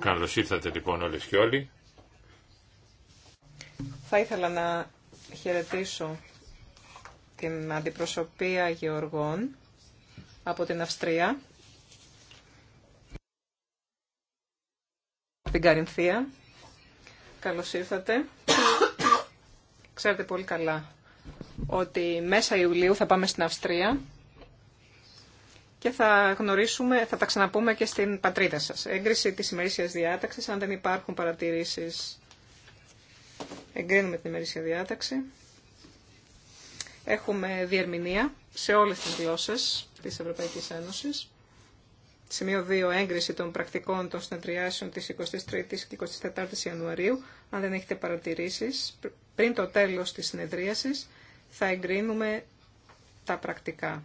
Καλώ ήρθατε λοιπόν όλε και όλοι. Θα ήθελα να χαιρετήσω την αντιπροσωπεία γεωργών από την Αυστρία, την Καρινθία. Καλώς ήρθατε. Ξέρετε πολύ καλά ότι μέσα Ιουλίου θα πάμε στην Αυστρία και θα γνωρίσουμε, θα τα ξαναπούμε και στην πατρίδα σας. Έγκριση της ημερήσιας διάταξης, αν δεν υπάρχουν παρατηρήσεις, εγκρίνουμε την ημερήσια διάταξη. Έχουμε διερμηνία σε όλες τις γλώσσες της Ευρωπαϊκής Ένωσης. Σημείο 2. Έγκριση των πρακτικών των συνεδριάσεων της 23ης και 24ης Ιανουαρίου. Αν δεν έχετε παρατηρήσεις, πριν το τέλος της συνεδρίασης θα εγκρίνουμε τα πρακτικά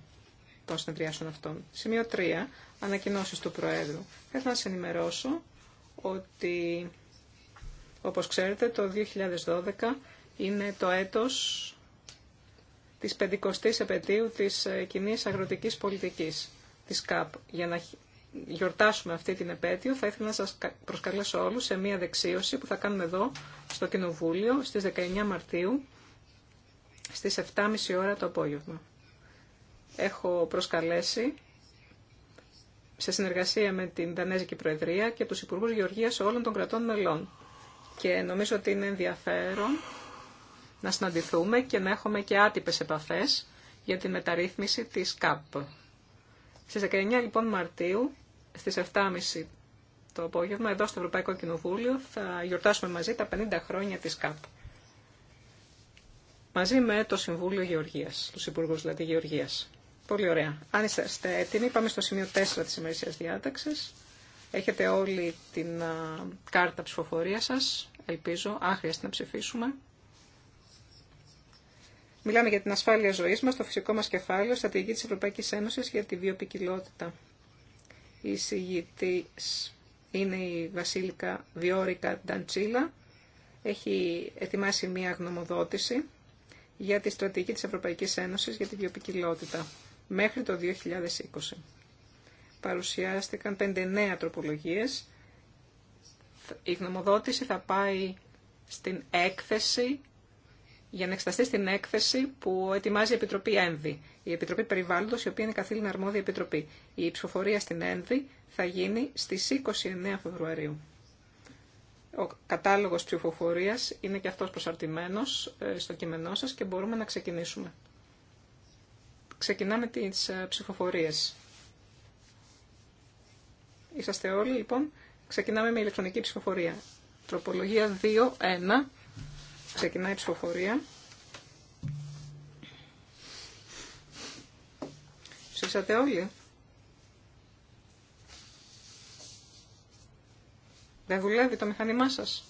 των συνεδριάσεων αυτών. Σημείο 3. Ανακοινώσει του Προέδρου. Θα ήθελα να σα ενημερώσω ότι, όπω ξέρετε, το 2012 είναι το έτο τη 50 η επαιτίου τη ε, κοινή αγροτική πολιτική τη ΚΑΠ. Για να γιορτάσουμε αυτή την επέτειο, θα ήθελα να σα προσκαλέσω όλου σε μία δεξίωση που θα κάνουμε εδώ, στο Κοινοβούλιο, στι 19 Μαρτίου, στις 7.30 ώρα το απόγευμα έχω προσκαλέσει σε συνεργασία με την Δανέζικη Προεδρία και τους Υπουργούς Γεωργίας όλων των κρατών μελών. Και νομίζω ότι είναι ενδιαφέρον να συναντηθούμε και να έχουμε και άτυπες επαφές για τη μεταρρύθμιση της ΚΑΠ. Στις 19 λοιπόν Μαρτίου, στις 7.30 το απόγευμα, εδώ στο Ευρωπαϊκό Κοινοβούλιο, θα γιορτάσουμε μαζί τα 50 χρόνια της ΚΑΠ. Μαζί με το Συμβούλιο Γεωργίας, τους Υπουργούς δηλαδή Γεωργίας. Πολύ ωραία. Αν είστε έτοιμοι, πάμε στο σημείο 4 της ημερησίας διάταξης. Έχετε όλη την κάρτα ψηφοφορία σας, ελπίζω, άχρια να ψηφίσουμε. Μιλάμε για την ασφάλεια ζωής μας, το φυσικό μας κεφάλαιο, στρατηγική της Ευρωπαϊκής Ένωσης για τη βιοπικιλότητα. Η συγγητής είναι η Βασίλικα Βιόρικα Νταντσίλα. Έχει ετοιμάσει μία γνωμοδότηση για τη στρατηγική της Ευρωπαϊκής Ένωσης για τη βιοπικιλότητα μέχρι το 2020. Παρουσιάστηκαν 59 τροπολογίες. Η γνωμοδότηση θα πάει στην έκθεση για να εξεταστεί στην έκθεση που ετοιμάζει η Επιτροπή ΕΝΔΗ, η Επιτροπή Περιβάλλοντο, η οποία είναι καθήλυνα αρμόδια επιτροπή. Η ψηφοφορία στην ΕΝΔΗ θα γίνει στι 29 Φεβρουαρίου. Ο κατάλογο ψηφοφορία είναι και αυτό προσαρτημένο ε, στο κείμενό σα και μπορούμε να ξεκινήσουμε. Ξεκινάμε τις ε, ψηφοφορίες. Είσαστε όλοι, λοιπόν. Ξεκινάμε με ηλεκτρονική ψηφοφορία. Τροπολογία 2-1. Ξεκινάει η ψηφοφορία. Ψήσατε όλοι. Δεν δουλεύει το μηχανημά σας.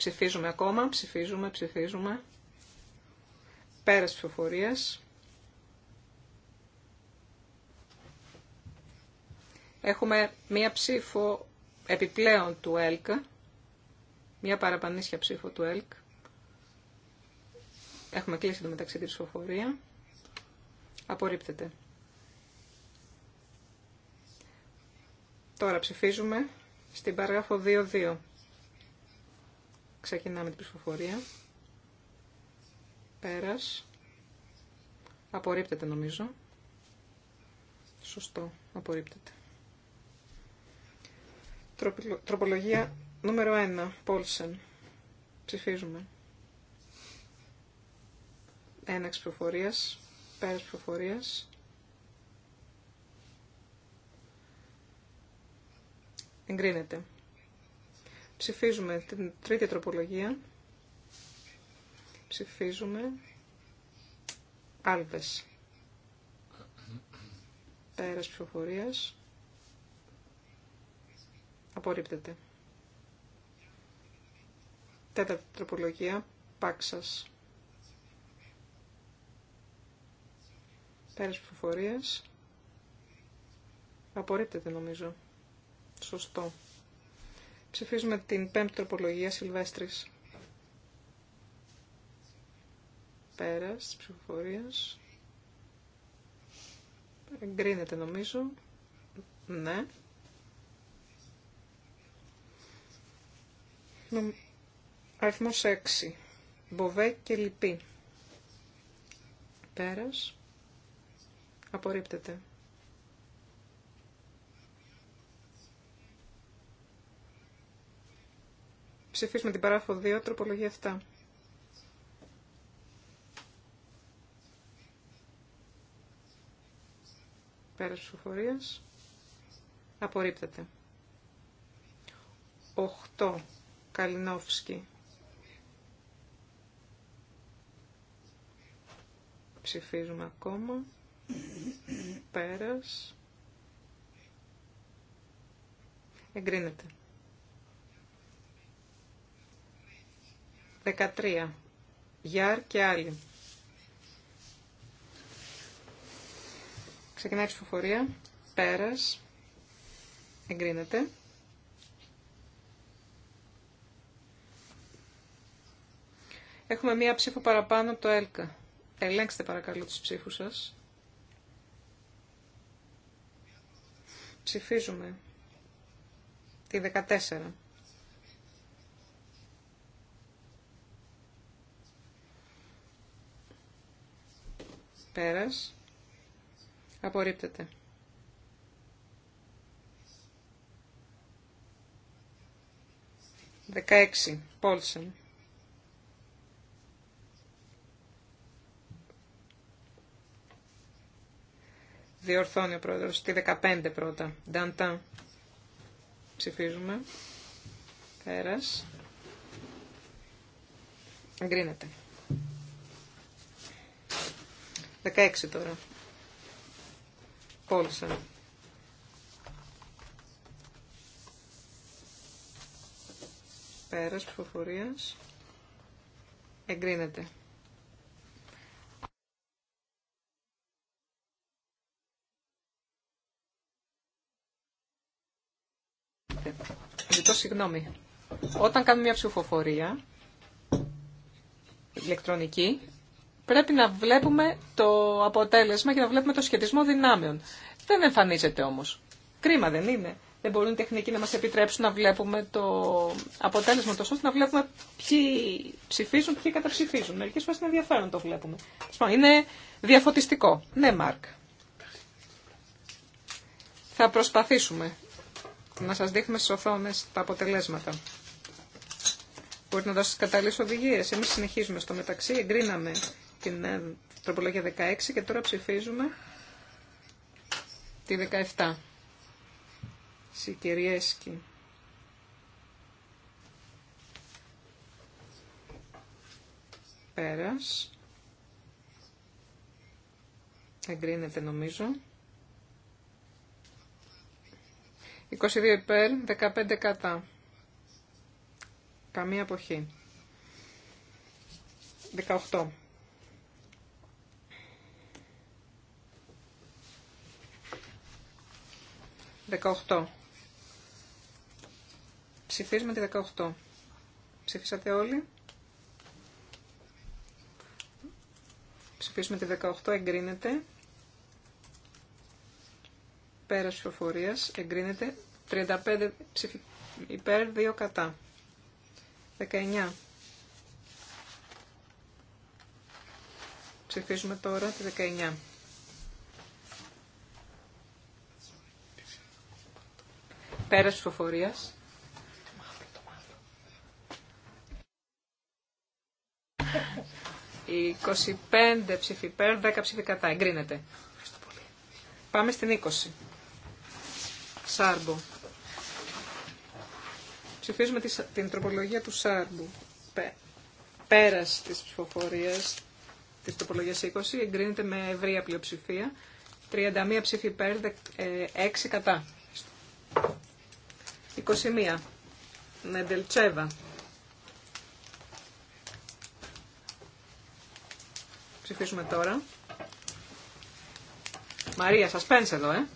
Ψηφίζουμε ακόμα, ψηφίζουμε, ψηφίζουμε. Πέρας ψηφοφορίας. Έχουμε μία ψήφο επιπλέον του ΕΛΚ, μία παραπανήσια ψήφο του ΕΛΚ. Έχουμε κλείσει το μεταξύ τη ψηφοφορία. Απορρίπτεται. Τώρα ψηφίζουμε στην παράγραφο 2.2. Ξεκινάμε την ψηφοφορία. Πέρας. Απορρίπτεται νομίζω. Σωστό. Απορρίπτεται. Τροπολογία νούμερο 1. Πόλσεν. Ψηφίζουμε. Ένα ψηφοφορίας. Πέρας ψηφοφορίας. Εγκρίνεται. Ψηφίζουμε την τρίτη τροπολογία. Ψηφίζουμε. Άλβες. Πέρας ψηφοφορίας. Απορρίπτεται. Τέταρτη τροπολογία. Πάξας. Πέρας ψηφοφορίας. Απορρίπτεται νομίζω. Σωστό. Ψηφίζουμε την πέμπτη τροπολογία Σιλβέστρης. Πέρας της ψηφοφορίας. Εγκρίνεται νομίζω. Ναι. Αριθμός 6. Μποβέ και λυπή. Πέρας. Απορρίπτεται. ψηφίσουμε την παράγραφο 2, τροπολογία 7. Πέρας ψηφοφορίας. Απορρίπτεται. 8. Καλινόφσκι. Ψηφίζουμε ακόμα. Πέρας. Εγκρίνεται. 13. Γιάρ και άλλοι. Ξεκινάει η ψηφοφορία. Πέρας. Εγκρίνεται. Έχουμε μία ψήφο παραπάνω από το ΕΛΚΑ. Ελέγξτε παρακαλώ τις ψήφους σας. Ψηφίζουμε. Τη 14. Πέρας. Απορρίπτεται. 16. Πόλσεν. Διορθώνει ο πρόεδρος. Τη 15 πρώτα. Νταντά. Ψηφίζουμε. Πέρας. Εγκρίνεται. 16 τώρα. Πόλσον. Πέρας ψηφοφορίας. Εγκρίνεται. Ζητώ συγγνώμη. Όταν κάνουμε μια ψηφοφορία ηλεκτρονική, πρέπει να βλέπουμε το αποτέλεσμα και να βλέπουμε το σχετισμό δυνάμεων. Δεν εμφανίζεται όμω. Κρίμα δεν είναι. Δεν μπορούν οι τεχνικοί να μα επιτρέψουν να βλέπουμε το αποτέλεσμα τόσο ώστε να βλέπουμε ποιοι ψηφίζουν, ποιοι καταψηφίζουν. Μερικέ φορέ είναι ενδιαφέρον το βλέπουμε. Λοιπόν, είναι διαφωτιστικό. Ναι, Μάρκ. Θα προσπαθήσουμε να σα δείχνουμε στι οθόνε τα αποτελέσματα. Μπορείτε να δώσετε κατάλληλε οδηγίε. Εμεί συνεχίζουμε στο μεταξύ. Εγκρίναμε την ε, τροπολογία 16 και τώρα ψηφίζουμε τη 17. Σικεριέσκη. Πέρας. Εγκρίνεται νομίζω. 22 υπέρ, 15 κατά. Καμία αποχή. 18. 18. Ψηφίζουμε τη 18. Ψηφίσατε όλοι. Ψηφίσουμε τη 18. Εγκρίνεται. Πέρας ψηφοφορίας. Εγκρίνεται. 35 ψηφι... υπέρ, 2 κατά. 19. Ψηφίζουμε τώρα τη 19. Πέρας ψηφοφορίας. Η 25 ψηφιπέρ υπέρ, 10 ψήφι κατά. Εγκρίνεται. Πάμε στην 20. Σάρμπο. Ψηφίζουμε την τροπολογία του Σάρμπου. Πέρας της ψηφοφορία τη τροπολογίας 20 εγκρίνεται με ευρεία πλειοψηφία. 31 ψήφι υπέρ, 6 ε, κατά. 21. Νεντελτσέβα. Ψηφίζουμε τώρα. Μαρία, σας πένσε εδώ, ε.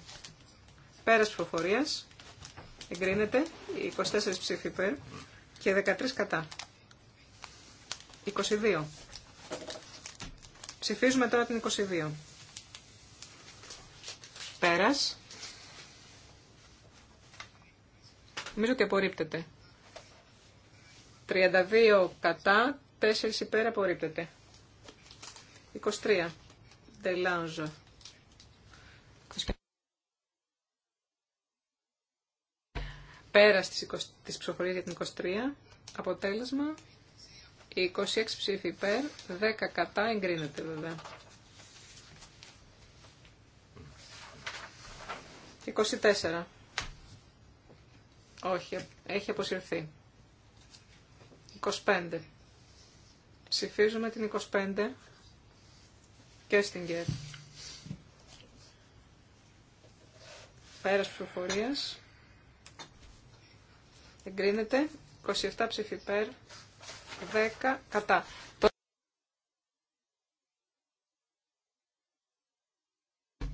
Πέρας ψηφοφορίας. Εγκρίνεται. 24 ψήφι υπέρ και 13 κατά. 22. Ψηφίζουμε τώρα την 22. Πέρας. Νομίζω ότι απορρίπτεται. 32 κατά, 4 υπέρ απορρίπτεται. 23. Τελάνζο. Πέρα στις, 20, τις ψηφοφορίες για την 23, αποτέλεσμα, 26 ψήφοι υπέρ, 10 κατά, εγκρίνεται βέβαια. 24. Όχι, έχει αποσυρθεί. 25. Ψηφίζουμε την 25 και στην ΚΕΡ. Πέρας ψηφοφορίας. Εγκρίνεται. 27 ψηφιπέρ. 10 κατά.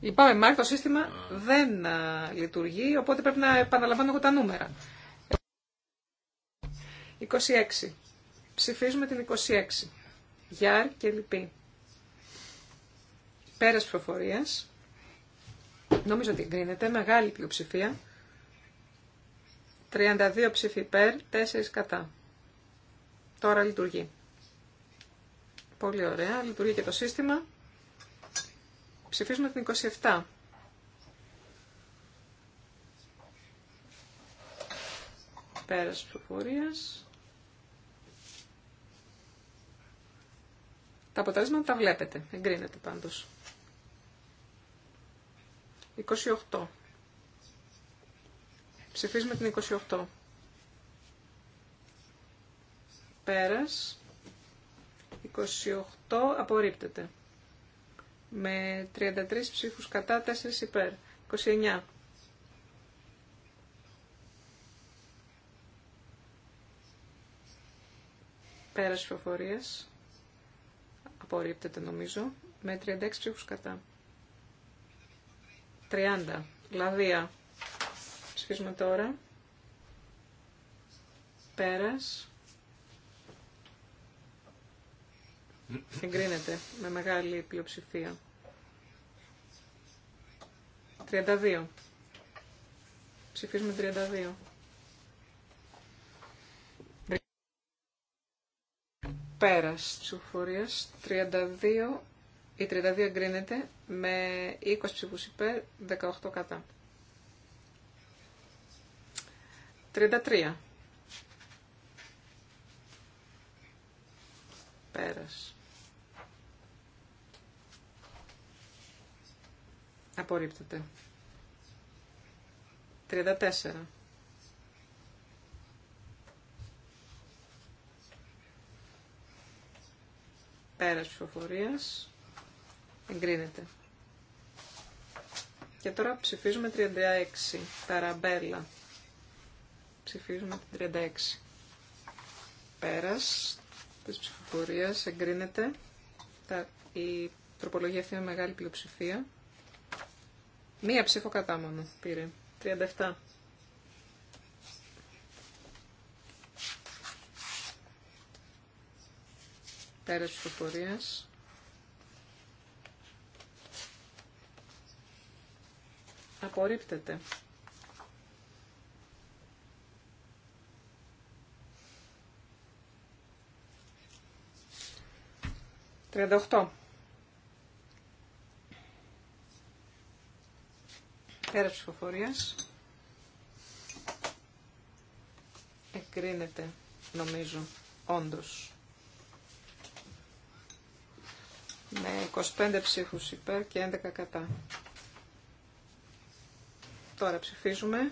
Λυπάμαι, Μάρκ, το σύστημα δεν λειτουργεί, οπότε πρέπει να επαναλαμβάνω εγώ τα νούμερα. 26. Ψηφίζουμε την 26. Γιάρ και Λυπή. Πέρας προφορίας. Νομίζω ότι εγκρίνεται. Μεγάλη πλειοψηφία. 32 ψήφοι υπέρ, 4 κατά. Τώρα λειτουργεί. Πολύ ωραία. Λειτουργεί και το σύστημα. Ψηφίζουμε την 27. Πέρας προφορίας. Τα αποτελέσματα τα βλέπετε. Εγκρίνεται πάντως. 28. Ψηφίζουμε την 28. Πέρας. 28 απορρίπτεται με 33 ψήφους κατά, 4 υπέρ. 29. Πέρας ψηφοφορίας. Απορρίπτεται νομίζω. Με 36 ψήφους κατά. 30. Λαδία. Ψηφίζουμε τώρα. Πέρας. Συγκρίνεται με μεγάλη πλειοψηφία. 32. Ψηφίζουμε 32. Πέρας ψηφοφορίας, 32, η 32 εγκρίνεται με 20 ψηφούς υπέρ, 18 κατά. 33. Πέρας. Απορρίπτεται. 34. Πέρας ψηφοφορίας. Εγκρίνεται. Και τώρα ψηφίζουμε 36. Ταραμπέλα. Ψηφίζουμε την 36. Πέρας της ψηφοφορίας εγκρίνεται. Η τροπολογία αυτή ...είναι μεγάλη πλειοψηφία. Μία ψήφο κατά μόνο πήρε. 37. Πέρας προφορίας. Απορρίπτεται. Τριανταοχτώ. Πέρα ψηφοφορίας. εκκρίνεται νομίζω, όντως. Με 25 ψήφους υπέρ και 11 κατά. Τώρα ψηφίζουμε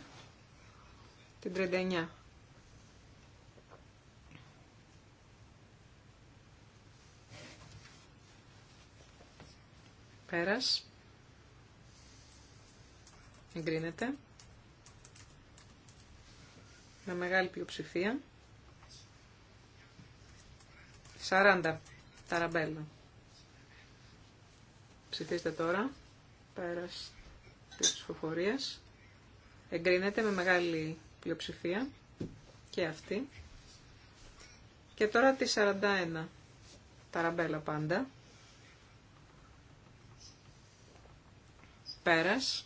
την 39. Πέρας. Εγκρίνεται. Με μεγάλη πλειοψηφία. 40. Ταραμπέλα. Ψηφίστε τώρα. Πέρας της ψηφοφορίας. Εγκρίνεται με μεγάλη πλειοψηφία. Και αυτή. Και τώρα τη 41. Ταραμπέλα πάντα. Πέρας.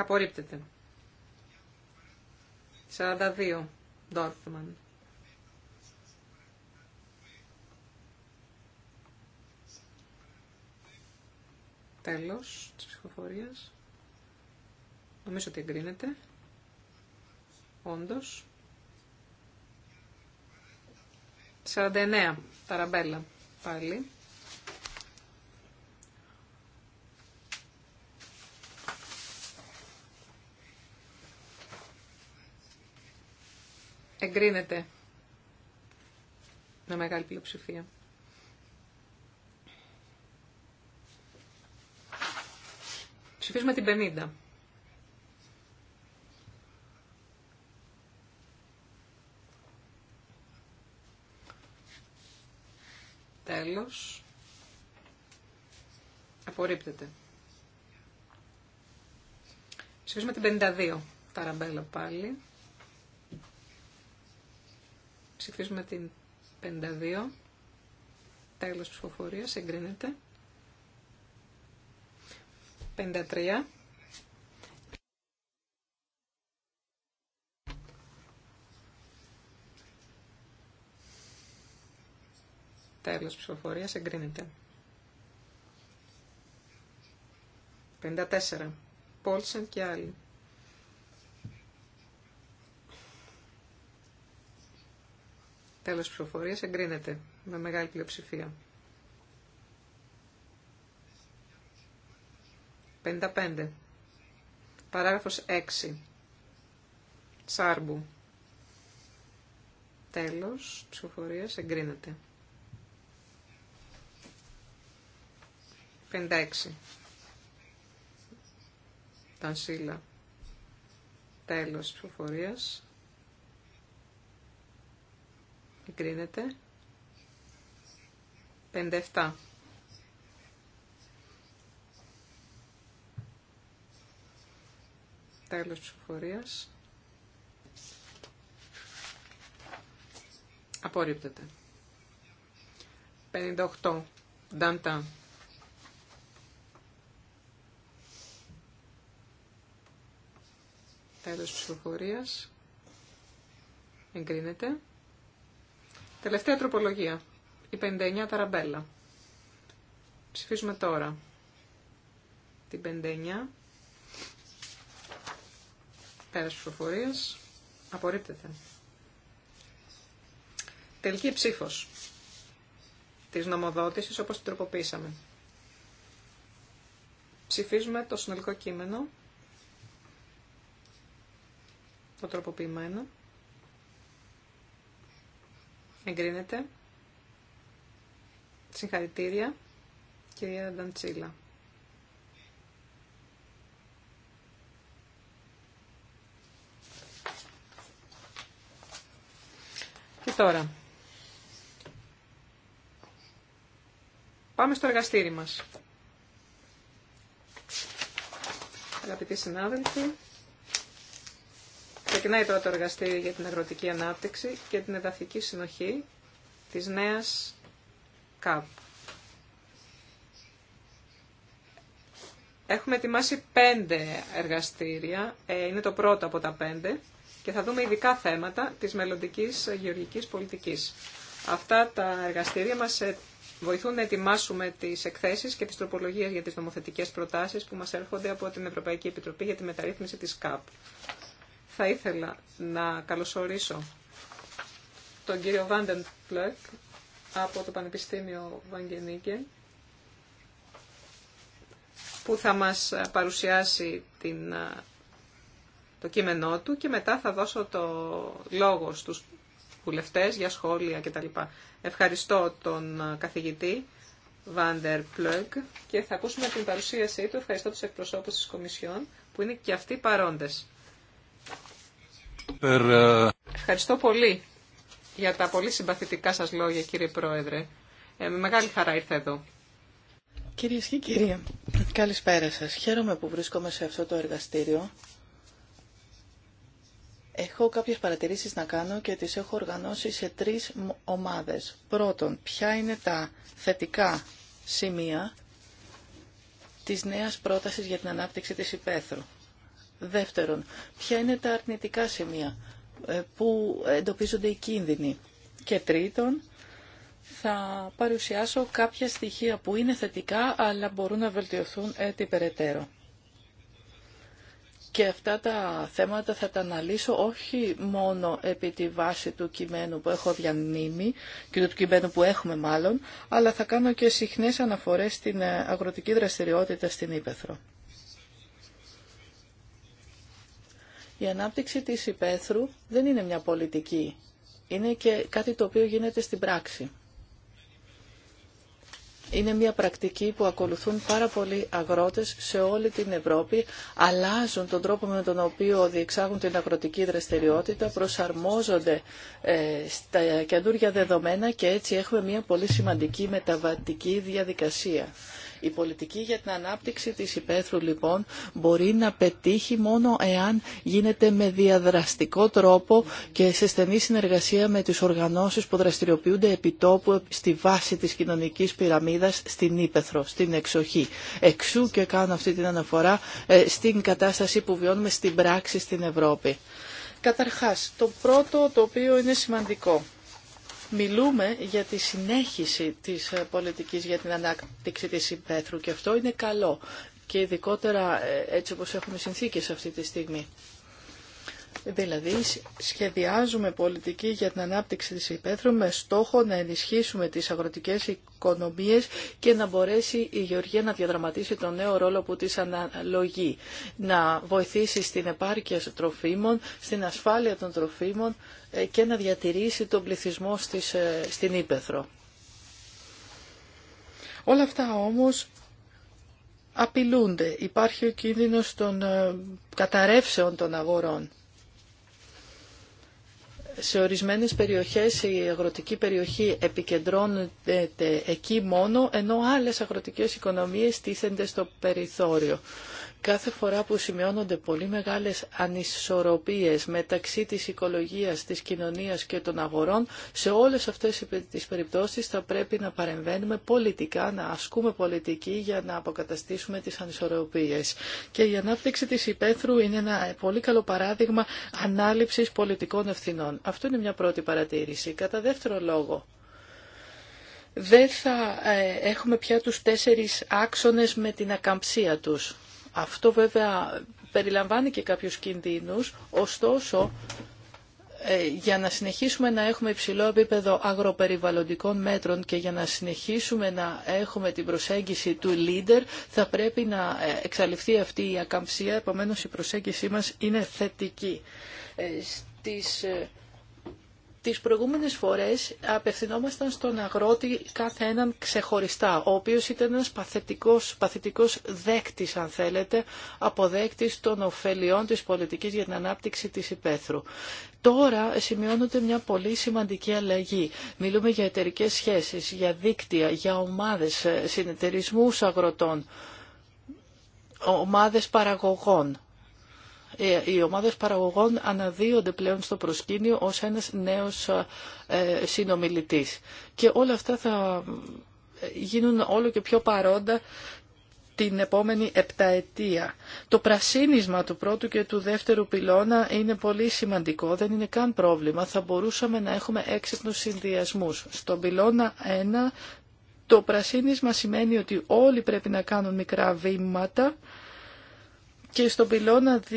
Απορρίπτεται. 42. Ντόρφμαν. Τέλος της ψηφοφορίας. Νομίζω ότι εγκρίνεται. Όντως. 49. Ταραμπέλα. Πάλι. Εγκρίνεται με μεγάλη πλειοψηφία. Ψηφίζουμε την 50. Τέλος. Απορρίπτεται. Ψηφίζουμε την 52. Ταραμπέλα πάλι. Ψηφίζουμε την 52. Τέλος ψηφοφορίας. Εγκρίνεται. 53. Τέλος ψηφοφορίας εγκρίνεται. 54. Πόλσεν και άλλοι. Τέλος ψηφοφορίας εγκρίνεται με μεγάλη πλειοψηφία. 55. Παράγραφος 6. Σάρμπου. Τέλος ψηφοφορίας εγκρίνεται. 56. Τανσίλα. Τέλος ψηφοφορίας Εγκρίνεται. 57. Τέλος ψηφοφορίας. Απορρίπτεται. 58. Νταντά. Τέλος ψηφοφορίας. Εγκρίνεται. Τελευταία τροπολογία. Η 59 ταραμπέλα. Ψηφίζουμε τώρα. Την 59. Πέρας ψηφοφορίας. Απορρίπτεται. Τελική ψήφος της νομοδότησης όπως την τροποποίησαμε. Ψηφίζουμε το συνολικό κείμενο, το τροποποιημένο. Εγκρίνεται. Συγχαρητήρια, κυρία Νταντσίλα. Και τώρα. Πάμε στο εργαστήρι μας. Αγαπητοί συνάδελφοι, Ξεκινάει τώρα το εργαστήριο για την αγροτική ανάπτυξη και την εδαφική συνοχή της νέας ΚΑΠ. Έχουμε ετοιμάσει πέντε εργαστήρια, ε, είναι το πρώτο από τα πέντε, και θα δούμε ειδικά θέματα της μελλοντική γεωργικής πολιτικής. Αυτά τα εργαστήρια μας ε, βοηθούν να ετοιμάσουμε τις εκθέσεις και τις τροπολογίες για τις νομοθετικές προτάσεις που μας έρχονται από την Ευρωπαϊκή Επιτροπή για τη μεταρρύθμιση της ΚΑΠ θα ήθελα να καλωσορίσω τον κύριο Βάντεν Πλεκ από το Πανεπιστήμιο Βαγγενίκε που θα μας παρουσιάσει την, το κείμενό του και μετά θα δώσω το λόγο στους βουλευτές για σχόλια κτλ. Ευχαριστώ τον καθηγητή Βάντερ Πλούγκ και θα ακούσουμε την παρουσίασή του. Ευχαριστώ τους εκπροσώπους της Κομισιόν που είναι και αυτοί παρόντες. Ε, Ευχαριστώ πολύ για τα πολύ συμπαθητικά σας λόγια, κύριε Πρόεδρε. Ε, με μεγάλη χαρά ήρθα εδώ. Κυρίες και κύριοι, καλησπέρα σας. Χαίρομαι που βρίσκομαι σε αυτό το εργαστήριο. Έχω κάποιες παρατηρήσεις να κάνω και τις έχω οργανώσει σε τρεις ομάδες. Πρώτον, ποια είναι τα θετικά σημεία της νέας πρότασης για την ανάπτυξη της υπαίθρου. Δεύτερον, ποια είναι τα αρνητικά σημεία ε, που εντοπίζονται οι κίνδυνοι. Και τρίτον, θα παρουσιάσω κάποια στοιχεία που είναι θετικά αλλά μπορούν να βελτιωθούν έτσι Και αυτά τα θέματα θα τα αναλύσω όχι μόνο επί τη βάση του κειμένου που έχω διανύμει και του κειμένου που έχουμε μάλλον, αλλά θα κάνω και συχνές αναφορές στην ε, αγροτική δραστηριότητα στην Ήπεθρο. Η ανάπτυξη της υπαίθρου δεν είναι μια πολιτική. Είναι και κάτι το οποίο γίνεται στην πράξη. Είναι μια πρακτική που ακολουθούν πάρα πολλοί αγρότες σε όλη την Ευρώπη, αλλάζουν τον τρόπο με τον οποίο διεξάγουν την αγροτική δραστηριότητα, προσαρμόζονται ε, στα καινούργια δεδομένα και έτσι έχουμε μια πολύ σημαντική μεταβατική διαδικασία. Η πολιτική για την ανάπτυξη της υπαίθρου λοιπόν μπορεί να πετύχει μόνο εάν γίνεται με διαδραστικό τρόπο και σε στενή συνεργασία με τις οργανώσεις που δραστηριοποιούνται επιτόπου στη βάση της κοινωνικής πυραμίδας στην Ήπεθρο, στην εξοχή. Εξού και κάνω αυτή την αναφορά ε, στην κατάσταση που βιώνουμε στην πράξη στην Ευρώπη. Καταρχάς, το πρώτο το οποίο είναι σημαντικό Μιλούμε για τη συνέχιση της ε, πολιτικής για την ανάπτυξη της υπαίθρου και αυτό είναι καλό και ειδικότερα ε, έτσι όπως έχουμε οι συνθήκες αυτή τη στιγμή. Δηλαδή σχεδιάζουμε πολιτική για την ανάπτυξη της υπαίθρου με στόχο να ενισχύσουμε τις αγροτικές οικονομίες και να μπορέσει η Γεωργία να διαδραματίσει τον νέο ρόλο που της αναλογεί. Να βοηθήσει στην επάρκεια τροφίμων, στην ασφάλεια των τροφίμων ε, και να διατηρήσει τον πληθυσμό στις, ε, στην Ήπεθρο. Όλα αυτά όμως απειλούνται. Υπάρχει ο κίνδυνος των ε, καταρρεύσεων των αγορών σε ορισμένες περιοχές η αγροτική περιοχή επικεντρώνεται εκεί μόνο, ενώ άλλες αγροτικές οικονομίες τίθενται στο περιθώριο. Κάθε φορά που σημειώνονται πολύ μεγάλες ανισορροπίες μεταξύ της οικολογίας, της κοινωνίας και των αγορών, σε όλες αυτές τις περιπτώσεις θα πρέπει να παρεμβαίνουμε πολιτικά, να ασκούμε πολιτική για να αποκαταστήσουμε τις ανισορροπίες. Και η ανάπτυξη της υπαίθρου είναι ένα πολύ καλό παράδειγμα ανάληψης πολιτικών ευθυνών. Αυτό είναι μια πρώτη παρατήρηση. Κατά δεύτερο λόγο, δεν θα ε, έχουμε πια τους τέσσερις άξονες με την ακαμψία τους. Αυτό βέβαια περιλαμβάνει και κάποιους κινδύνους, ωστόσο ε, για να συνεχίσουμε να έχουμε υψηλό επίπεδο αγροπεριβαλλοντικών μέτρων και για να συνεχίσουμε να έχουμε την προσέγγιση του leader θα πρέπει να ε, εξαλειφθεί αυτή η ακαμψία, επομένως η προσέγγιση μας είναι θετική. Ε, στις Τις προηγούμενες φορές απευθυνόμασταν στον αγρότη κάθε έναν ξεχωριστά, ο οποίος ήταν ένας παθητικός, παθητικός δέκτης, αν θέλετε, αποδέκτης των ωφελιών της πολιτικής για την ανάπτυξη της υπαίθρου. Τώρα σημειώνονται μια πολύ σημαντική αλλαγή. Μιλούμε για εταιρικέ σχέσεις, για δίκτυα, για ομάδες ε, συνεταιρισμούς αγροτών, ομάδες παραγωγών ε, οι ομάδες παραγωγών αναδύονται πλέον στο προσκήνιο ως ένας νέος ε, συνομιλητής. Και όλα αυτά θα γίνουν όλο και πιο παρόντα την επόμενη επταετία. Το πρασίνισμα του πρώτου και του δεύτερου πυλώνα είναι πολύ σημαντικό, δεν είναι καν πρόβλημα. Θα μπορούσαμε να έχουμε έξυπνους συνδυασμούς. Στον πυλώνα 1 το πρασίνισμα σημαίνει ότι όλοι πρέπει να κάνουν μικρά βήματα και στον πυλώνα 2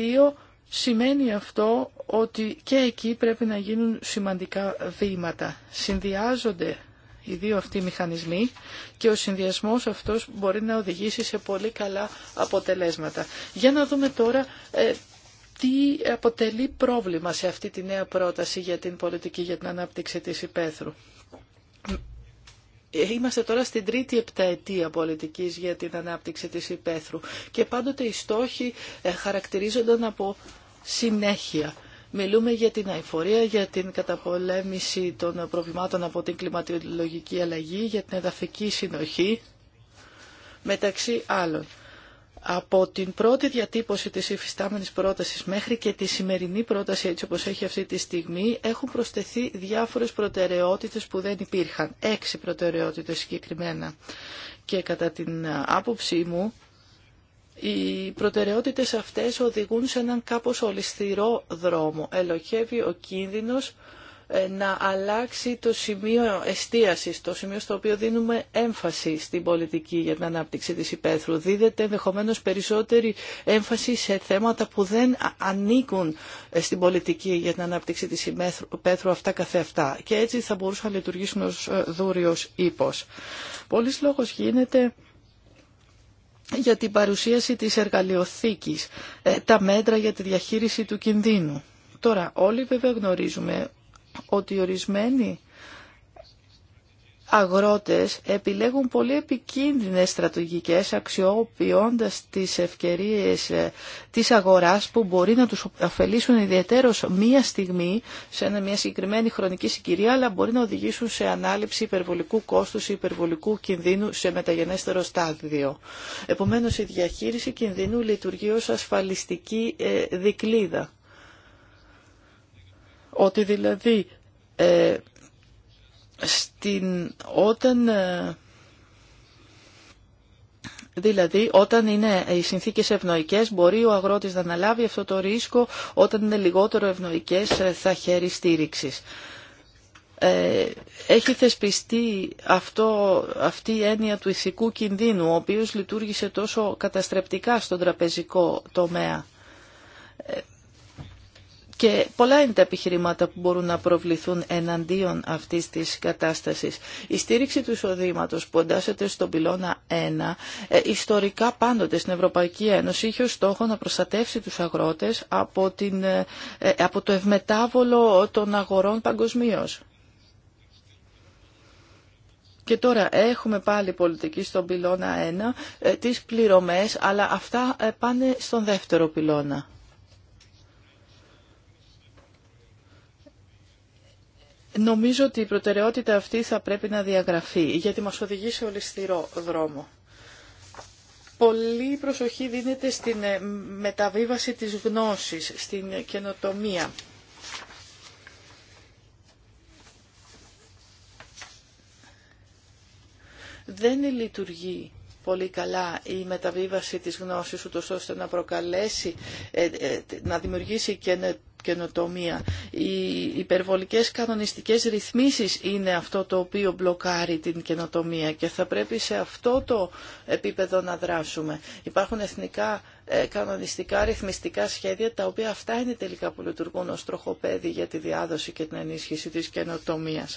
σημαίνει αυτό ότι και εκεί πρέπει να γίνουν σημαντικά βήματα. Συνδυάζονται οι δύο αυτοί οι μηχανισμοί και ο συνδυασμός αυτός μπορεί να οδηγήσει σε πολύ καλά αποτελέσματα. Για να δούμε τώρα ε, τι αποτελεί πρόβλημα σε αυτή τη νέα πρόταση για την πολιτική για την ανάπτυξη της υπαίθρου. Είμαστε τώρα στην τρίτη επταετία πολιτικής για την ανάπτυξη της υπαίθρου και πάντοτε οι στόχοι ε, χαρακτηρίζονταν από συνέχεια. Μιλούμε για την αηφορία, για την καταπολέμηση των προβλημάτων από την κλιματολογική αλλαγή, για την εδαφική συνοχή, μεταξύ άλλων από την πρώτη διατύπωση της υφιστάμενης πρότασης μέχρι και τη σημερινή πρόταση έτσι όπως έχει αυτή τη στιγμή έχουν προσθεθεί διάφορες προτεραιότητες που δεν υπήρχαν. Έξι προτεραιότητες συγκεκριμένα. Και κατά την άποψή μου οι προτεραιότητες αυτές οδηγούν σε έναν κάπως ολισθηρό δρόμο. Ελοχεύει ο κίνδυνος ε, να αλλάξει το σημείο εστίασης, το σημείο στο οποίο δίνουμε έμφαση στην πολιτική για την ανάπτυξη της υπαίθρου. Δίδεται ενδεχομένω περισσότερη έμφαση σε θέματα που δεν ανήκουν ε, στην πολιτική για την ανάπτυξη της υπαίθρου αυτά αυτά. Και έτσι θα μπορούσαν να λειτουργήσουν ως ε, δούριος ύπος. Πολλής λόγος γίνεται για την παρουσίαση της εργαλειοθήκης, τα μέτρα για τη διαχείριση του κινδύνου. Τώρα, όλοι βέβαια γνωρίζουμε ότι ορισμένοι αγρότες επιλέγουν πολύ επικίνδυνες στρατηγικές αξιοποιώντας τις ευκαιρίες ε, της αγοράς που μπορεί να τους ωφελήσουν ιδιαίτερως μία στιγμή σε μια συγκεκριμένη χρονική συγκυρία αλλά μπορεί να οδηγήσουν σε ανάληψη υπερβολικού κόστους ή υπερβολικού κινδύνου σε μεταγενέστερο στάδιο. Επομένως η διαχείριση κινδύνου λειτουργεί ως ασφαλιστική ε, δικλίδα. Ότι δηλαδή ε, στην, όταν... Ε, δηλαδή, όταν είναι οι συνθήκες ευνοϊκές, μπορεί ο αγρότης να αναλάβει αυτό το ρίσκο, όταν είναι λιγότερο ευνοϊκές ε, θα χαίρει στήριξη. Ε, έχει θεσπιστεί αυτό, αυτή η έννοια του ηθικού κινδύνου, ο οποίος λειτουργήσε τόσο καταστρεπτικά στον τραπεζικό τομέα. Και πολλά είναι τα επιχειρήματα που μπορούν να προβληθούν εναντίον αυτής της κατάστασης. Η στήριξη του εισοδήματο που εντάσσεται στον πυλώνα 1, ε, ιστορικά πάντοτε στην Ευρωπαϊκή Ένωση είχε ως στόχο να προστατεύσει τους αγρότες από, την, ε, ε, από το ευμετάβολο των αγορών παγκοσμίω. Και τώρα έχουμε πάλι πολιτική στον πυλώνα 1, ε, τις πληρωμές, αλλά αυτά πάνε στον δεύτερο πυλώνα. Νομίζω ότι η προτεραιότητα αυτή θα πρέπει να διαγραφεί, γιατί μας οδηγεί σε ολισθηρό δρόμο. Πολύ προσοχή δίνεται στην ε, μεταβίβαση της γνώσης, στην καινοτομία. Δεν λειτουργεί πολύ καλά η μεταβίβαση της γνώσης, ούτως ώστε να προκαλέσει, ε, ε, να δημιουργήσει καινοτομία καινοτομία. Οι υπερβολικές κανονιστικές ρυθμίσεις είναι αυτό το οποίο μπλοκάρει την καινοτομία και θα πρέπει σε αυτό το επίπεδο να δράσουμε. Υπάρχουν εθνικά ε, κανονιστικά ρυθμιστικά σχέδια τα οποία αυτά είναι τελικά που λειτουργούν ως τροχοπέδι για τη διάδοση και την ενίσχυση της καινοτομία.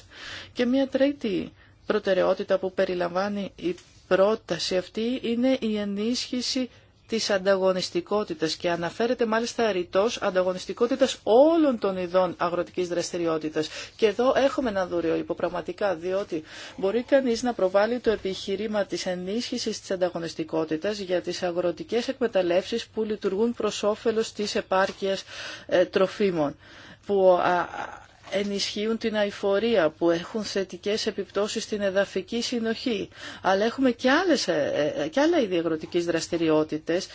Και μια τρίτη προτεραιότητα που περιλαμβάνει η πρόταση αυτή είναι η ενίσχυση της ανταγωνιστικότητας και αναφέρεται μάλιστα ρητός ανταγωνιστικότητας όλων των ειδών αγροτικής δραστηριότητας. Και εδώ έχουμε ένα δούριο υποπραγματικά, διότι μπορεί κανείς να προβάλλει το επιχείρημα της ενίσχυσης της ανταγωνιστικότητας για τις αγροτικές εκμεταλλεύσεις που λειτουργούν προς όφελος της επάρκειας ε, τροφίμων που ενισχύουν την αηφορία, που έχουν θετικές επιπτώσεις στην εδαφική συνοχή. Αλλά έχουμε και, άλλες, ε, ε, και άλλα δραστηριότητες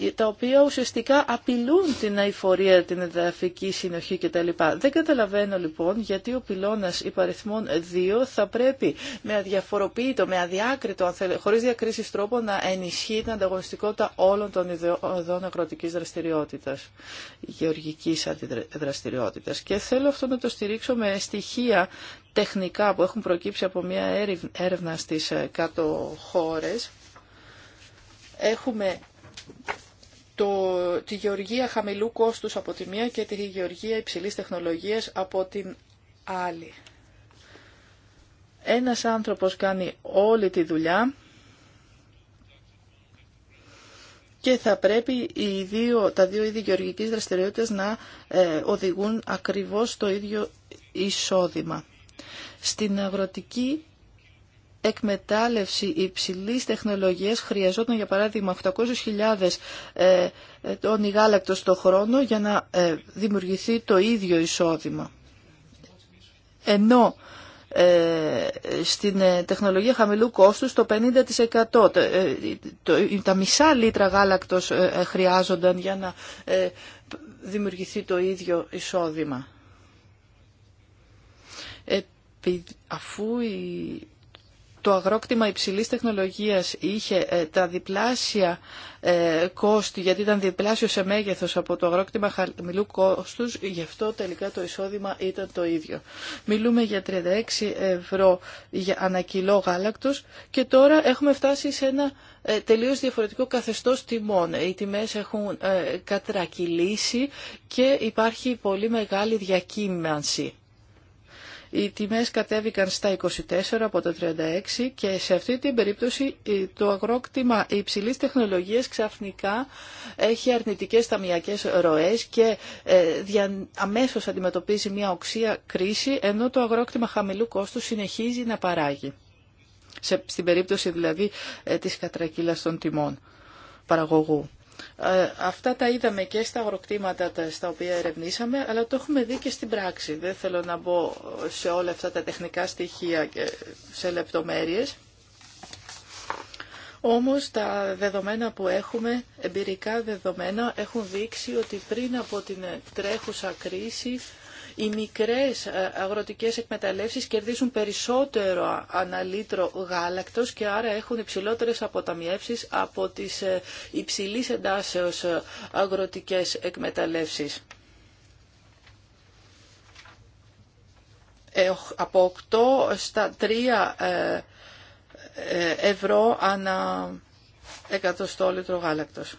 ε, τα οποία ουσιαστικά απειλούν την αηφορία, την εδαφική συνοχή κτλ. Δεν καταλαβαίνω λοιπόν γιατί ο πυλώνας υπαριθμών 2 θα πρέπει με αδιαφοροποίητο, με αδιάκριτο, αν χωρίς διακρίσεις τρόπο να ενισχύει την ανταγωνιστικότητα όλων των ειδών αγροτικής δραστηριότητας, γεωργικής δραστηριότητας. Και θέλω αυτό να το στηρίξω με στοιχεία τεχνικά που έχουν προκύψει από μια έρευνα στις ε, κάτω χώρες. Έχουμε το, τη γεωργία χαμηλού κόστους από τη μία και τη γεωργία υψηλής τεχνολογίας από την άλλη. Ένας άνθρωπος κάνει όλη τη δουλειά και θα πρέπει οι δύο, τα δύο είδη γεωργικής δραστηριότητας να ε, οδηγούν ακριβώς το ίδιο εισόδημα. Στην αγροτική εκμετάλλευση υψηλής τεχνολογίας χρειαζόταν για παράδειγμα 800.000 ε, τόνοι γάλακτος το χρόνο για να ε, δημιουργηθεί το ίδιο εισόδημα. Ενώ ε, στην ε, τεχνολογία χαμηλού κόστους το 50%. Τα μισά λίτρα γάλακτος χρειάζονταν για να δημιουργηθεί το ίδιο εισόδημα. Αφού το αγρόκτημα υψηλής τεχνολογίας είχε ε, τα διπλάσια ε, κόστη, γιατί ήταν διπλάσιο σε μέγεθος από το αγρόκτημα χαμηλού κόστους, γι' αυτό τελικά το εισόδημα ήταν το ίδιο. Μιλούμε για 36 ευρώ για ανακυλό γάλακτος και τώρα έχουμε φτάσει σε ένα ε, τελείως διαφορετικό καθεστώς τιμών. Οι τιμές έχουν κατρακυλήσει και υπάρχει πολύ μεγάλη διακύμανση οι τιμές κατέβηκαν στα 24 από τα 36 και σε αυτή την περίπτωση ε, το αγρόκτημα υψηλής τεχνολογίας ξαφνικά έχει αρνητικές ταμιακές ροές και ε, αμέσως αντιμετωπίζει μια οξία κρίση ενώ το αγρόκτημα χαμηλού κόστου συνεχίζει να παράγει. Στην περίπτωση δηλαδή ε, της κατρακύλας των τιμών παραγωγού. Ε, αυτά τα είδαμε και στα αγροκτήματα στα οποία ερευνήσαμε, αλλά το έχουμε δει και στην πράξη. Δεν θέλω να μπω σε όλα αυτά τα τεχνικά στοιχεία και σε λεπτομέρειες. Όμως τα δεδομένα που έχουμε, εμπειρικά δεδομένα, έχουν δείξει ότι πριν από την τρέχουσα κρίση οι μικρές ε, αγροτικές εκμεταλλεύσεις κερδίζουν περισσότερο αναλύτρο γάλακτος και άρα έχουν υψηλότερες αποταμιεύσεις από τις ε, υψηλής εντάσεως ε, αγροτικές εκμεταλλεύσεις. από 8 στα 3 ευρώ ανά εκατοστό λίτρο γάλακτος.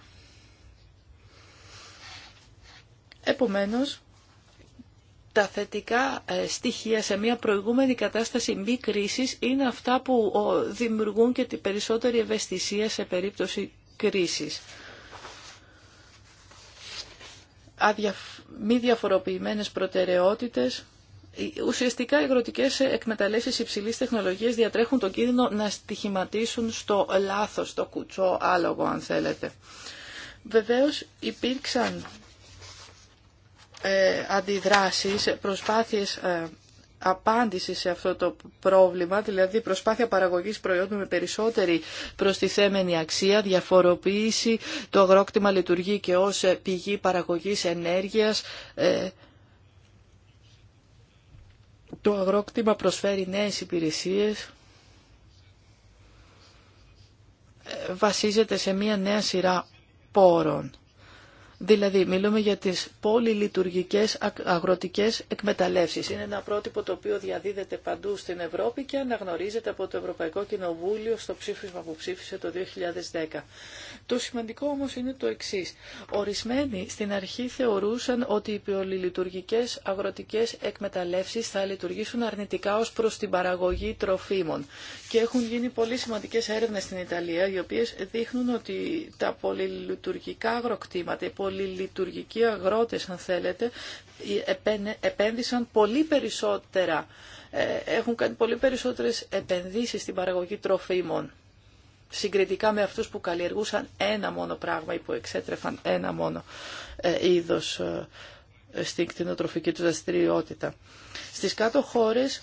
Επομένως, τα θετικά ε, στοιχεία σε μια προηγούμενη κατάσταση μη κρίσης είναι αυτά που δημιουργούν και την περισσότερη ευαισθησία σε περίπτωση κρίσης. Μη διαφοροποιημένες προτεραιότητες, Ουσιαστικά οι αγροτικέ εκμεταλλεύσεις υψηλή τεχνολογίας διατρέχουν τον κίνδυνο να στοιχηματίσουν στο λάθος, στο κουτσό άλογο αν θέλετε. Βεβαίως υπήρξαν ε, αντιδράσεις, προσπάθειες ε, απάντηση σε αυτό το πρόβλημα, δηλαδή προσπάθεια παραγωγής προϊόντων με περισσότερη προστιθέμενη αξία, διαφοροποίηση, το αγρόκτημα λειτουργεί και ως πηγή παραγωγής ενέργειας, ε, το αγρόκτημα προσφέρει νέες υπηρεσίες, βασίζεται σε μία νέα σειρά πόρων. Δηλαδή, μιλούμε για τις πολυλειτουργικές αγροτικές εκμεταλλεύσεις. Είναι ένα πρότυπο το οποίο διαδίδεται παντού στην Ευρώπη και αναγνωρίζεται από το Ευρωπαϊκό Κοινοβούλιο στο ψήφισμα που ψήφισε το 2010. Το σημαντικό όμως είναι το εξή. Ορισμένοι στην αρχή θεωρούσαν ότι οι πολυλειτουργικές αγροτικές εκμεταλλεύσεις θα λειτουργήσουν αρνητικά ως προς την παραγωγή τροφίμων. Και έχουν γίνει πολύ σημαντικές έρευνες στην Ιταλία, οι οποίες δείχνουν ότι τα πολυλειτουργικά αγροκτήματα, πολυλειτουργικοί αγρότες, αν θέλετε, επένδυσαν πολύ περισσότερα, ε, έχουν κάνει πολύ περισσότερες επενδύσεις στην παραγωγή τροφίμων συγκριτικά με αυτούς που καλλιεργούσαν ένα μόνο πράγμα ή που εξέτρεφαν ένα μόνο ε, είδος ε, στην κτηνοτροφική του δραστηριότητα. Στις κάτω χώρες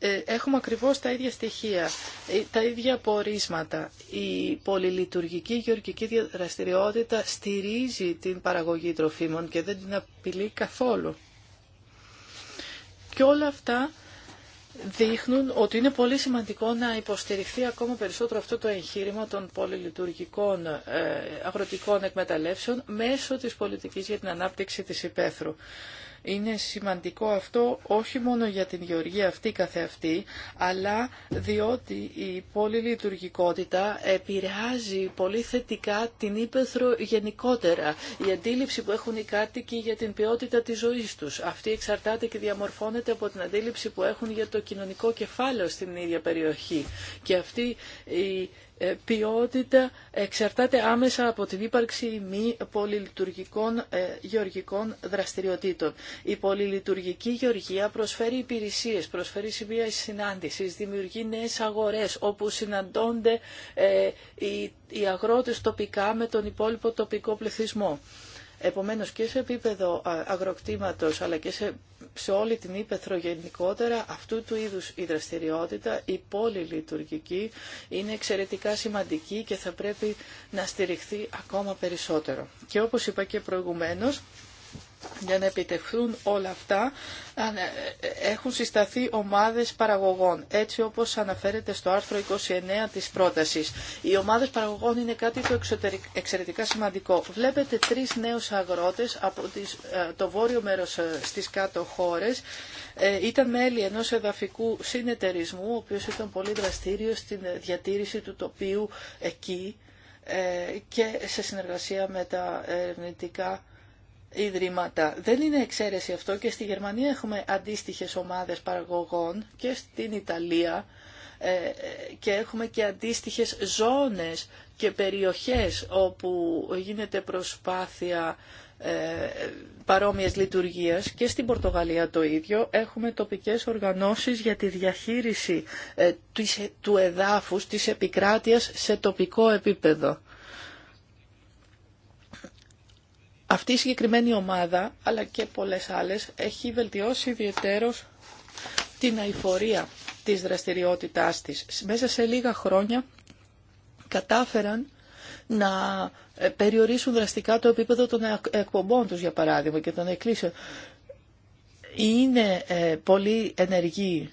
ε, έχουμε ακριβώς τα ίδια στοιχεία, ε, τα ίδια πορίσματα. Η πολυλειτουργική γεωργική δραστηριότητα στηρίζει την παραγωγή τροφίμων και δεν την απειλεί καθόλου. Και όλα αυτά δείχνουν ότι είναι πολύ σημαντικό να υποστηριχθεί ακόμα περισσότερο αυτό το εγχείρημα των πολυλειτουργικών ε, αγροτικών εκμεταλλεύσεων μέσω της πολιτικής για την ανάπτυξη της υπαίθρου. Είναι σημαντικό αυτό όχι μόνο για την γεωργία αυτή καθεαυτή, αλλά διότι η πολυλειτουργικότητα επηρεάζει πολύ θετικά την ύπεθρο γενικότερα. Η αντίληψη που έχουν οι κάτοικοι για την ποιότητα της ζωής τους. Αυτή εξαρτάται και διαμορφώνεται από την αντίληψη που έχουν για το κοινωνικό κεφάλαιο στην ίδια περιοχή. Και αυτή η ε, ποιότητα εξαρτάται άμεσα από την ύπαρξη μη πολυλειτουργικών ε, γεωργικών δραστηριοτήτων. Η πολυλειτουργική γεωργία προσφέρει υπηρεσίες, προσφέρει σημεία συνάντησης, δημιουργεί νέες αγορές όπου συναντώνται ε, οι αγρότες τοπικά με τον υπόλοιπο τοπικό πληθυσμό. Επομένως και σε επίπεδο αγροκτήματος αλλά και σε, όλη την ύπεθρο γενικότερα αυτού του είδους η δραστηριότητα, η πολυλειτουργική είναι εξαιρετικά σημαντική και θα πρέπει να στηριχθεί ακόμα περισσότερο. Και όπως είπα και προηγουμένως, για να επιτευχθούν όλα αυτά ε, ε, έχουν συσταθεί ομάδες παραγωγών, έτσι όπως αναφέρεται στο άρθρο 29 της πρότασης. Οι ομάδες παραγωγών είναι κάτι το εξαιρετικά σημαντικό. Βλέπετε τρεις νέους αγρότες από ε, το βόρειο μέρος στις κάτω χώρες. Ήταν μέλη ενός εδαφικού συνεταιρισμού, ο οποίος ήταν πολύ δραστήριο στην διατήρηση του τοπίου εκεί και σε συνεργασία με τα ερευνητικά ιδρύματα. Δεν είναι εξαίρεση αυτό και στη Γερμανία έχουμε αντίστοιχες ομάδες παραγωγών και στην Ιταλία ε, και έχουμε και αντίστοιχες ζώνες και περιοχές όπου γίνεται προσπάθεια ε, παρόμοιες λειτουργίας και στην Πορτογαλία το ίδιο έχουμε τοπικές οργανώσεις για τη διαχείριση ε, του εδάφους της επικράτειας σε τοπικό επίπεδο. Αυτή η συγκεκριμένη ομάδα, αλλά και πολλές άλλες, έχει βελτιώσει ιδιαιτέρως την αηφορία της δραστηριότητάς της. Μέσα σε λίγα χρόνια κατάφεραν να ε, περιορίσουν δραστικά το επίπεδο των εκπομπών τους, για παράδειγμα, και των εκκλήσεων. Είναι ε, πολύ ενεργοί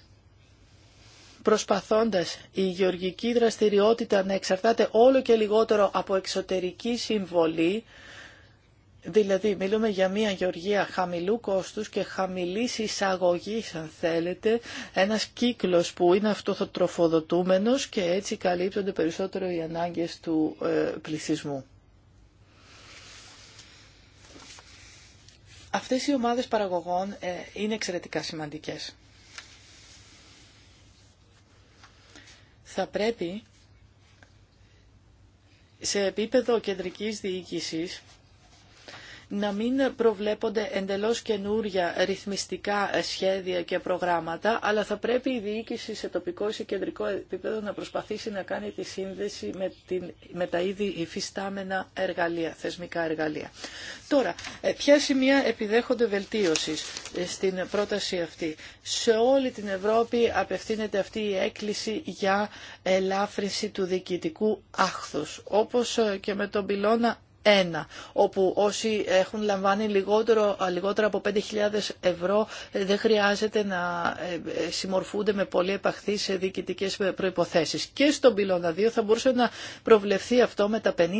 προσπαθώντας η γεωργική δραστηριότητα να εξαρτάται όλο και λιγότερο από εξωτερική συμβολή Δηλαδή, μιλούμε για μια γεωργία χαμηλού κόστους και χαμηλής εισαγωγής, αν θέλετε, ένας κύκλος που είναι αυτοθοτροφοδοτούμενος και έτσι καλύπτονται περισσότερο οι ανάγκες του ε, πληθυσμού. Αυτές οι ομάδες παραγωγών ε, είναι εξαιρετικά σημαντικές. Θα πρέπει σε επίπεδο κεντρικής διοίκησης να μην προβλέπονται εντελώς καινούρια ρυθμιστικά σχέδια και προγράμματα, αλλά θα πρέπει η διοίκηση σε τοπικό ή κεντρικό επίπεδο να προσπαθήσει να κάνει τη σύνδεση με, την, τα ήδη υφιστάμενα εργαλεία, θεσμικά εργαλεία. Τώρα, ε, ποια σημεία επιδέχονται βελτίωσης ε, στην πρόταση αυτή. Σε όλη την Ευρώπη απευθύνεται αυτή η έκκληση για ελάφρυνση του διοικητικού άχθους, όπως ε, και με τον πυλώνα όπου όσοι έχουν λαμβάνει λιγότερο, λιγότερα από 5.000 ευρώ ε, δεν χρειάζεται να ε, ε, συμμορφούνται με πολύ επαχθείς διοικητικές προϋποθέσεις. Και στον πυλώνα 2 θα μπορούσε να προβλεφθεί αυτό με τα 50.000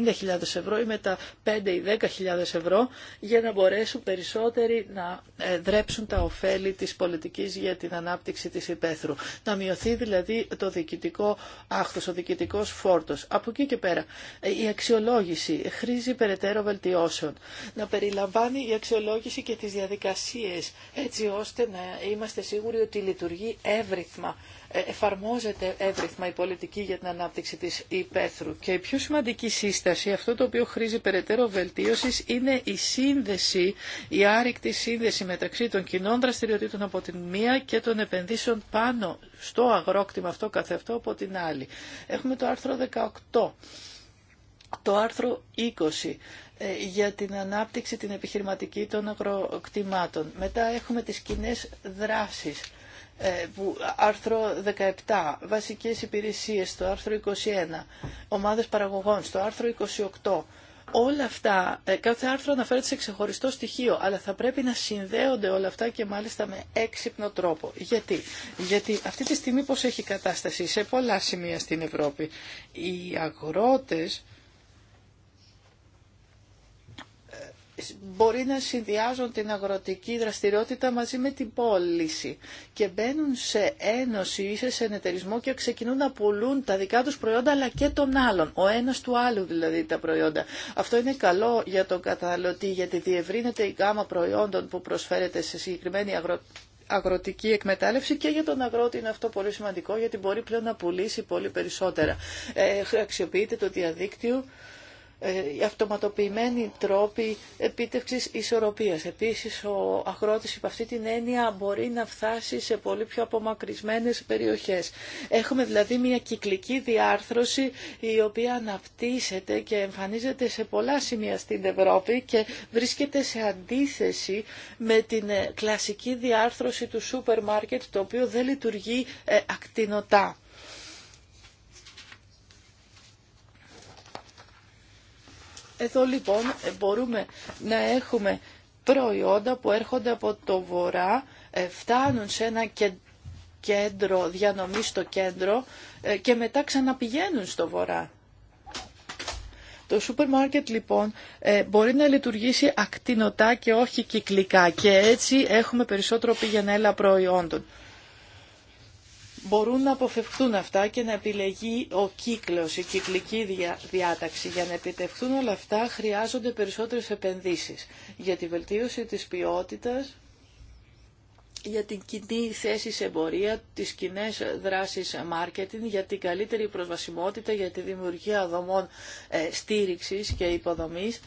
ευρώ ή με τα 5 ή 10.000 ευρώ για να μπορέσουν περισσότεροι να δρέψουν τα ωφέλη της πολιτικής για την ανάπτυξη της υπαίθρου. Να μειωθεί δηλαδή το διοικητικό άχθος, ο διοικητικός φόρτος. Από εκεί και πέρα η αξιολόγηση χρήζει περαιτέρω βελτιώσεων. Να περιλαμβάνει η αξιολόγηση και τις διαδικασίες, έτσι ώστε να είμαστε σίγουροι ότι λειτουργεί εύρυθμα, ε, εφαρμόζεται εύρυθμα η πολιτική για την ανάπτυξη της υπαίθρου. Και η πιο σημαντική σύσταση, αυτό το οποίο χρήζει περαιτέρω βελτίωσης, είναι η σύνδεση, η άρρηκτη σύνδεση μεταξύ των κοινών δραστηριοτήτων από την μία και των επενδύσεων πάνω στο αγρόκτημα αυτό καθεαυτό από την άλλη. Έχουμε το άρθρο 18 το άρθρο 20 ε, για την ανάπτυξη την επιχειρηματική των αγροκτημάτων. Μετά έχουμε τις κοινέ δράσεις ε, που άρθρο 17, βασικές υπηρεσίες το άρθρο 21, ομάδες παραγωγών στο άρθρο 28. Όλα αυτά, ε, κάθε άρθρο αναφέρεται σε ξεχωριστό στοιχείο, αλλά θα πρέπει να συνδέονται όλα αυτά και μάλιστα με έξυπνο τρόπο. Γιατί, Γιατί αυτή τη στιγμή πώς έχει κατάσταση σε πολλά σημεία στην Ευρώπη. Οι αγρότες μπορεί να συνδυάζουν την αγροτική δραστηριότητα μαζί με την πώληση και μπαίνουν σε ένωση ή σε συνεταιρισμό και ξεκινούν να πουλούν τα δικά τους προϊόντα αλλά και των άλλων, ο ένας του άλλου δηλαδή τα προϊόντα. Αυτό είναι καλό για τον καταναλωτή γιατί διευρύνεται η γάμα προϊόντων που προσφέρεται σε συγκεκριμένη αγροτική εκμετάλλευση και για τον αγρότη είναι αυτό πολύ σημαντικό γιατί μπορεί πλέον να πουλήσει πολύ περισσότερα. Ε, αξιοποιείται το διαδίκτυο ε, οι αυτοματοποιημένοι τρόποι επίτευξης ισορροπίας. Επίσης, ο αγρότης υπ' αυτή την έννοια μπορεί να φτάσει σε πολύ πιο απομακρυσμένες περιοχές. Έχουμε δηλαδή μια κυκλική διάρθρωση η οποία αναπτύσσεται και εμφανίζεται σε πολλά σημεία στην Ευρώπη και βρίσκεται σε αντίθεση με την ε, κλασική διάρθρωση του σούπερ μάρκετ το οποίο δεν λειτουργεί ε, ακτινοτά. Εδώ λοιπόν μπορούμε να έχουμε προϊόντα που έρχονται από το βορρά, ε, φτάνουν σε ένα κέντρο, διανομή στο κέντρο ε, και μετά ξαναπηγαίνουν στο βορρά. Το σούπερ μάρκετ λοιπόν ε, μπορεί να λειτουργήσει ακτινοτά και όχι κυκλικά και έτσι έχουμε περισσότερο πηγενέλα προϊόντων μπορούν να αποφευχτούν αυτά και να επιλεγεί ο κύκλος, η κυκλική διάταξη. Για να επιτευχθούν όλα αυτά χρειάζονται περισσότερες επενδύσεις για τη βελτίωση της ποιότητας, για την κοινή θέση σε εμπορία, τις κοινέ δράσεις marketing, για την καλύτερη προσβασιμότητα, για τη δημιουργία δομών ε, στήριξης και υποδομής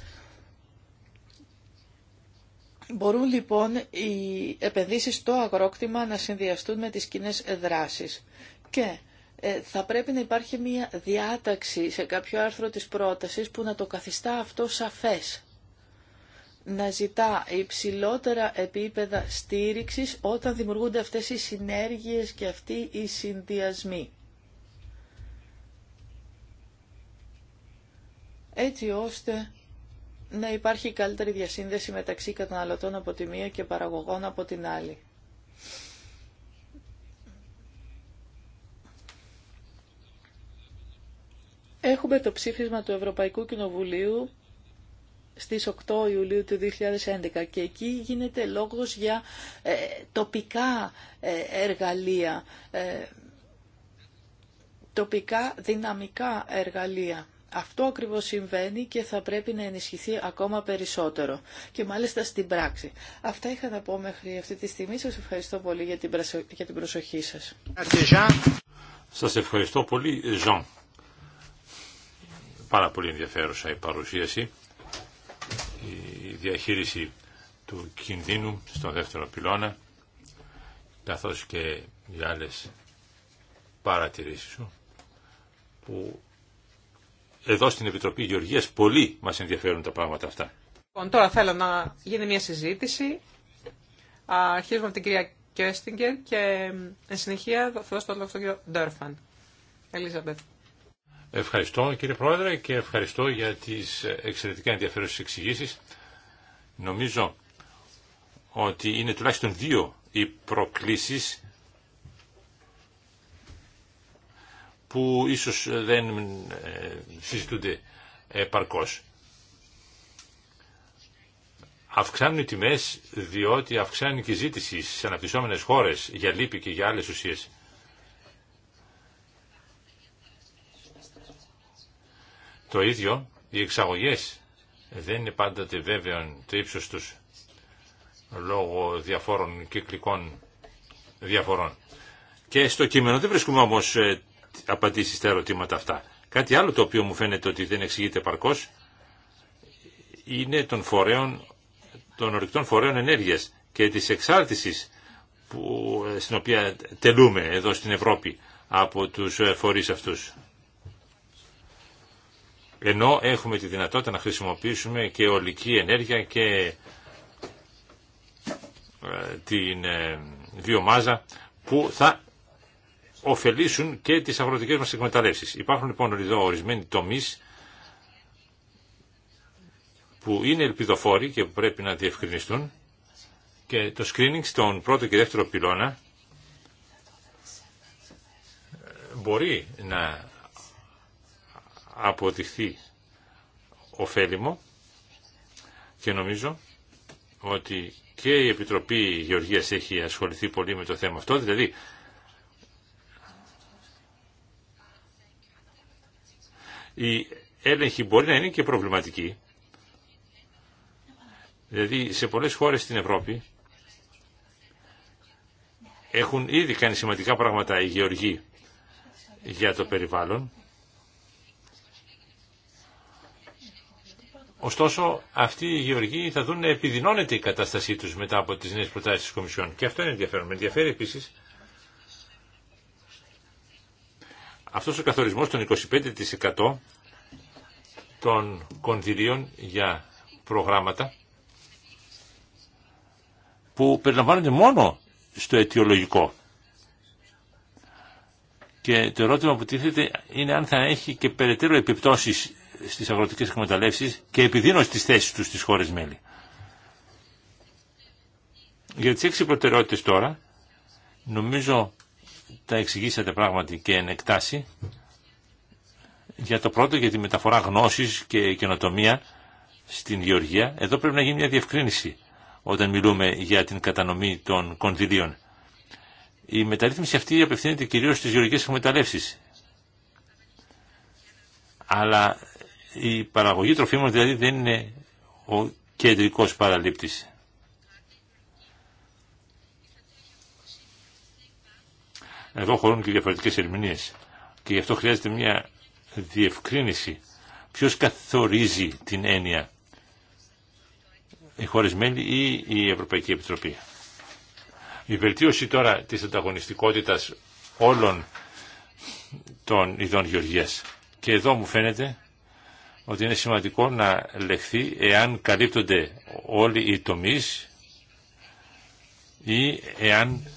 Μπορούν λοιπόν οι επενδύσεις στο αγρόκτημα να συνδυαστούν με τις κοινέ δράσεις. Και ε, θα πρέπει να υπάρχει μια διάταξη σε κάποιο άρθρο της πρότασης που να το καθιστά αυτό σαφές. Να ζητά υψηλότερα επίπεδα στήριξης όταν δημιουργούνται αυτές οι συνέργειες και αυτοί οι συνδυασμοί. Έτσι ώστε να υπάρχει καλύτερη διασύνδεση μεταξύ καταναλωτών από τη μία και παραγωγών από την άλλη. Έχουμε το ψήφισμα του Ευρωπαϊκού Κοινοβουλίου στις 8 Ιουλίου του 2011 και εκεί γίνεται λόγος για ε, τοπικά ε, εργαλεία, ε, τοπικά δυναμικά εργαλεία. Αυτό ακριβώς συμβαίνει και θα πρέπει να ενισχυθεί ακόμα περισσότερο και μάλιστα στην πράξη. Αυτά είχα να πω μέχρι αυτή τη στιγμή. Σας ευχαριστώ πολύ για την προσοχή σας. Σας ευχαριστώ πολύ, Ζων. Πάρα πολύ ενδιαφέρουσα η παρουσίαση, η διαχείριση του κινδύνου στο δεύτερο πυλώνα, καθώς και οι άλλες παρατηρήσεις σου, που εδώ στην Επιτροπή Γεωργίας πολύ μας ενδιαφέρουν τα πράγματα αυτά. Λοιπόν, τώρα θέλω να γίνει μια συζήτηση. Αρχίζουμε από την κυρία Κέστιγκερ και ε, εν συνεχεία θα δώσω το λόγο στον κύριο Ντόρφαν. Ελίζαμπεθ. Ευχαριστώ κύριε Πρόεδρε και ευχαριστώ για τις εξαιρετικά ενδιαφέρουσες εξηγήσεις. Νομίζω ότι είναι τουλάχιστον δύο οι προκλήσεις που ίσως δεν ε, συζητούνται επαρκώς. Αυξάνουν οι τιμές διότι αυξάνει και η ζήτηση στις αναπτυσσόμενες χώρες για λύπη και για άλλες ουσίες. Το ίδιο οι εξαγωγές δεν είναι πάντα βέβαιον το ύψος τους λόγω διαφόρων κυκλικών διαφορών. Και στο κείμενο δεν βρίσκουμε όμως ε, απαντήσει στα ερωτήματα αυτά. Κάτι άλλο το οποίο μου φαίνεται ότι δεν εξηγείται παρκώς είναι των φορέων, των ορυκτών φορέων ενέργειας και τη εξάρτηση στην οποία τελούμε εδώ στην Ευρώπη από τους φορεί αυτούς. Ενώ έχουμε τη δυνατότητα να χρησιμοποιήσουμε και ολική ενέργεια και ε, την ε, βιομάζα που θα ωφελήσουν και τις αγροτικές μας εκμεταλλεύσεις. Υπάρχουν λοιπόν εδώ ορισμένοι τομείς που είναι ελπιδοφόροι και που πρέπει να διευκρινιστούν και το screening στον πρώτο και δεύτερο πυλώνα μπορεί να αποδειχθεί ωφέλιμο και νομίζω ότι και η Επιτροπή Γεωργίας έχει ασχοληθεί πολύ με το θέμα αυτό, δηλαδή η έλεγχη μπορεί να είναι και προβληματική. Δηλαδή σε πολλές χώρες στην Ευρώπη έχουν ήδη κάνει σημαντικά πράγματα οι γεωργοί για το περιβάλλον. Ωστόσο, αυτοί οι γεωργοί θα δουν να επιδεινώνεται η κατάστασή τους μετά από τις νέες προτάσεις της Κομισιόν. Και αυτό είναι ενδιαφέρον. Με ενδιαφέρει επίσης Αυτός ο καθορισμός των 25% των κονδυλίων για προγράμματα που περιλαμβάνονται μόνο στο αιτιολογικό. Και το ερώτημα που τίθεται είναι αν θα έχει και περαιτέρω επιπτώσεις στις αγροτικές εκμεταλλεύσεις και επιδίνω της θέσης τους στις χώρες μέλη. Για τις έξι προτεραιότητες τώρα, νομίζω τα εξηγήσατε πράγματι και εν εκτάση. Για το πρώτο, για τη μεταφορά γνώσης και καινοτομία στην Γεωργία, εδώ πρέπει να γίνει μια διευκρίνηση όταν μιλούμε για την κατανομή των κονδυλίων. Η μεταρρύθμιση αυτή απευθύνεται κυρίως στις γεωργικές εκμεταλλεύσεις. Αλλά η παραγωγή τροφίμων δηλαδή δεν είναι ο κεντρικός παραλήπτης. Εδώ χωρούν και διαφορετικές ερμηνείες και γι' αυτό χρειάζεται μια διευκρίνηση. Ποιος καθορίζει την έννοια, οι χώρες μέλη ή η Ευρωπαϊκή Επιτροπή. Η βελτίωση τώρα της ανταγωνιστικότητας όλων των ειδών γεωργίας. Και εδώ μου φαίνεται ότι είναι σημαντικό να λεχθεί εάν καλύπτονται όλοι οι τομείς ή εάν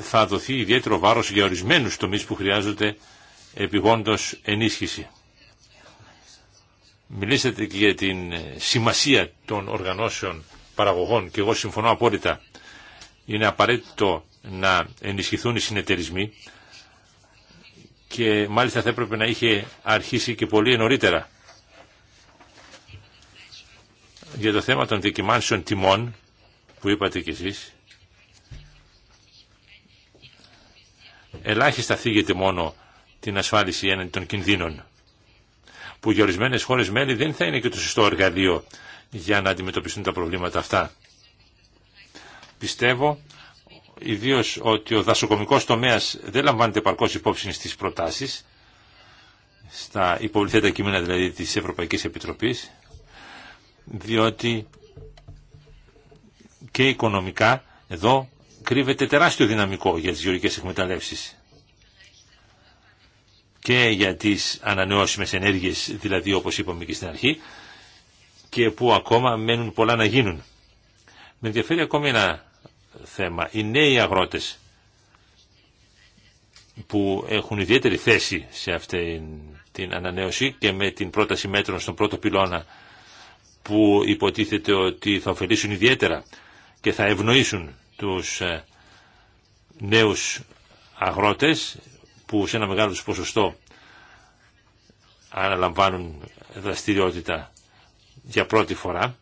θα δοθεί ιδιαίτερο βάρος για ορισμένους τομείς που χρειάζονται επιγόντως ενίσχυση. Μιλήσατε και για την σημασία των οργανώσεων παραγωγών και εγώ συμφωνώ απόλυτα. Είναι απαραίτητο να ενισχυθούν οι συνεταιρισμοί και μάλιστα θα έπρεπε να είχε αρχίσει και πολύ νωρίτερα. Για το θέμα των δικημάνσεων τιμών που είπατε κι εσείς, ελάχιστα θίγεται μόνο την ασφάλιση έναντι των κινδύνων, που για ορισμένε χώρε μέλη δεν θα είναι και το σωστό εργαλείο για να αντιμετωπιστούν τα προβλήματα αυτά. Πιστεύω ιδίω ότι ο δασοκομικό τομέα δεν λαμβάνεται παρκώ υπόψη στι προτάσει, στα υποβληθέντα κείμενα δηλαδή τη Ευρωπαϊκή Επιτροπή, διότι και οικονομικά εδώ κρύβεται τεράστιο δυναμικό για τις γεωργικές εκμεταλλεύσεις και για τις ανανεώσιμες ενέργειες, δηλαδή όπως είπαμε και στην αρχή, και που ακόμα μένουν πολλά να γίνουν. Με ενδιαφέρει ακόμη ένα θέμα. Οι νέοι αγρότες που έχουν ιδιαίτερη θέση σε αυτή την ανανέωση και με την πρόταση μέτρων στον πρώτο πυλώνα που υποτίθεται ότι θα ωφελήσουν ιδιαίτερα και θα ευνοήσουν τους ε, νέους αγρότες που σε ένα μεγάλο ποσοστό αναλαμβάνουν δραστηριότητα για πρώτη φορά.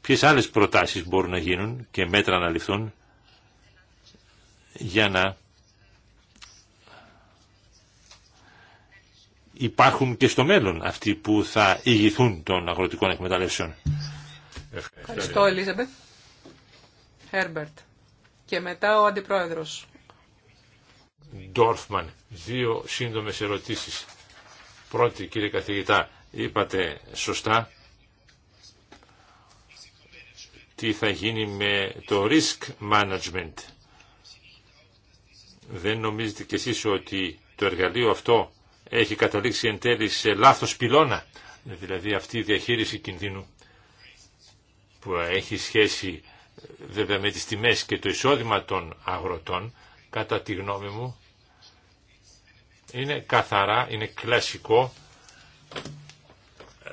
Ποιες άλλες προτάσεις μπορούν να γίνουν και μέτρα να ληφθούν για να υπάρχουν και στο μέλλον αυτοί που θα ηγηθούν των αγροτικών εκμεταλλεύσεων. Ευχαριστώ, Ελίζαμπετ. Χέρμπερτ. Και μετά ο Αντιπρόεδρος. Ντόρφμαν. Δύο σύντομες ερωτήσεις. Πρώτη, κύριε καθηγητά, είπατε σωστά τι θα γίνει με το risk management. Δεν νομίζετε κι εσείς ότι το εργαλείο αυτό έχει καταλήξει εν τέλει σε λάθος πυλώνα, δηλαδή αυτή η διαχείριση κινδύνου που έχει σχέση ε, βέβαια με τις τιμές και το εισόδημα των αγροτών, κατά τη γνώμη μου, είναι καθαρά, είναι κλασικό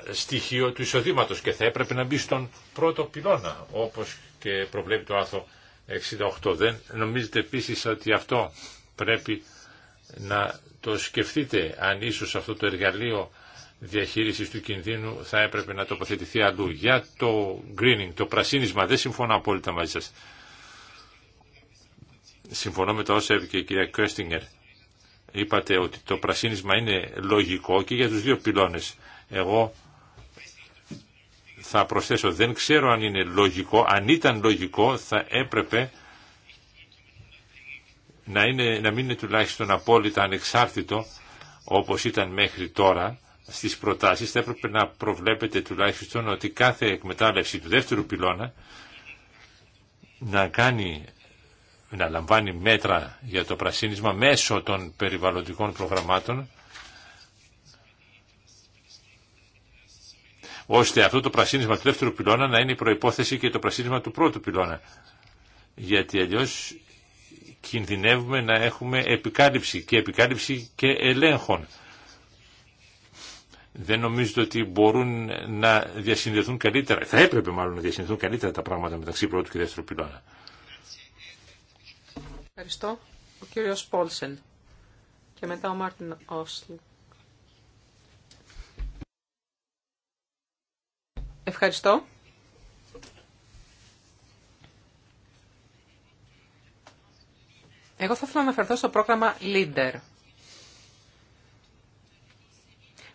ε, στοιχείο του εισοδήματο και θα έπρεπε να μπει στον πρώτο πυλώνα, όπως και προβλέπει το άθρο 68. Δεν νομίζετε επίσης ότι αυτό πρέπει να το σκεφτείτε, αν ίσως αυτό το εργαλείο Διαχείριση του κινδύνου θα έπρεπε να τοποθετηθεί αλλού. Για το greening, το πρασίνισμα, δεν συμφωνώ απόλυτα μαζί σας. Συμφωνώ με τα όσα είπε και η κυρία Κρέστιγκερ. Είπατε ότι το πρασίνισμα είναι λογικό και για τους δύο πυλώνες. Εγώ θα προσθέσω, δεν ξέρω αν είναι λογικό, αν ήταν λογικό θα έπρεπε να, είναι, να μην είναι τουλάχιστον απόλυτα ανεξάρτητο όπως ήταν μέχρι τώρα στις προτάσεις θα έπρεπε να προβλέπετε τουλάχιστον ότι κάθε εκμετάλλευση του δεύτερου πυλώνα να κάνει να λαμβάνει μέτρα για το πρασίνισμα μέσω των περιβαλλοντικών προγραμμάτων ώστε αυτό το πρασίνισμα του δεύτερου πυλώνα να είναι η προϋπόθεση και το πρασίνισμα του πρώτου πυλώνα. Γιατί αλλιώς κινδυνεύουμε να έχουμε επικάλυψη και επικάλυψη και ελέγχων δεν νομίζετε ότι μπορούν να διασυνδεθούν καλύτερα, θα έπρεπε μάλλον να διασυνδεθούν καλύτερα τα πράγματα μεταξύ πρώτου και δεύτερου πυλώνα. Ευχαριστώ. Ο κύριος Πόλσεν και μετά ο Μάρτιν Όσλι. Ευχαριστώ. Εγώ θα ήθελα να αναφερθώ στο πρόγραμμα LEADER.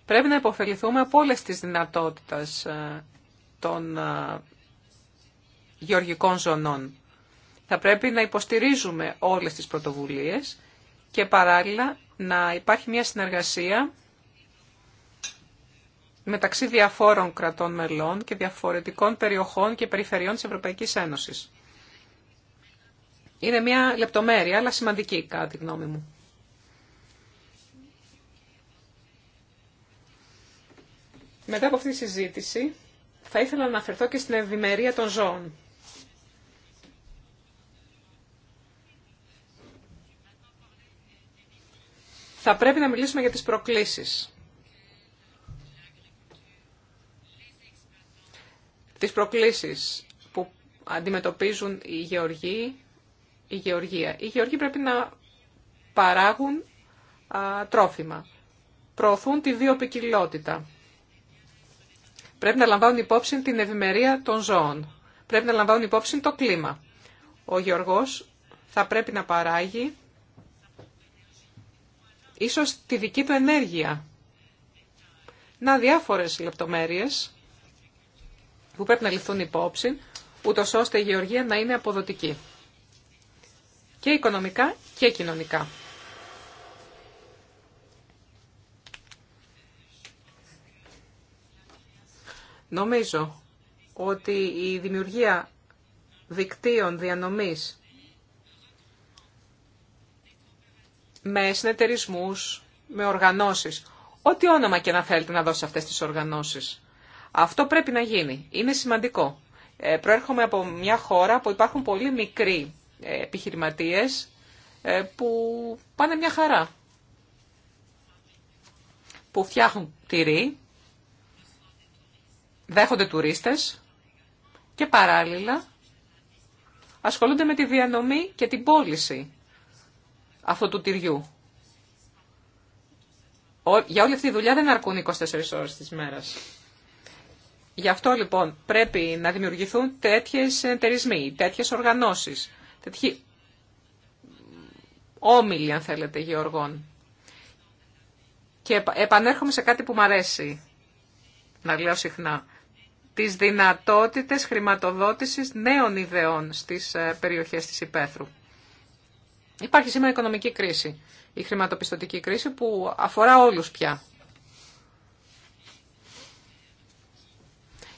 Πρέπει να υποφεληθούμε από όλες τις δυνατότητες ε, των ε, γεωργικών ζωνών. Θα πρέπει να υποστηρίζουμε όλες τις πρωτοβουλίες και παράλληλα να υπάρχει μια συνεργασία μεταξύ διαφόρων κρατών μελών και διαφορετικών περιοχών και περιφερειών της Ευρωπαϊκής Ένωσης. Είναι μια λεπτομέρεια, αλλά σημαντική, κατά γνώμη μου. Μετά από αυτή τη συζήτηση θα ήθελα να αναφερθώ και στην ευημερία των ζώων. Θα πρέπει να μιλήσουμε για τις προκλήσεις. Τις προκλήσεις που αντιμετωπίζουν οι γεωργοί, η γεωργία. Οι γεωργοί πρέπει να παράγουν α, τρόφιμα. Προωθούν τη βιοπικιλότητα. Πρέπει να λαμβάνουν υπόψη την ευημερία των ζώων. Πρέπει να λαμβάνουν υπόψη το κλίμα. Ο Γιώργος θα πρέπει να παράγει ίσως τη δική του ενέργεια. Να διάφορες λεπτομέρειες που πρέπει να ληφθούν υπόψη, ούτως ώστε η γεωργία να είναι αποδοτική. Και οικονομικά και κοινωνικά. Νομίζω ότι η δημιουργία δικτύων διανομής με συνεταιρισμούς, με οργανώσεις, ό,τι όνομα και να θέλετε να δώσετε αυτές τις οργανώσεις. Αυτό πρέπει να γίνει. Είναι σημαντικό. Ε, προέρχομαι από μια χώρα που υπάρχουν πολύ μικροί ε, επιχειρηματίες ε, που πάνε μια χαρά. Που φτιάχνουν τυρί, δέχονται τουρίστες και παράλληλα ασχολούνται με τη διανομή και την πώληση αυτού του τυριού. Για όλη αυτή τη δουλειά δεν αρκούν 24 ώρες της μέρας. Γι' αυτό λοιπόν πρέπει να δημιουργηθούν τέτοιες εταιρισμοί, τέτοιες οργανώσεις, τέτοιοι όμιλοι αν θέλετε γεωργών. Και επανέρχομαι σε κάτι που μου αρέσει να λέω συχνά τις δυνατότητες χρηματοδότησης νέων ιδεών στις ε, περιοχές της υπαίθρου. Υπάρχει σήμερα οικονομική κρίση, η χρηματοπιστωτική κρίση που αφορά όλους πια.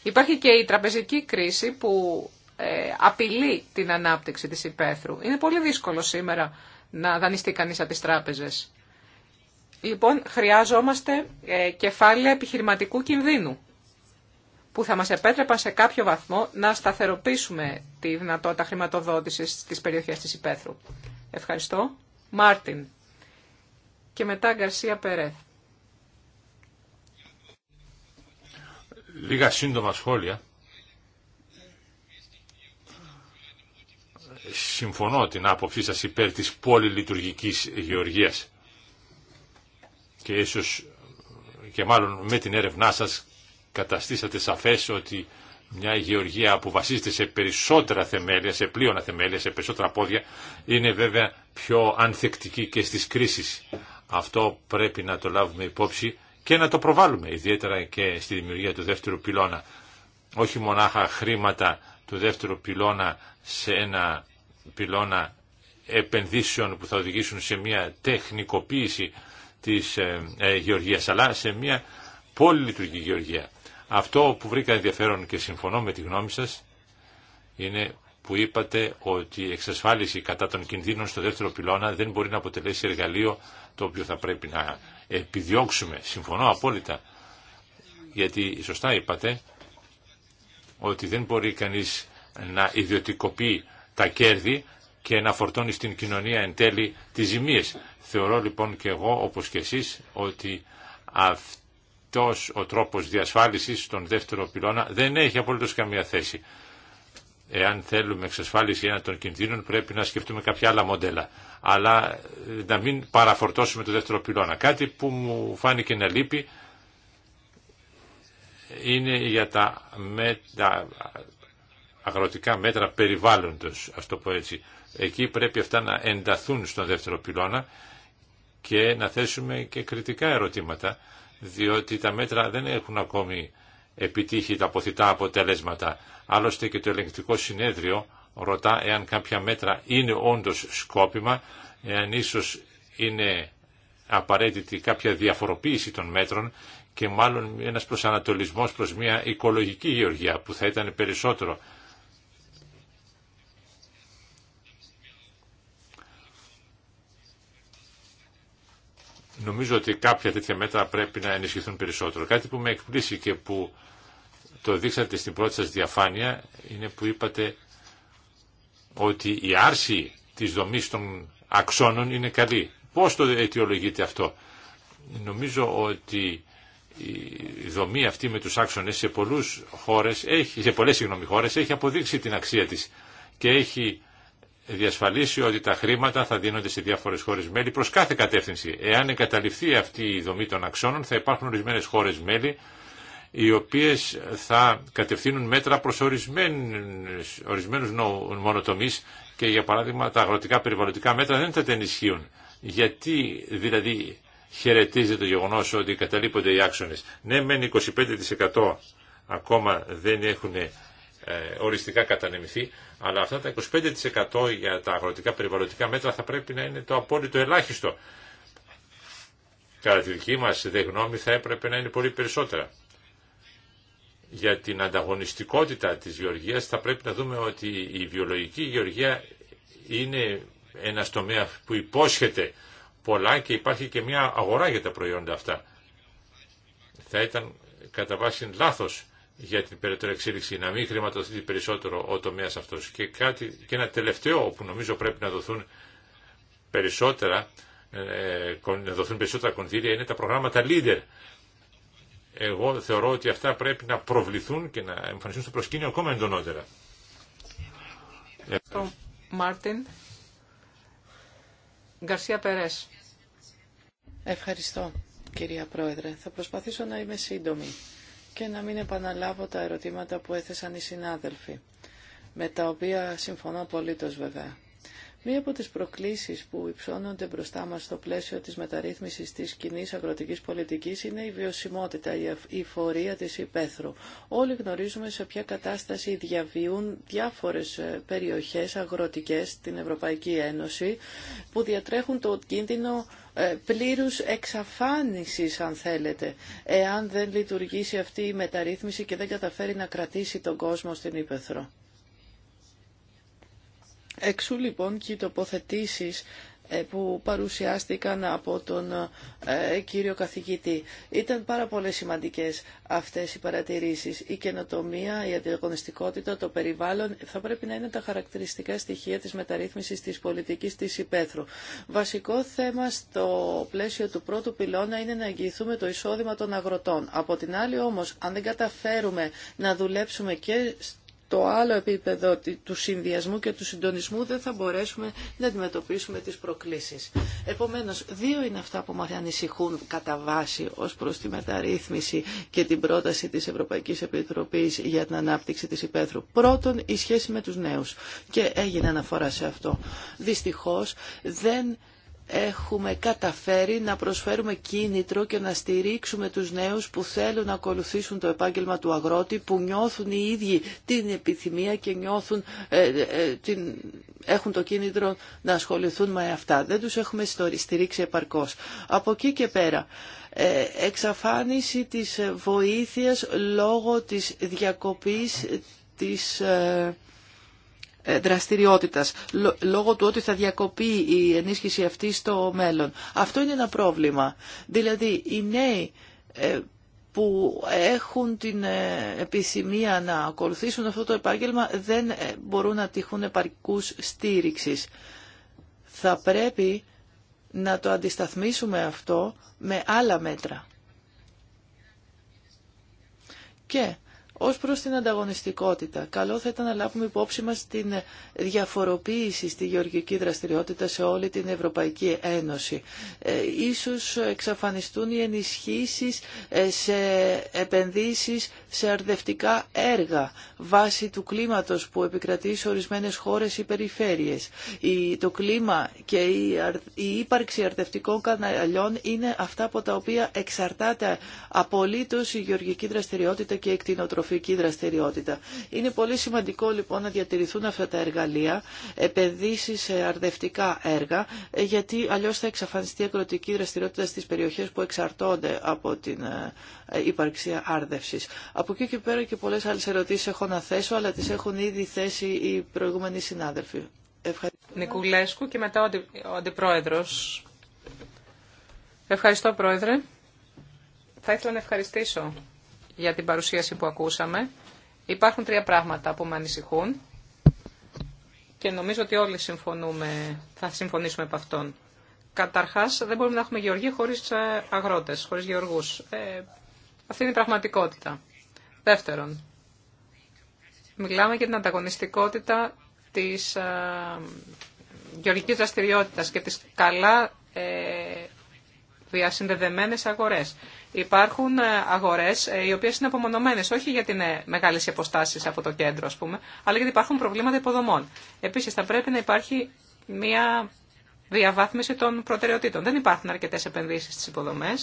Υπάρχει και η τραπεζική κρίση που ε, απειλεί την ανάπτυξη της υπαίθρου. Είναι πολύ δύσκολο σήμερα να δανειστεί κανείς από τις τράπεζες. Λοιπόν, χρειάζομαστε ε, κεφάλαια επιχειρηματικού κινδύνου που θα μας επέτρεπαν σε κάποιο βαθμό να σταθεροποιήσουμε τη δυνατότητα χρηματοδότησης της περιοχής της Υπέθρου. Ευχαριστώ. Μάρτιν. Και μετά Γκαρσία Περέθ. Λίγα σύντομα σχόλια. Συμφωνώ την άποψή σας υπέρ της πολυλειτουργικής γεωργίας και ίσως και μάλλον με την έρευνά σας καταστήσατε σαφές ότι μια γεωργία που βασίζεται σε περισσότερα θεμέλια, σε πλείονα θεμέλια, σε περισσότερα πόδια, είναι βέβαια πιο ανθεκτική και στις κρίσεις. Αυτό πρέπει να το λάβουμε υπόψη και να το προβάλλουμε, ιδιαίτερα και στη δημιουργία του δεύτερου πυλώνα. Όχι μονάχα χρήματα του δεύτερου πυλώνα σε ένα πυλώνα επενδύσεων που θα οδηγήσουν σε μια τεχνικοποίηση της ε, ε, γεωργίας, αλλά σε μια πολυλειτουργική γεωργία. Αυτό που βρήκα ενδιαφέρον και συμφωνώ με τη γνώμη σας είναι που είπατε ότι η εξασφάλιση κατά των κινδύνων στο δεύτερο πυλώνα δεν μπορεί να αποτελέσει εργαλείο το οποίο θα πρέπει να επιδιώξουμε. Συμφωνώ απόλυτα, γιατί σωστά είπατε ότι δεν μπορεί κανείς να ιδιωτικοποιεί τα κέρδη και να φορτώνει στην κοινωνία εν τέλει τις ζημίες. Θεωρώ λοιπόν και εγώ, όπως και εσείς, ότι αυτή αυτός ο τρόπος διασφάλισης στον δεύτερο πυλώνα δεν έχει απολύτως καμία θέση. Εάν θέλουμε εξασφάλιση έναν των κινδύνων πρέπει να σκεφτούμε κάποια άλλα μοντέλα. Αλλά ε, να μην παραφορτώσουμε το δεύτερο πυλώνα. Κάτι που μου φάνηκε να λείπει είναι για τα, με, τα αγροτικά μέτρα περιβάλλοντος, ας το πω έτσι. Εκεί πρέπει αυτά να ενταθούν στον δεύτερο πυλώνα και να θέσουμε και κριτικά ερωτήματα διότι τα μέτρα δεν έχουν ακόμη επιτύχει τα αποθητά αποτελέσματα. Άλλωστε και το ελεγκτικό συνέδριο ρωτά εάν κάποια μέτρα είναι όντως σκόπιμα, εάν ίσως είναι απαραίτητη κάποια διαφοροποίηση των μέτρων και μάλλον ένας προσανατολισμός προς μια οικολογική γεωργία που θα ήταν περισσότερο Νομίζω ότι κάποια τέτοια μέτρα πρέπει να ενισχυθούν περισσότερο. Κάτι που με εκπλήσει και που το δείξατε στην πρώτη σας διαφάνεια είναι που είπατε ότι η άρση της δομής των αξώνων είναι καλή. Πώς το αιτιολογείτε αυτό. Νομίζω ότι η δομή αυτή με τους άξονες σε, πολλούς χώρες, έχει, σε πολλές συγγνώμη, χώρες έχει αποδείξει την αξία της και έχει διασφαλίσει ότι τα χρήματα θα δίνονται σε διάφορες χώρες μέλη προς κάθε κατεύθυνση. Εάν εγκαταληφθεί αυτή η δομή των αξώνων θα υπάρχουν ορισμένες χώρες μέλη οι οποίες θα κατευθύνουν μέτρα προς ορισμένους, ορισμένους μονοτομείς και για παράδειγμα τα αγροτικά περιβαλλοντικά μέτρα δεν θα τα ενισχύουν. Γιατί δηλαδή χαιρετίζεται το γεγονός ότι καταλείπονται οι άξονες. Ναι μεν 25% ακόμα δεν έχουν ε, οριστικά κατανεμηθεί αλλά αυτά τα 25% για τα αγροτικά περιβαλλοντικά μέτρα θα πρέπει να είναι το απόλυτο ελάχιστο. Κατά τη δική μας δε γνώμη θα έπρεπε να είναι πολύ περισσότερα. Για την ανταγωνιστικότητα της γεωργίας θα πρέπει να δούμε ότι η βιολογική γεωργία είναι ένα τομέα που υπόσχεται πολλά και υπάρχει και μια αγορά για τα προϊόντα αυτά. Θα ήταν κατά βάση λάθος για την περαιτέρω εξέλιξη, να μην χρηματοδοτεί περισσότερο ο τομέας αυτός. Και, κάτι, και ένα τελευταίο που νομίζω πρέπει να δοθούν περισσότερα, ε, να δοθούν περισσότερα κονδύλια είναι τα προγράμματα leader. Εγώ θεωρώ ότι αυτά πρέπει να προβληθούν και να εμφανιστούν στο προσκήνιο ακόμα εντονότερα. Ευχαριστώ, κυρία Πρόεδρε. Θα προσπαθήσω να είμαι σύντομη και να μην επαναλάβω τα ερωτήματα που έθεσαν οι συνάδελφοι, με τα οποία συμφωνώ απολύτως βέβαια. Μία από τις προκλήσεις που υψώνονται μπροστά μας στο πλαίσιο της μεταρρύθμισης της κοινή αγροτικής πολιτικής είναι η βιωσιμότητα, η φορεία της υπαίθρου. Όλοι γνωρίζουμε σε ποια κατάσταση διαβιούν διάφορες ε, περιοχές αγροτικές στην Ευρωπαϊκή Ένωση που διατρέχουν το κίνδυνο ε, πλήρους εξαφάνισης αν θέλετε εάν δεν λειτουργήσει αυτή η μεταρρύθμιση και δεν καταφέρει να κρατήσει τον κόσμο στην υπαίθρο. Εξού λοιπόν και οι τοποθετήσει ε, που παρουσιάστηκαν από τον ε, κύριο καθηγητή. Ήταν πάρα πολύ σημαντικές αυτές οι παρατηρήσεις. Η καινοτομία, η αντιγωνιστικότητα, το περιβάλλον θα πρέπει να είναι τα χαρακτηριστικά στοιχεία της μεταρρύθμισης της πολιτικής της υπαίθρου. Βασικό θέμα στο πλαίσιο του πρώτου πυλώνα είναι να εγγυηθούμε το εισόδημα των αγροτών. Από την άλλη όμως, αν δεν καταφέρουμε να δουλέψουμε και το άλλο επίπεδο του συνδυασμού και του συντονισμού δεν θα μπορέσουμε να αντιμετωπίσουμε τις προκλήσεις. Επομένως, δύο είναι αυτά που μας ανησυχούν κατά βάση ως προς τη μεταρρύθμιση και την πρόταση της Ευρωπαϊκής Επιτροπής για την ανάπτυξη της υπαίθρου. Πρώτον, η σχέση με τους νέους. Και έγινε αναφορά σε αυτό. Δυστυχώς, δεν έχουμε καταφέρει να προσφέρουμε κίνητρο και να στηρίξουμε τους νέους που θέλουν να ακολουθήσουν το επάγγελμα του αγρότη, που νιώθουν οι ίδιοι την επιθυμία και νιώθουν, ε, ε, την, έχουν το κίνητρο να ασχοληθούν με αυτά. Δεν τους έχουμε στηρίξει επαρκώς. Από εκεί και πέρα ε, εξαφάνιση της βοήθειας λόγω της διακοπής της δραστηριότητας λόγω του ότι θα διακοπεί η ενίσχυση αυτή στο μέλλον. Αυτό είναι ένα πρόβλημα. Δηλαδή οι νέοι ε, που έχουν την ε, επισημία να ακολουθήσουν αυτό το επάγγελμα δεν ε, μπορούν να τύχουν επαρκού στήριξη. Θα πρέπει να το αντισταθμίσουμε αυτό με άλλα μέτρα. Και Ω προ την ανταγωνιστικότητα, καλό θα ήταν να λάβουμε υπόψη μας την διαφοροποίηση στη γεωργική δραστηριότητα σε όλη την Ευρωπαϊκή Ένωση. Ε, ίσως εξαφανιστούν οι ενισχύσει ε, σε επενδύσεις σε αρδευτικά έργα βάσει του κλίματος που επικρατεί σε ορισμένες χώρες ή περιφέρειες. Το κλίμα και η ύπαρξη αρδευτικών καναλιών είναι αυτά από τα οποία εξαρτάται απολύτω η γεωργική δραστηριότητα και η εκτινοτροφία δραστηριότητα. Είναι πολύ σημαντικό λοιπόν να διατηρηθούν αυτά τα εργαλεία, επενδύσει σε αρδευτικά έργα, ε, γιατί αλλιώ θα εξαφανιστεί η ακροτική δραστηριότητα στι περιοχέ που εξαρτώνται από την ε, ε, ύπαρξη άρδευση. Από εκεί και πέρα και πολλέ άλλε ερωτήσει έχω να θέσω, αλλά τι έχουν ήδη θέσει οι προηγούμενοι συνάδελφοι. Ευχαριστώ. Νικουλέσκου και μετά ο Αντιπρόεδρος. Ευχαριστώ, Πρόεδρε. Θα ήθελα να ευχαριστήσω για την παρουσίαση που ακούσαμε. Υπάρχουν τρία πράγματα που με ανησυχούν και νομίζω ότι όλοι συμφωνούμε, θα συμφωνήσουμε από αυτόν. Καταρχάς, δεν μπορούμε να έχουμε γεωργία χωρίς ε, αγρότες, χωρίς γεωργούς. Ε, αυτή είναι η πραγματικότητα. Δεύτερον, μιλάμε για την ανταγωνιστικότητα της α, ε, γεωργικής δραστηριότητας και τις καλά ε, διασυνδεδεμένες αγορές. Υπάρχουν ε, αγορέ ε, οι οποίε είναι απομονωμένε όχι γιατί είναι μεγάλε οι αποστάσει από το κέντρο, ας πούμε, αλλά γιατί υπάρχουν προβλήματα υποδομών. Επίση θα πρέπει να υπάρχει μια διαβάθμιση των προτεραιοτήτων. Δεν υπάρχουν αρκετέ επενδύσει στι υποδομέ.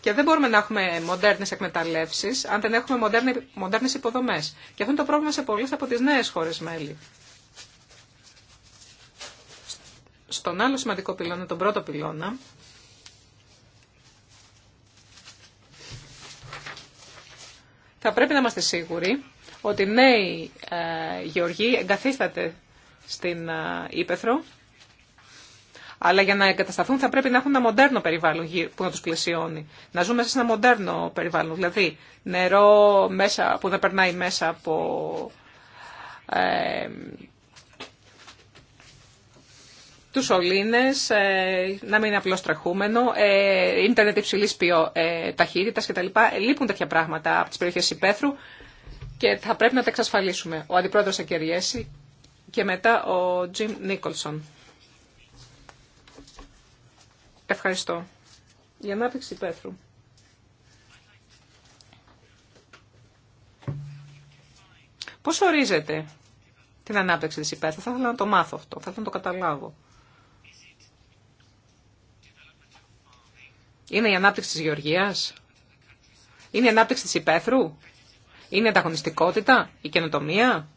Και δεν μπορούμε να έχουμε μοντέρνε εκμεταλλεύσει αν δεν έχουμε μοντέρνες υποδομέ. Και αυτό είναι το πρόβλημα σε πολλέ από τι νέε χώρε μέλη. Στον άλλο σημαντικό πυλώνα, τον πρώτο πυλώνα, θα πρέπει να είμαστε σίγουροι ότι νέοι ε, γεωργοί εγκαθίσταται στην ε, Ήπεθρο, αλλά για να εγκατασταθούν θα πρέπει να έχουν ένα μοντέρνο περιβάλλον που να τους πλαισιώνει. Να ζουν μέσα σε ένα μοντέρνο περιβάλλον, δηλαδή νερό μέσα, που δεν περνάει μέσα από ε, τους σωλήνες, ε, να μην είναι απλώς τραχούμενο, ε, ίντερνετ υψηλής ποιο, ε, ταχύτητας κτλ. Λείπουν τέτοια πράγματα από τις περιοχές υπαίθρου και θα πρέπει να τα εξασφαλίσουμε. Ο αντιπρόεδρος Ακεριέση και μετά ο Τζιμ Νίκολσον. Ευχαριστώ. Η ανάπτυξη υπαίθρου. Πώς ορίζεται την ανάπτυξη της υπαίθρου. Θα ήθελα να το μάθω αυτό, θα ήθελα να το καταλάβω. Είναι η ανάπτυξη της γεωργίας. Είναι η ανάπτυξη της υπαίθρου. Είναι η ανταγωνιστικότητα, η καινοτομία.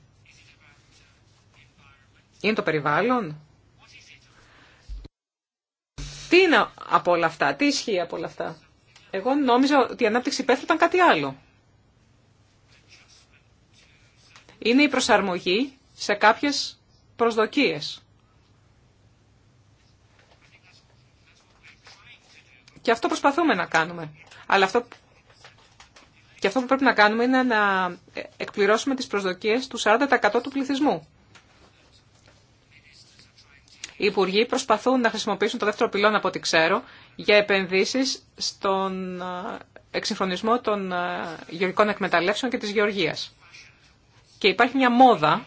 Είναι το περιβάλλον. Τι είναι από όλα αυτά, τι ισχύει από όλα αυτά. Εγώ νόμιζα ότι η ανάπτυξη υπαίθρου ήταν κάτι άλλο. Είναι η προσαρμογή σε κάποιες προσδοκίες. Και αυτό προσπαθούμε να κάνουμε. Αλλά αυτό... Και αυτό που πρέπει να κάνουμε είναι να εκπληρώσουμε τις προσδοκίες του 40% του πληθυσμού. Οι υπουργοί προσπαθούν να χρησιμοποιήσουν το δεύτερο πυλόν από ό,τι ξέρω για επενδύσεις στον εξυγχρονισμό των γεωργικών εκμεταλλεύσεων και της γεωργίας. Και υπάρχει μια μόδα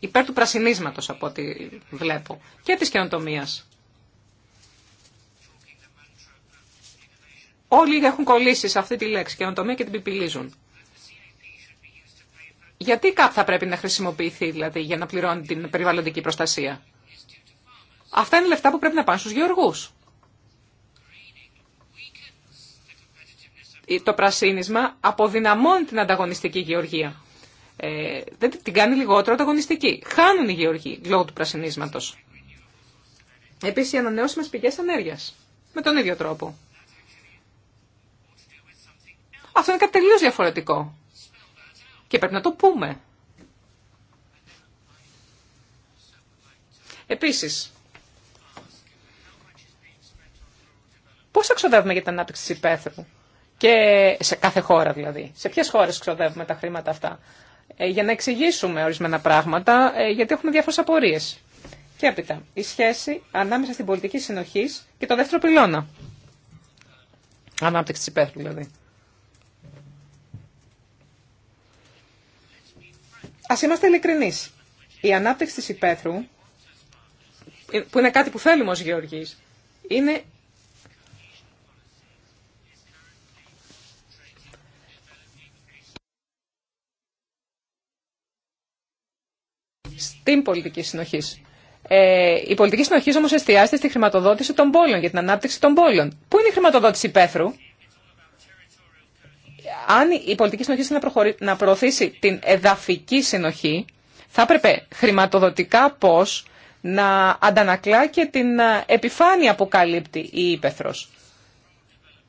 υπέρ του πρασινίσματος από ό,τι βλέπω και της καινοτομίας. Όλοι έχουν κολλήσει σε αυτή τη λέξη καινοτομία και την πιπιλίζουν. Γιατί κάπου θα πρέπει να χρησιμοποιηθεί δηλαδή για να πληρώνει την περιβαλλοντική προστασία. Αυτά είναι λεφτά που πρέπει να πάνε στους γεωργούς. Το πρασίνισμα αποδυναμώνει την ανταγωνιστική γεωργία. Ε, δεν την κάνει λιγότερο ανταγωνιστική. Χάνουν οι γεωργοί λόγω του πρασινίσματος. Επίσης οι ανανεώσιμες πηγές ενέργειας. Με τον ίδιο τρόπο. Αυτό είναι κάτι τελείω διαφορετικό. Και πρέπει να το πούμε. Επίσης, πώς ξοδεύουμε για την ανάπτυξη της υπαίθρου και σε κάθε χώρα δηλαδή. Σε ποιες χώρες ξοδεύουμε τα χρήματα αυτά. Ε, για να εξηγήσουμε ορισμένα πράγματα, ε, γιατί έχουμε διάφορες απορίες. Και έπειτα, η σχέση ανάμεσα στην πολιτική συνοχή και το δεύτερο πυλώνα. Ανάπτυξη τη υπαίθρου δηλαδή. Ας είμαστε ειλικρινεί. Η ανάπτυξη της υπαίθρου, που είναι κάτι που θέλουμε ως Γεωργή, είναι στην πολιτική συνοχή. Ε, η πολιτική συνοχή όμω εστιάζεται στη χρηματοδότηση των πόλεων, για την ανάπτυξη των πόλεων. Πού είναι η χρηματοδότηση υπαίθρου, αν η πολιτική συνοχή είναι να προωθήσει την εδαφική συνοχή, θα έπρεπε χρηματοδοτικά πώς να αντανακλά και την ε, επιφάνεια που καλύπτει η ύπεθρος.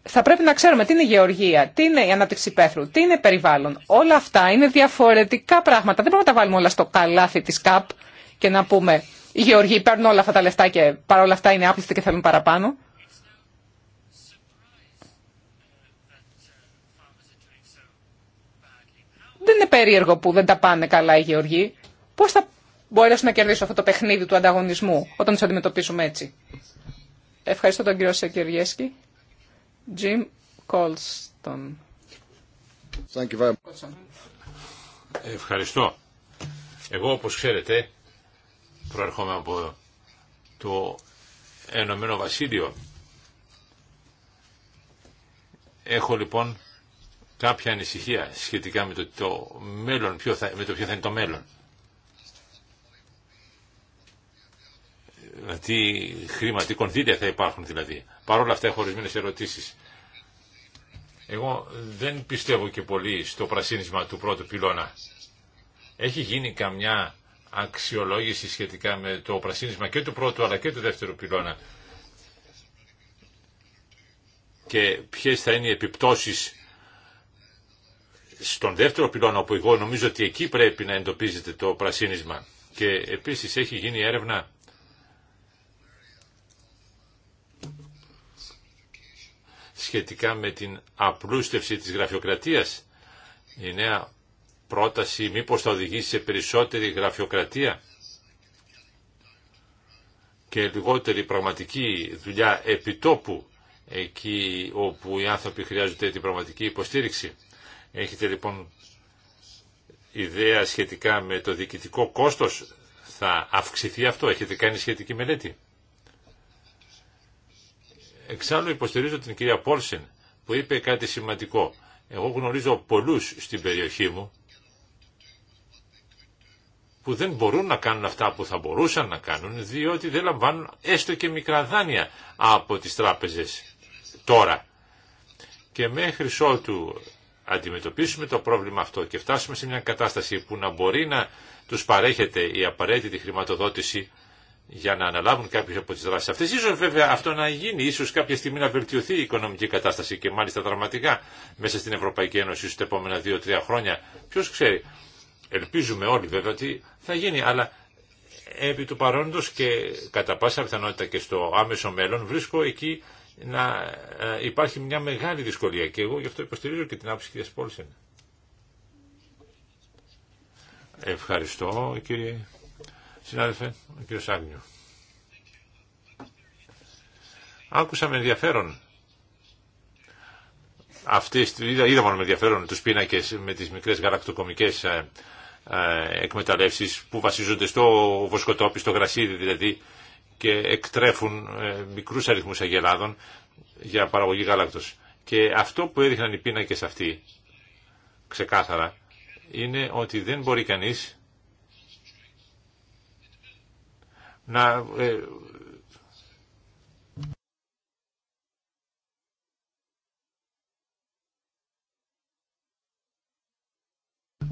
Θα πρέπει να ξέρουμε τι είναι η γεωργία, τι είναι η ανάπτυξη πέθρου, τι είναι περιβάλλον. Όλα αυτά είναι διαφορετικά πράγματα. Δεν μπορούμε να τα βάλουμε όλα στο καλάθι της ΚΑΠ και να πούμε οι γεωργοί παίρνουν όλα αυτά τα λεφτά και παρόλα αυτά είναι άπλιστοι και θέλουν παραπάνω. Δεν είναι περίεργο που δεν τα πάνε καλά οι γεωργοί. Πώς θα μπορέσουν να κερδίσουν αυτό το παιχνίδι του ανταγωνισμού όταν του αντιμετωπίσουμε έτσι. Ευχαριστώ τον κύριο Σεκυριέσκη. Jim Colston. Ευχαριστώ. Εγώ όπως ξέρετε προέρχομαι από το Ενωμένο Βασίλειο. Έχω λοιπόν κάποια ανησυχία σχετικά με το, το μέλλον, ποιο θα, με το ποιο θα είναι το μέλλον. Ε, τι χρήμα, τι κονδύλια θα υπάρχουν δηλαδή. Παρ' όλα αυτά έχω ορισμένε ερωτήσεις. Εγώ δεν πιστεύω και πολύ στο πρασίνισμα του πρώτου πυλώνα. Έχει γίνει καμιά αξιολόγηση σχετικά με το πρασίνισμα και του πρώτου αλλά και του δεύτερου πυλώνα και ποιες θα είναι οι επιπτώσεις στον δεύτερο πυλώνα όπου εγώ νομίζω ότι εκεί πρέπει να εντοπίζεται το πρασίνισμα και επίσης έχει γίνει έρευνα σχετικά με την απλούστευση της γραφειοκρατίας η νέα πρόταση μήπως θα οδηγήσει σε περισσότερη γραφειοκρατία και λιγότερη πραγματική δουλειά επιτόπου εκεί όπου οι άνθρωποι χρειάζονται την πραγματική υποστήριξη. Έχετε λοιπόν ιδέα σχετικά με το διοικητικό κόστος. Θα αυξηθεί αυτό. Έχετε κάνει σχετική μελέτη. Εξάλλου υποστηρίζω την κυρία Πόλσεν που είπε κάτι σημαντικό. Εγώ γνωρίζω πολλούς στην περιοχή μου που δεν μπορούν να κάνουν αυτά που θα μπορούσαν να κάνουν διότι δεν λαμβάνουν έστω και μικρά δάνεια από τις τράπεζες τώρα. Και μέχρι ότου αντιμετωπίσουμε το πρόβλημα αυτό και φτάσουμε σε μια κατάσταση που να μπορεί να τους παρέχεται η απαραίτητη χρηματοδότηση για να αναλάβουν κάποιες από τις δράσεις αυτές. Ίσως βέβαια αυτό να γίνει, ίσως κάποια στιγμή να βελτιωθεί η οικονομική κατάσταση και μάλιστα δραματικά μέσα στην Ευρωπαϊκή Ένωση στα επόμενα 2-3 χρόνια. Ποιος ξέρει. Ελπίζουμε όλοι βέβαια ότι θα γίνει, αλλά επί του παρόντος και κατά πάσα πιθανότητα και στο άμεσο μέλλον βρίσκω εκεί να ε, υπάρχει μια μεγάλη δυσκολία και εγώ γι' αυτό υποστηρίζω και την άποψη κυρίας Πόλσεν. Ευχαριστώ κύριε συνάδελφε, κύριο κύριος Άκουσα με ενδιαφέρον αυτές, είδα, είδα με ενδιαφέρον τους πίνακες με τις μικρές γαλακτοκομικές ε, ε, εκμεταλλεύσεις που βασίζονται στο βοσκοτόπι, στο γρασίδι δηλαδή και εκτρέφουν ε, μικρούς αριθμούς αγελάδων για παραγωγή γάλακτος. Και αυτό που έδειχναν οι πίνακες αυτοί, ξεκάθαρα, είναι ότι δεν μπορεί κανείς να ε,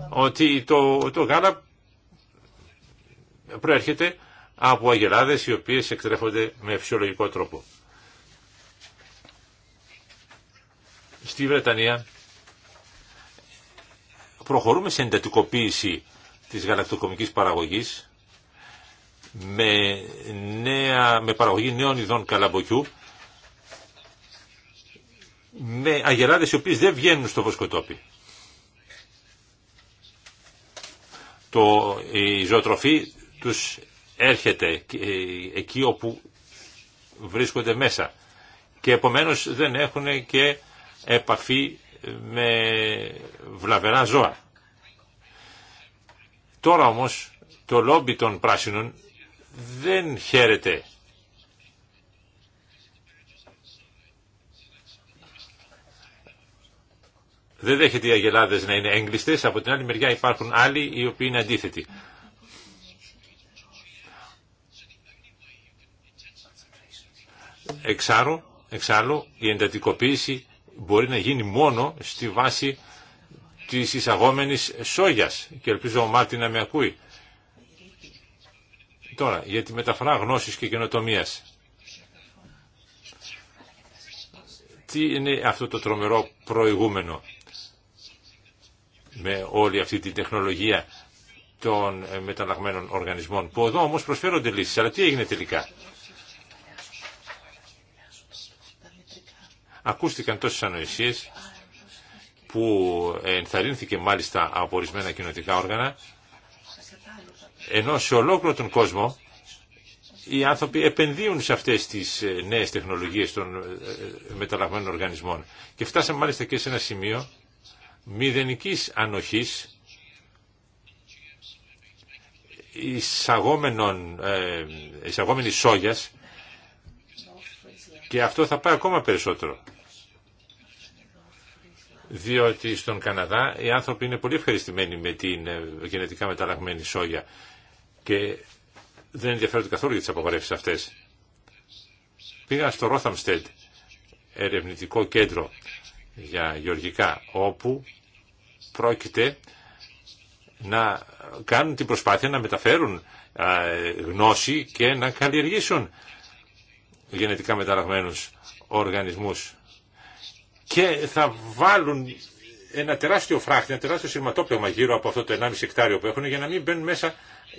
ότι το, το γάλα προέρχεται από αγελάδες οι οποίες εκτρέφονται με φυσιολογικό τρόπο. Στη Βρετανία προχωρούμε σε εντατικοποίηση της γαλακτοκομικής παραγωγής με, νέα, με παραγωγή νέων ειδών καλαμποκιού με αγελάδες οι οποίες δεν βγαίνουν στο βοσκοτόπι. Το, η ζωοτροφή τους έρχεται ε, εκεί όπου βρίσκονται μέσα και επομένως δεν έχουν και επαφή με βλαβερά ζώα. Τώρα όμως το λόμπι των πράσινων δεν χαίρεται Δεν δέχεται οι αγελάδες να είναι έγκλειστες, από την άλλη μεριά υπάρχουν άλλοι οι οποίοι είναι αντίθετοι. εξάρω, εξάλλου η εντατικοποίηση μπορεί να γίνει μόνο στη βάση της εισαγόμενης σόγιας και ελπίζω ο Μάρτι να με ακούει. Τώρα, για τη μεταφορά γνώσης και καινοτομίας. Τι είναι αυτό το τρομερό προηγούμενο με όλη αυτή τη τεχνολογία των μεταλλαγμένων οργανισμών που εδώ όμως προσφέρονται λύσεις. Αλλά τι έγινε τελικά. Ακούστηκαν τόσες ανοησίες που ενθαρρύνθηκε μάλιστα από ορισμένα κοινωτικά όργανα ενώ σε ολόκληρο τον κόσμο οι άνθρωποι επενδύουν σε αυτές τις ε, νέες τεχνολογίες των ε, ε, μεταλλαγμένων οργανισμών και φτάσαμε μάλιστα και σε ένα σημείο μηδενικής ανοχής εισαγόμενης σόγιας και αυτό θα πάει ακόμα περισσότερο. Διότι στον Καναδά οι άνθρωποι είναι πολύ ευχαριστημένοι με την ε, γενετικά μεταλλαγμένη σόγια και δεν ενδιαφέρονται καθόλου για τις απαγορεύσεις αυτές. Πήγα στο Ρόθαμστεντ, ερευνητικό κέντρο για γεωργικά, όπου πρόκειται να κάνουν την προσπάθεια να μεταφέρουν γνώση και να καλλιεργήσουν γενετικά μεταλλαγμένους οργανισμούς και θα βάλουν ένα τεράστιο φράχτη, ένα τεράστιο σειρματόπλευμα γύρω από αυτό το 1,5 εκτάριο που έχουν για να μην μπαίνουν μέσα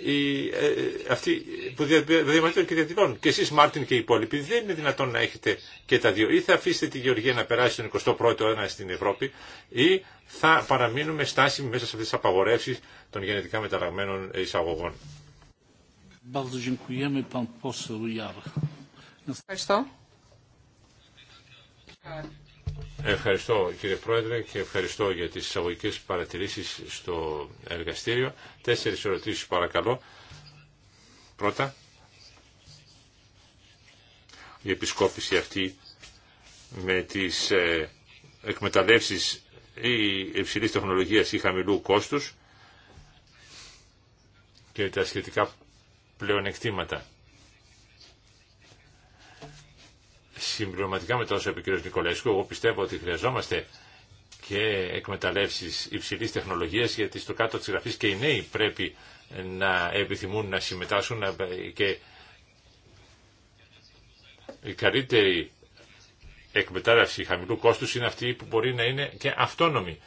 οι, ε, ε αυτοί που διαβάζουν και διαδηλώνουν. Και εσείς Μάρτιν και οι υπόλοιποι δεν είναι δυνατόν να έχετε και τα δύο. Ή θα αφήσετε τη Γεωργία να περάσει τον 21ο αιώνα στην Ευρώπη ή θα παραμείνουμε στάσιμοι μέσα σε αυτές τις απαγορεύσεις των γενετικά μεταλλαγμένων εισαγωγών. Ευχαριστώ. Ευχαριστώ κύριε Πρόεδρε και ευχαριστώ για τις εισαγωγικέ παρατηρήσεις στο εργαστήριο. Τέσσερις ερωτήσεις παρακαλώ. Πρώτα, η επισκόπηση αυτή με τις ε, εκμεταλλεύσεις ή υψηλής τεχνολογίας ή χαμηλού κόστους και τα σχετικά πλεονεκτήματα. συμπληρωματικά με το όσο είπε ο κ. Νικολέσκου, εγώ πιστεύω ότι χρειαζόμαστε και εκμεταλλεύσεις υψηλή τεχνολογία, γιατί στο κάτω τη γραφής και οι νέοι πρέπει να επιθυμούν να συμμετάσχουν και η καλύτερη εκμετάλλευση χαμηλού κόστους είναι αυτή που μπορεί να είναι και αυτόνομη.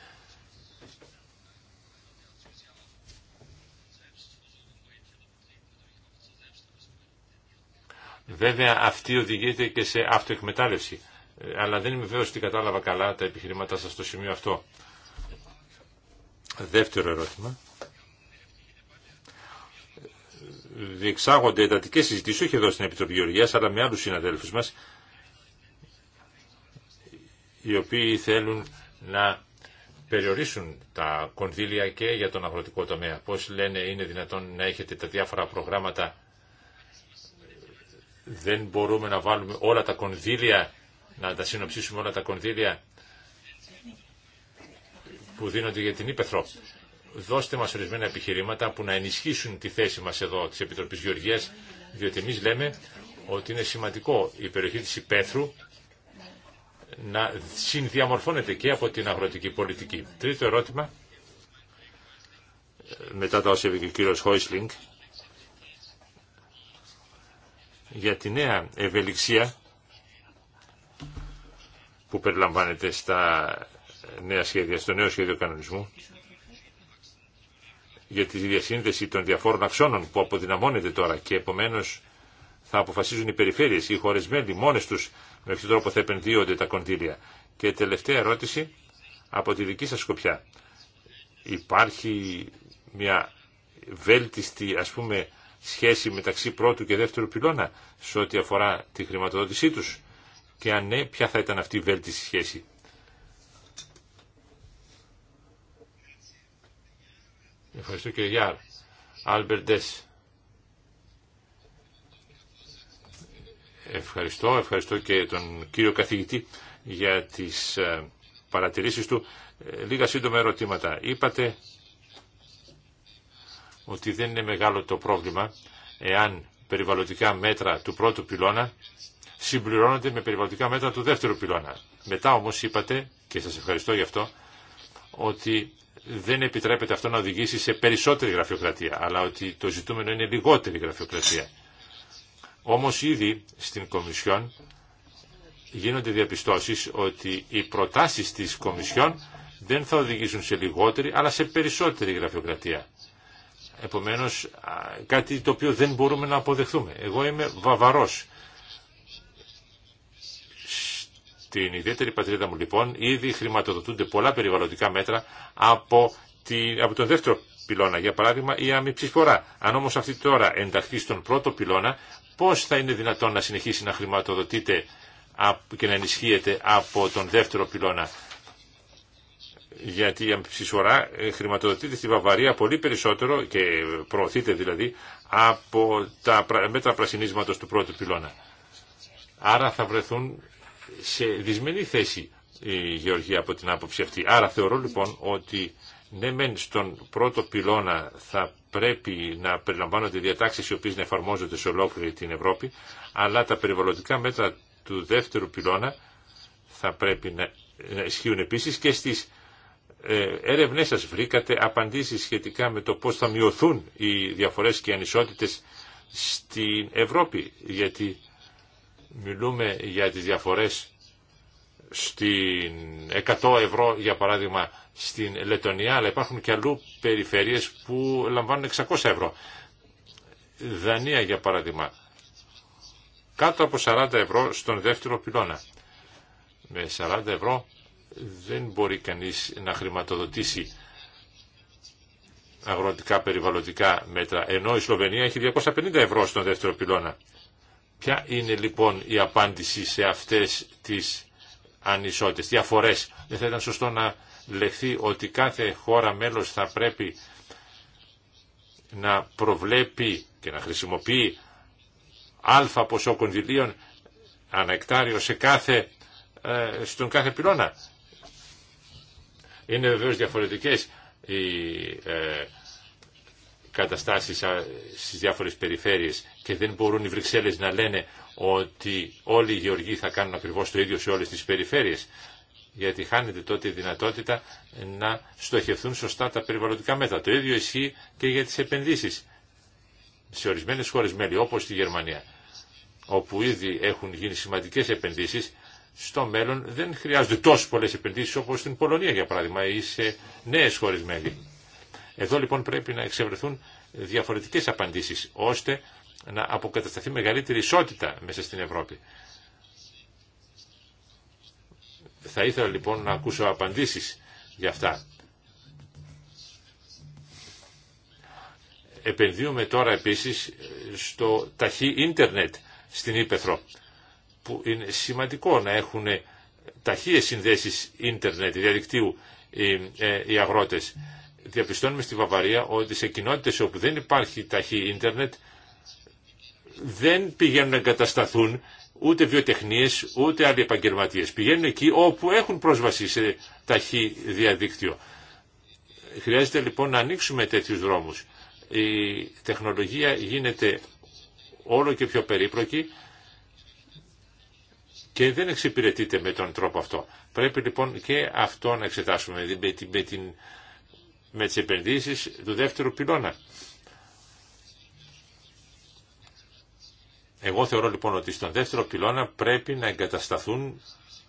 Βέβαια αυτή οδηγείται και σε αυτοεκμετάλλευση. Ε, αλλά δεν είμαι βέβαιος ότι κατάλαβα καλά τα επιχειρήματά σας στο σημείο αυτό. Δεύτερο ερώτημα. Διεξάγονται εντατικέ συζητήσει, όχι εδώ στην Επιτροπή Γεωργία, αλλά με άλλου συναδέλφου μα, οι οποίοι θέλουν να περιορίσουν τα κονδύλια και για τον αγροτικό τομέα. Πώς λένε είναι δυνατόν να έχετε τα διάφορα προγράμματα δεν μπορούμε να βάλουμε όλα τα κονδύλια, να τα συνοψίσουμε όλα τα κονδύλια που δίνονται για την Ήπεθρο. Δώστε μας ορισμένα επιχειρήματα που να ενισχύσουν τη θέση μας εδώ της Επιτροπής Γεωργίας, διότι εμείς λέμε ότι είναι σημαντικό η περιοχή της Ήπεθρου να συνδιαμορφώνεται και από την αγροτική πολιτική. Τρίτο ερώτημα, ε, μετά τα όσα είπε και ο κύριος Χόισλινγκ, για τη νέα ευελιξία που περιλαμβάνεται στα νέα σχέδια, στο νέο σχέδιο κανονισμού για τη διασύνδεση των διαφόρων αξώνων που αποδυναμώνεται τώρα και επομένως θα αποφασίζουν οι περιφέρειες, οι χώρες μέλη μόνες τους με αυτόν τον τρόπο θα επενδύονται τα κοντήρια. Και τελευταία ερώτηση από τη δική σας σκοπιά. Υπάρχει μια βέλτιστη ας πούμε σχέση μεταξύ πρώτου και δεύτερου πυλώνα σε ό,τι αφορά τη χρηματοδότησή τους και αν ναι, ποια θα ήταν αυτή η βέλτιση σχέση. Ευχαριστώ κύριε Γιάρ. Ευχαριστώ, ευχαριστώ και τον κύριο καθηγητή για τις ε, παρατηρήσεις του. Ε, λίγα σύντομα ερωτήματα. Είπατε ότι δεν είναι μεγάλο το πρόβλημα εάν περιβαλλοντικά μέτρα του πρώτου πυλώνα συμπληρώνονται με περιβαλλοντικά μέτρα του δεύτερου πυλώνα. Μετά όμως είπατε, και σας ευχαριστώ γι' αυτό, ότι δεν επιτρέπεται αυτό να οδηγήσει σε περισσότερη γραφειοκρατία, αλλά ότι το ζητούμενο είναι λιγότερη γραφειοκρατία. Όμως ήδη στην Κομισιόν γίνονται διαπιστώσεις ότι οι προτάσεις της Κομισιόν δεν θα οδηγήσουν σε λιγότερη, αλλά σε περισσότερη γραφειοκρατία. Επομένως κάτι το οποίο δεν μπορούμε να αποδεχθούμε. Εγώ είμαι βαβαρός. Στην ιδιαίτερη πατρίδα μου λοιπόν ήδη χρηματοδοτούνται πολλά περιβαλλοντικά μέτρα από, τη, από τον δεύτερο πυλώνα, για παράδειγμα η φορά. Αν όμως αυτή τώρα ενταχθεί στον πρώτο πυλώνα, πώς θα είναι δυνατόν να συνεχίσει να χρηματοδοτείται και να ενισχύεται από τον δεύτερο πυλώνα γιατί η συσφορά ε, χρηματοδοτείται στη Βαυαρία πολύ περισσότερο και προωθείται δηλαδή από τα μέτρα πρασινίσματος του πρώτου πυλώνα. Άρα θα βρεθούν σε δυσμενή θέση η Γεωργία από την άποψη αυτή. Άρα θεωρώ λοιπόν ότι ναι μεν στον πρώτο πυλώνα θα πρέπει να περιλαμβάνονται διατάξεις οι οποίες να εφαρμόζονται σε ολόκληρη την Ευρώπη, αλλά τα περιβαλλοντικά μέτρα του δεύτερου πυλώνα θα πρέπει να, ισχύουν επίσης και στις ε, έρευνές σας βρήκατε απαντήσεις σχετικά με το πώς θα μειωθούν οι διαφορές και οι ανισότητες στην Ευρώπη, γιατί μιλούμε για τις διαφορές στην 100 ευρώ για παράδειγμα στην Λετωνία, αλλά υπάρχουν και αλλού περιφέρειες που λαμβάνουν 600 ευρώ. Δανία για παράδειγμα, κάτω από 40 ευρώ στον δεύτερο πυλώνα. Με 40 ευρώ δεν μπορεί κανείς να χρηματοδοτήσει αγροτικά περιβαλλοντικά μέτρα, ενώ η Σλοβενία έχει 250 ευρώ στον δεύτερο πυλώνα. Ποια είναι λοιπόν η απάντηση σε αυτές τις ανισότητες, διαφορές Δεν θα ήταν σωστό να λεχθεί ότι κάθε χώρα μέλος θα πρέπει να προβλέπει και να χρησιμοποιεί αλφα ποσό κονδυλίων ανεκτάριο σε κάθε, ε, στον κάθε πυλώνα. Είναι βεβαίω διαφορετικέ οι ε, καταστάσεις στις διάφορες περιφέρειες και δεν μπορούν οι Βρυξέλλες να λένε ότι όλοι οι γεωργοί θα κάνουν ακριβώ το ίδιο σε όλες τις περιφέρειες γιατί χάνεται τότε η δυνατότητα να στοχευθούν σωστά τα περιβαλλοντικά μέτρα. Το ίδιο ισχύει και για τις επενδύσεις σε ορισμένε χώρε μέλη όπως τη Γερμανία όπου ήδη έχουν γίνει σημαντικέ επενδύσει στο μέλλον δεν χρειάζονται τόσο πολλές επενδύσεις όπως στην Πολωνία για παράδειγμα ή σε νέες χώρες μέλη. Εδώ λοιπόν πρέπει να εξευρεθούν διαφορετικές απαντήσεις ώστε να αποκατασταθεί μεγαλύτερη ισότητα μέσα στην Ευρώπη. Θα ήθελα λοιπόν να ακούσω απαντήσεις για αυτά. Επενδύουμε τώρα επίσης στο ταχύ ίντερνετ στην Ήπεθρο που είναι σημαντικό να έχουν ταχείες συνδέσεις ίντερνετ, διαδικτύου οι, ε, αγρότες. Διαπιστώνουμε στη Βαβαρία ότι σε κοινότητες όπου δεν υπάρχει ταχύ ίντερνετ δεν πηγαίνουν να εγκατασταθούν ούτε βιοτεχνίες ούτε άλλοι επαγγελματίες. Πηγαίνουν εκεί όπου έχουν πρόσβαση σε ταχύ διαδίκτυο. Χρειάζεται λοιπόν να ανοίξουμε τέτοιους δρόμους. Η τεχνολογία γίνεται όλο και πιο περίπλοκη και δεν εξυπηρετείται με τον τρόπο αυτό. Πρέπει λοιπόν και αυτό να εξετάσουμε με, την, με, με τις επενδύσεις του δεύτερου πυλώνα. Εγώ θεωρώ λοιπόν ότι στον δεύτερο πυλώνα πρέπει να εγκατασταθούν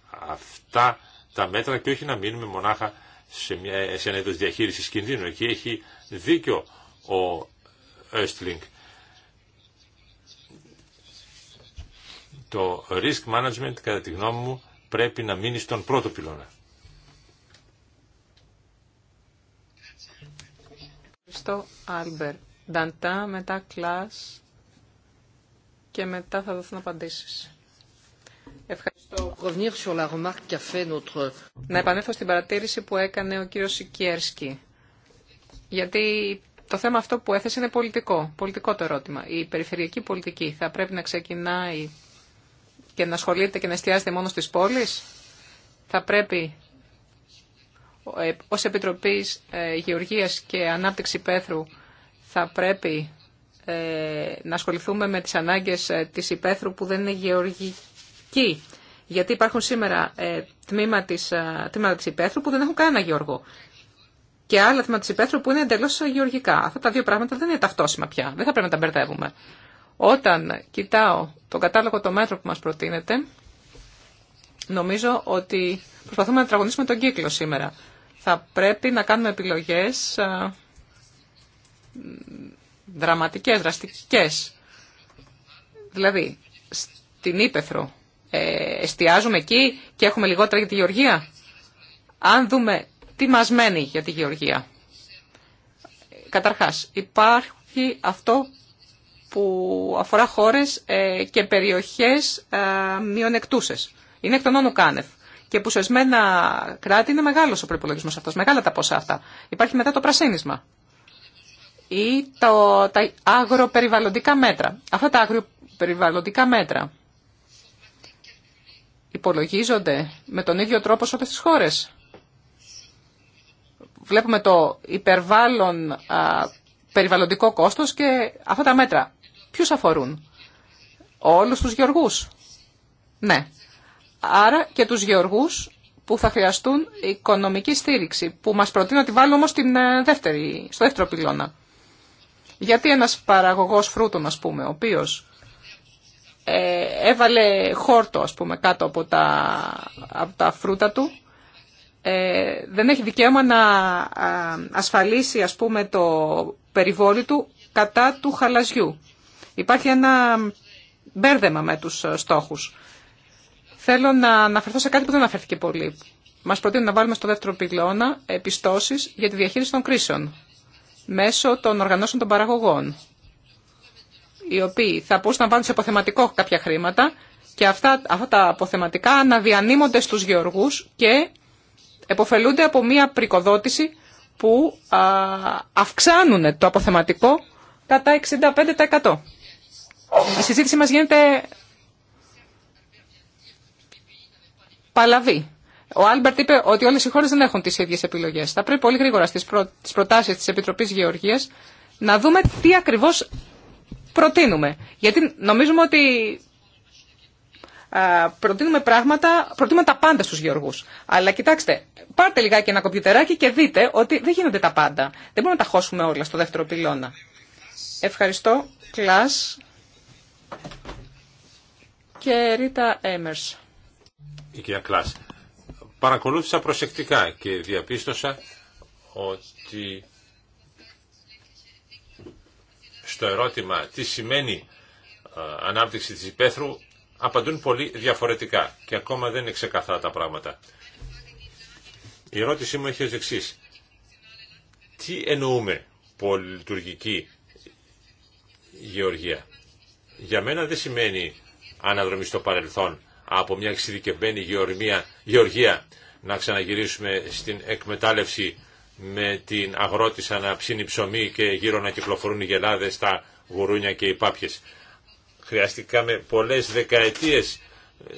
αυτά τα μέτρα και όχι να μείνουμε μονάχα σε, μια, σε ένα είδος διαχείρισης κινδύνου. Εκεί έχει δίκιο ο Östling. το risk management κατά τη γνώμη μου πρέπει να μείνει στον πρώτο πυλώνα. Ευχαριστώ, Άλμπερ. Νταντά, μετά Κλάς και μετά θα δοθούν απαντήσεις. Ευχαριστώ. Να επανέλθω στην παρατήρηση που έκανε ο κύριος Σικιέρσκι. Γιατί το θέμα αυτό που έθεσε είναι πολιτικό, πολιτικό το ερώτημα. Η περιφερειακή πολιτική θα πρέπει να ξεκινάει και να ασχολείται και να εστιάζεται μόνο στις πόλεις. Θα πρέπει ε, ως Επιτροπής ε, Γεωργίας και Ανάπτυξη Πέθρου θα πρέπει ε, να ασχοληθούμε με τις ανάγκες της Υπέθρου που δεν είναι γεωργική. Γιατί υπάρχουν σήμερα τμήματα της, Υπέθρου που δεν έχουν κανένα γεωργό. Και άλλα τμήματα της Υπέθρου που είναι εντελώς γεωργικά. Αυτά τα δύο πράγματα δεν είναι ταυτόσιμα πια. Δεν θα πρέπει να τα μπερδεύουμε. Όταν κοιτάω τον κατάλογο των μέτρων που μας προτείνεται, νομίζω ότι προσπαθούμε να τραγωνίσουμε τον κύκλο σήμερα. Θα πρέπει να κάνουμε επιλογές δραματικές, δραστικές. Δηλαδή, στην Ήπεθρο ε, εστιάζουμε εκεί και έχουμε λιγότερα για τη Γεωργία. Αν δούμε τι μας μένει για τη Γεωργία. Καταρχάς, υπάρχει αυτό που αφορά χώρες ε, και περιοχές ε, μειονεκτούσες. Είναι εκ των όνων κάνευ και που σε σμένα κράτη είναι μεγάλος ο προϋπολογισμός αυτός, μεγάλα τα ποσά αυτά. Υπάρχει μετά το πρασίνισμα ή τα αγροπεριβαλλοντικά μέτρα. Αυτά τα αγροπεριβαλλοντικά μέτρα υπολογίζονται με τον ίδιο τρόπο σε όλες τις χώρες. Βλέπουμε το υπερβάλλον περιβαλλοντικό κόστος και αυτά τα μέτρα Ποιους αφορούν. Όλους τους γεωργούς. Ναι. Άρα και τους γεωργούς που θα χρειαστούν οικονομική στήριξη, που μας να τη βάλουμε όμως την ε, δεύτερη, στο δεύτερο πυλώνα. Γιατί ένας παραγωγός φρούτων, ας πούμε, ο οποίος ε, έβαλε χόρτο, ας πούμε, κάτω από τα, από τα φρούτα του, ε, δεν έχει δικαίωμα να ασφαλίσει, ας πούμε, το περιβόλι του κατά του χαλαζιού. Υπάρχει ένα μπέρδεμα με τους ε, στόχους. Θέλω να αναφερθώ σε κάτι που δεν αναφέρθηκε πολύ. Μας προτείνουν να βάλουμε στο δεύτερο πυλώνα επιστώσεις για τη διαχείριση των κρίσεων μέσω των οργανώσεων των παραγωγών, οι οποίοι θα μπορούσαν να βάλουν σε αποθεματικό κάποια χρήματα και αυτά, αυτά τα αποθεματικά αναδιανύμονται στους γεωργούς και εποφελούνται από μία πρικοδότηση που α, αυξάνουν το αποθεματικό κατά 65%. Η συζήτηση μας γίνεται παλαβή. Ο Άλμπερτ είπε ότι όλες οι χώρες δεν έχουν τις ίδιες επιλογές. Θα πρέπει πολύ γρήγορα στις προ... τις προτάσεις της Επιτροπής Γεωργίας να δούμε τι ακριβώς προτείνουμε. Γιατί νομίζουμε ότι προτείνουμε πράγματα, προτείνουμε τα πάντα στους γεωργούς. Αλλά κοιτάξτε, πάρτε λιγάκι ένα κομπιουτεράκι και δείτε ότι δεν γίνονται τα πάντα. Δεν μπορούμε να τα χώσουμε όλα στο δεύτερο πυλώνα. Ευχαριστώ, Κλάς και Ρίτα Έμερς. Η κυρία Κλάς. Παρακολούθησα προσεκτικά και διαπίστωσα ότι στο ερώτημα τι σημαίνει ανάπτυξη της υπαίθρου απαντούν πολύ διαφορετικά και ακόμα δεν είναι ξεκαθαρά τα πράγματα. Η ερώτησή μου έχει ως εξή. Τι εννοούμε πολυλειτουργική γεωργία για μένα δεν σημαίνει αναδρομή στο παρελθόν από μια εξειδικευμένη γεωργία, γεωργία να ξαναγυρίσουμε στην εκμετάλλευση με την αγρότησα να ψήνει ψωμί και γύρω να κυκλοφορούν οι γελάδες, τα γουρούνια και οι πάπιες. Χρειαστήκαμε πολλές δεκαετίες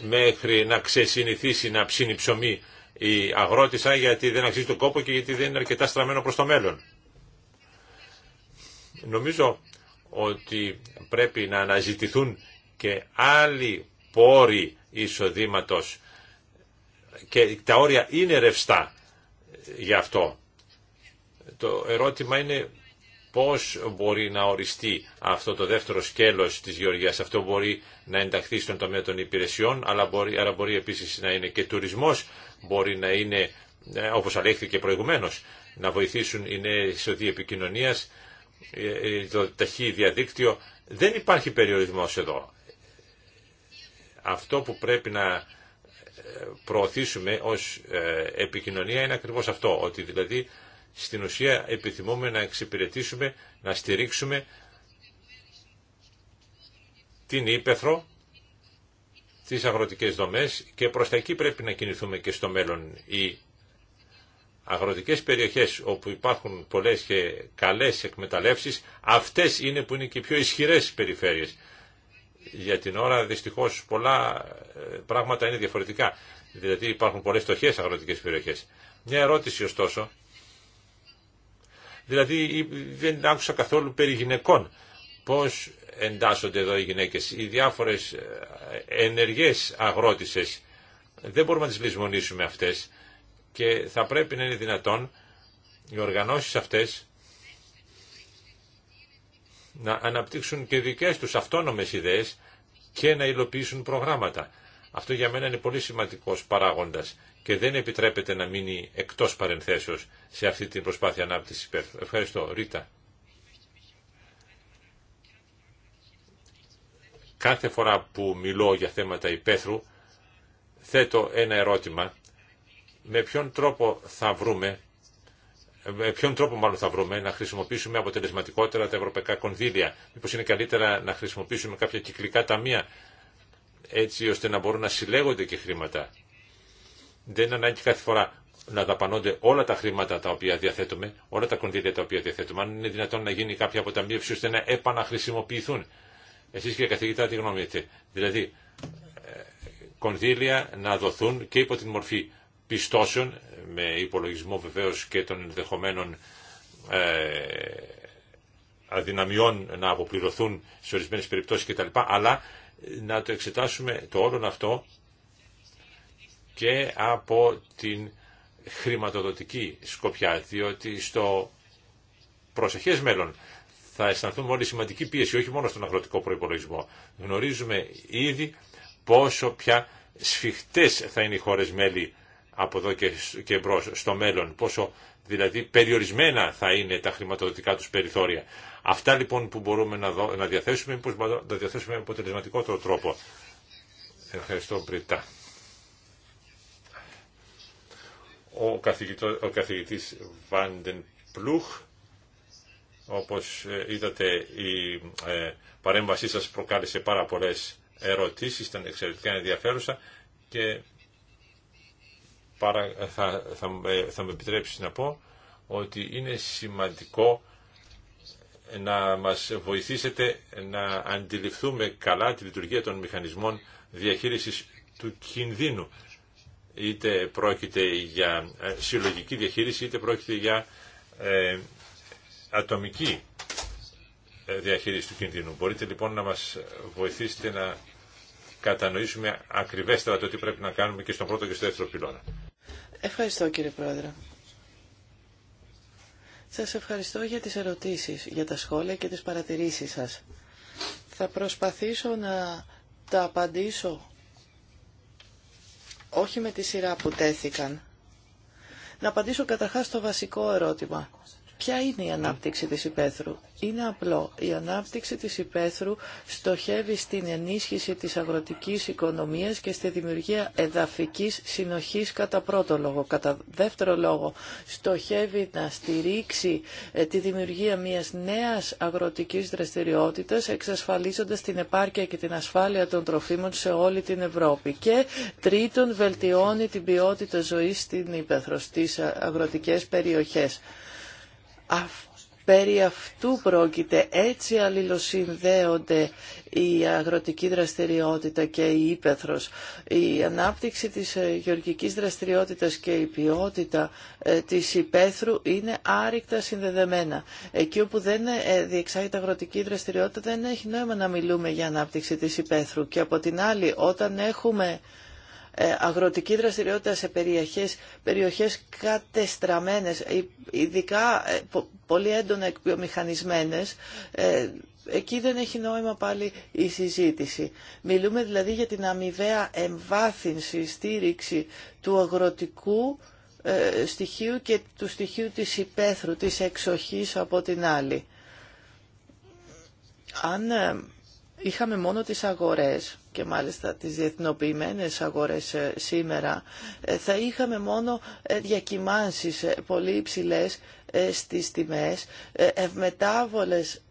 μέχρι να ξεσυνηθίσει να ψήνει ψωμί η αγρότησα γιατί δεν αξίζει τον κόπο και γιατί δεν είναι αρκετά στραμμένο προς το μέλλον. Νομίζω ότι πρέπει να αναζητηθούν και άλλοι πόροι εισοδήματος και τα όρια είναι ρευστά γι' αυτό. Το ερώτημα είναι πώς μπορεί να οριστεί αυτό το δεύτερο σκέλος της Γεωργίας. Αυτό μπορεί να ενταχθεί στον τομέα των υπηρεσιών, αλλά μπορεί, αλλά μπορεί επίσης να είναι και τουρισμός, μπορεί να είναι, ε, όπως αλέχθηκε προηγουμένως, να βοηθήσουν οι νέες οδοί επικοινωνίας, το ταχύ διαδίκτυο, δεν υπάρχει περιορισμός εδώ. Αυτό που πρέπει να ε, προωθήσουμε ως ε, επικοινωνία είναι ακριβώς αυτό, ότι δηλαδή στην ουσία επιθυμούμε να εξυπηρετήσουμε, να στηρίξουμε την ύπεθρο, τις αγροτικές δομές και προς τα εκεί πρέπει να κινηθούμε και στο μέλλον αγροτικές περιοχές όπου υπάρχουν πολλές και καλές εκμεταλλεύσεις, αυτές είναι που είναι και πιο ισχυρές περιφέρειες. Για την ώρα δυστυχώς πολλά ε, πράγματα είναι διαφορετικά. Δηλαδή υπάρχουν πολλές στοχές αγροτικές περιοχές. Μια ερώτηση ωστόσο, δηλαδή δεν άκουσα καθόλου περί γυναικών. Πώς εντάσσονται εδώ οι γυναίκες, οι διάφορες ε, ενεργές αγρότησες. Δεν μπορούμε να τις λησμονήσουμε αυτές και θα πρέπει να είναι δυνατόν οι οργανώσεις αυτές να αναπτύξουν και δικές τους αυτόνομες ιδέες και να υλοποιήσουν προγράμματα. Αυτό για μένα είναι πολύ σημαντικός παράγοντας και δεν επιτρέπεται να μείνει εκτός παρενθέσεως σε αυτή την προσπάθεια ανάπτυξης Ευχαριστώ. Ρίτα. Κάθε φορά που μιλώ για θέματα υπαίθρου θέτω ένα ερώτημα με ποιον τρόπο θα βρούμε με ποιον τρόπο μάλλον θα βρούμε να χρησιμοποιήσουμε αποτελεσματικότερα τα ευρωπαϊκά κονδύλια. Μήπως είναι καλύτερα να χρησιμοποιήσουμε κάποια κυκλικά ταμεία έτσι ώστε να μπορούν να συλλέγονται και χρήματα. Δεν είναι ανάγκη κάθε φορά να δαπανώνται όλα τα χρήματα τα οποία διαθέτουμε, όλα τα κονδύλια τα οποία διαθέτουμε. Αν είναι δυνατόν να γίνει κάποια αποταμίευση ώστε να επαναχρησιμοποιηθούν. Εσείς και καθηγητά τι γνώμη Δηλαδή, ε, κονδύλια να δοθούν και υπό την μορφή πιστώσεων, με υπολογισμό βεβαίως και των ενδεχομένων ε, αδυναμιών να αποπληρωθούν σε ορισμένε περιπτώσεις κτλ. Αλλά να το εξετάσουμε το όλον αυτό και από την χρηματοδοτική σκοπιά, διότι στο προσεχές μέλλον θα αισθανθούμε όλοι σημαντική πίεση, όχι μόνο στον αγροτικό προϋπολογισμό. Γνωρίζουμε ήδη πόσο πια σφιχτές θα είναι οι χώρες μέλη από εδώ και, και μπρος, στο μέλλον, πόσο δηλαδή περιορισμένα θα είναι τα χρηματοδοτικά τους περιθώρια. Αυτά λοιπόν που μπορούμε να, δω, να διαθέσουμε, πώς να διαθέσουμε με αποτελεσματικότερο τρόπο. Ευχαριστώ Μπριτά. Ο, καθηγητό, ο καθηγητής Βάντεν Πλούχ, όπως ε, είδατε η ε, παρέμβασή σας προκάλεσε πάρα πολλές ερωτήσεις, ήταν εξαιρετικά ενδιαφέρουσα και παρα, θα, θα, ε, θα με επιτρέψει να πω ότι είναι σημαντικό να μας βοηθήσετε να αντιληφθούμε καλά τη λειτουργία των μηχανισμών διαχείρισης του κινδύνου. Είτε πρόκειται για ε, συλλογική διαχείριση, είτε πρόκειται για ε, ατομική διαχείριση του κινδύνου. Μπορείτε λοιπόν να μας βοηθήσετε να κατανοήσουμε ακριβέστερα το τι πρέπει να κάνουμε και στον πρώτο και στο δεύτερο πυλώνα. Ευχαριστώ κύριε Πρόεδρε. Σας ευχαριστώ για τις ερωτήσεις, για τα σχόλια και τις παρατηρήσεις σας. Θα προσπαθήσω να τα απαντήσω όχι με τη σειρά που τέθηκαν. Να απαντήσω καταρχάς στο βασικό ερώτημα. Ποια είναι η ανάπτυξη της υπαίθρου. Είναι απλό. Η ανάπτυξη της υπαίθρου στοχεύει στην ενίσχυση της αγροτικής οικονομίας και στη δημιουργία εδαφικής συνοχής κατά πρώτο λόγο. Κατά δεύτερο λόγο στοχεύει να στηρίξει ε, τη δημιουργία μιας νέας αγροτικής δραστηριότητας εξασφαλίζοντας την επάρκεια και την ασφάλεια των τροφίμων σε όλη την Ευρώπη. Και τρίτον βελτιώνει την ποιότητα ζωής στην υπαίθρο, στις αγροτικές περιοχές. Περί αυτού πρόκειται, έτσι αλληλοσυνδέονται η αγροτική δραστηριότητα και η ύπεθρος. Η ανάπτυξη της ε, γεωργικής δραστηριότητας και η ποιότητα ε, της ύπεθρου είναι άρρηκτα συνδεδεμένα. Εκεί όπου δεν ε, διεξάγεται αγροτική δραστηριότητα δεν έχει νόημα να μιλούμε για ανάπτυξη της ύπεθρου. Και από την άλλη, όταν έχουμε ε, αγροτική δραστηριότητα σε περιοχές, περιοχές κατεστραμμένες, ειδικά ε, πολύ έντονα εκπιομηχανισμένες, ε, εκεί δεν έχει νόημα πάλι η συζήτηση. Μιλούμε δηλαδή για την αμοιβαία εμβάθυνση, στήριξη του αγροτικού στοιχείου και του στοιχείου της υπαίθρου, της εξοχής από την άλλη. Αν είχαμε μόνο τις αγορές, και μάλιστα τις διεθνοποιημένες αγορές ε, σήμερα, ε, θα είχαμε μόνο ε, διακυμάνσεις πολύ υψηλές στις τιμές, ευμετάβολες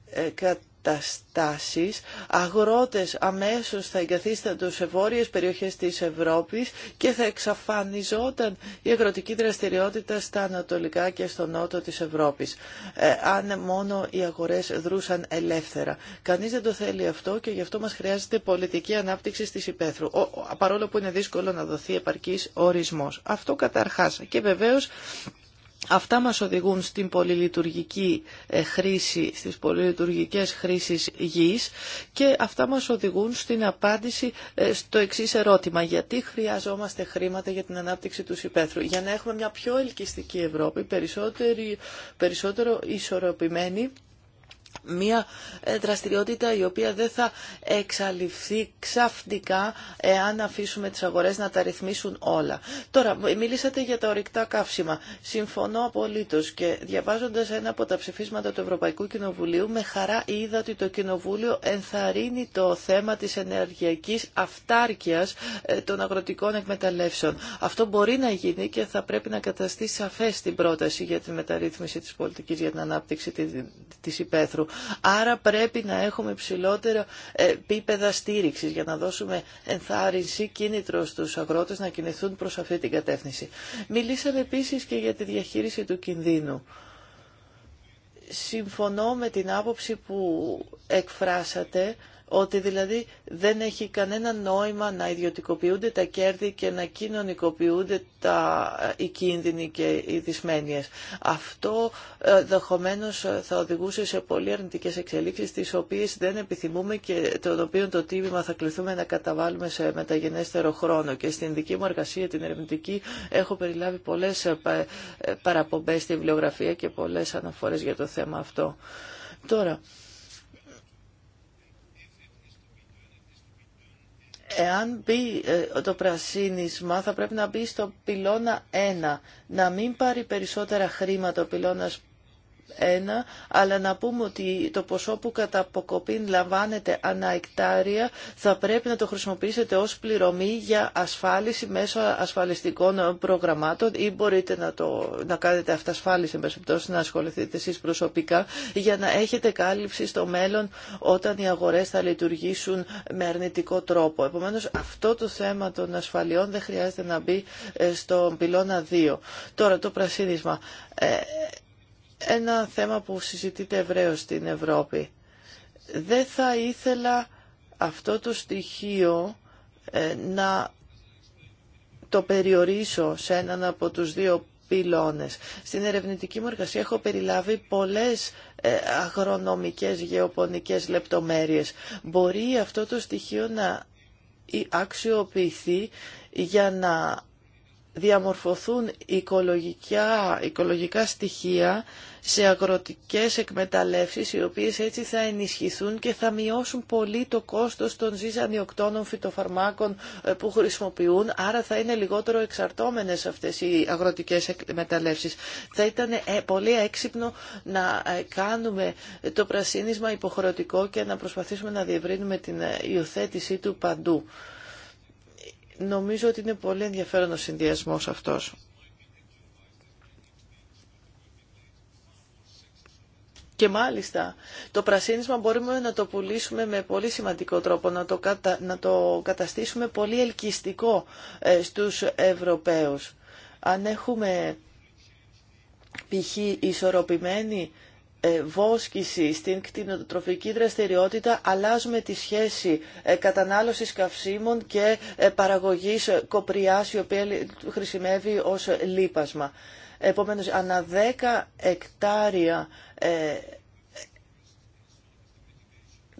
καταστάσεις, αγρότες αμέσως θα εγκαθίστανται σε βόρειες περιοχές της Ευρώπης και θα εξαφανιζόταν η αγροτική δραστηριότητα στα ανατολικά και στο νότο της Ευρώπης, ε, αν μόνο οι αγορές δρούσαν ελεύθερα. Κανείς δεν το θέλει αυτό και γι' αυτό μας χρειάζεται πολιτική ανάπτυξη της υπαίθρου, παρόλο που είναι δύσκολο να δοθεί επαρκής ορισμός. Αυτό καταρχάς. Και βεβαίως Αυτά μας οδηγούν στην πολυλειτουργική ε, χρήση, στις πολυλειτουργικές χρήσεις γης και αυτά μας οδηγούν στην απάντηση ε, στο εξής ερώτημα. Γιατί χρειαζόμαστε χρήματα για την ανάπτυξη του υπαίθρου. Για να έχουμε μια πιο ελκυστική Ευρώπη, περισσότερο ισορροπημένη Μία ε, δραστηριότητα η οποία δεν θα εξαλειφθεί ξαφνικά εάν αφήσουμε τις αγορές να τα ρυθμίσουν όλα. Τώρα, μιλήσατε για τα ορυκτά καύσιμα. Συμφωνώ απολύτως και διαβάζοντας ένα από τα ψηφίσματα του Ευρωπαϊκού Κοινοβουλίου με χαρά είδα ότι το Κοινοβούλιο ενθαρρύνει το θέμα της ενεργειακής αυτάρκειας ε, των αγροτικών εκμεταλλεύσεων. Αυτό μπορεί να γίνει και θα πρέπει να καταστεί σαφές την πρόταση για τη μεταρρύθμιση της πολιτικής για την ανάπτυξη της υπαίθρου. Άρα πρέπει να έχουμε ψηλότερα επίπεδα στήριξης για να δώσουμε ενθάρρυνση κίνητρο στους αγρότες να κινηθούν προς αυτή την κατεύθυνση. Μιλήσαμε επίσης και για τη διαχείριση του κινδύνου. Συμφωνώ με την άποψη που εκφράσατε ότι δηλαδή δεν έχει κανένα νόημα να ιδιωτικοποιούνται τα κέρδη και να κοινωνικοποιούνται τα, ε, οι κίνδυνοι και οι δυσμένειες. Αυτό ε, δεχομένω ε, θα οδηγούσε σε πολύ αρνητικές εξελίξεις τις οποίες δεν επιθυμούμε και των οποίων το τίμημα θα κληθούμε να καταβάλουμε σε μεταγενέστερο χρόνο. Και στην δική μου εργασία, την ερευνητική, έχω περιλάβει πολλές παραπομπές στη βιβλιογραφία και πολλές αναφορές για το θέμα αυτό. Τώρα, Εάν μπει ε, το πρασίνισμα θα πρέπει να μπει στο πυλώνα 1, να μην πάρει περισσότερα χρήματα ο πυλώνας αλλά να πούμε ότι το ποσό που κατά αποκοπή λαμβάνεται ανά εκτάρια θα πρέπει να το χρησιμοποιήσετε ως πληρωμή για ασφάλιση μέσω ασφαλιστικών προγραμμάτων ή μπορείτε να, το, να κάνετε αυτασφάλιση με συμπτώσεις να ασχοληθείτε εσείς προσωπικά για να έχετε κάλυψη στο μέλλον όταν οι αγορές θα λειτουργήσουν με αρνητικό τρόπο. Επομένως αυτό το θέμα των ασφαλιών δεν χρειάζεται να μπει ε, στον πυλώνα 2. Τώρα το πρασίνισμα. Ε, ένα θέμα που συζητείται ευρέω στην Ευρώπη. Δεν θα ήθελα αυτό το στοιχείο ε, να το περιορίσω σε έναν από τους δύο πυλώνες. Στην ερευνητική μου εργασία έχω περιλάβει πολλές ε, αγρονομικές γεωπονικές λεπτομέρειες. Μπορεί αυτό το στοιχείο να αξιοποιηθεί για να διαμορφωθούν οικολογικά, οικολογικά στοιχεία σε αγροτικές εκμεταλλεύσεις οι οποίες έτσι θα ενισχυθούν και θα μειώσουν πολύ το κόστος των ζυζανιοκτώνων φυτοφαρμάκων ε, που χρησιμοποιούν άρα θα είναι λιγότερο εξαρτώμενες αυτές οι αγροτικές εκμεταλλεύσεις. Θα ήταν ε, πολύ έξυπνο να ε, κάνουμε το πρασίνισμα υποχρεωτικό και να προσπαθήσουμε να διευρύνουμε την υιοθέτησή του παντού. Νομίζω ότι είναι πολύ ενδιαφέρον ο συνδυασμός αυτός. Και μάλιστα το πρασίνισμα μπορούμε να το πουλήσουμε με πολύ σημαντικό τρόπο, να το, κατα... να το καταστήσουμε πολύ ελκυστικό ε, στους Ευρωπαίους. Αν έχουμε π.χ. ισορροπημένη ε, βόσκηση στην κτηνοτροφική δραστηριότητα αλλάζουμε τη σχέση ε, κατανάλωσης καυσίμων και ε, παραγωγής κοπριάς η οποία χρησιμεύει ως λίπασμα. Επομένως, ανά 10 εκτάρια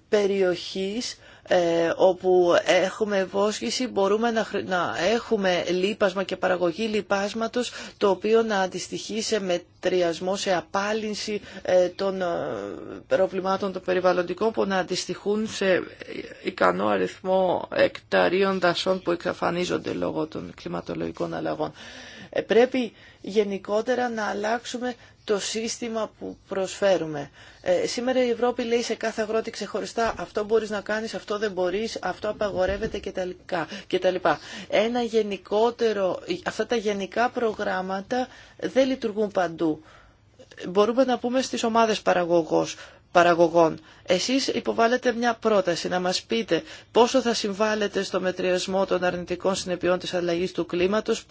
περιοχής ε, όπου έχουμε βόσκηση μπορούμε να, έχουμε λίπασμα και παραγωγή λιπάσματος το οποίο να αντιστοιχεί σε μετριασμό, σε απάλυνση ε, των ε, προβλημάτων των περιβαλλοντικών που να αντιστοιχούν σε ικανό αριθμό εκταρίων δασών που εξαφανίζονται λόγω των κλιματολογικών αλλαγών. Πρέπει γενικότερα να αλλάξουμε το σύστημα που προσφέρουμε. Ε, σήμερα η Ευρώπη λέει σε κάθε αγρότη ξεχωριστά αυτό μπορείς να κάνεις, αυτό δεν μπορείς, αυτό απαγορεύεται κτλ. Ένα γενικότερο, αυτά τα γενικά προγράμματα δεν λειτουργούν παντού. Μπορούμε να πούμε στις ομάδες παραγωγός παραγωγών. Εσείς υποβάλλετε μια πρόταση να μας πείτε πόσο θα συμβάλλετε στο μετριασμό των αρνητικών συνεπειών της αλλαγής του κλίματος,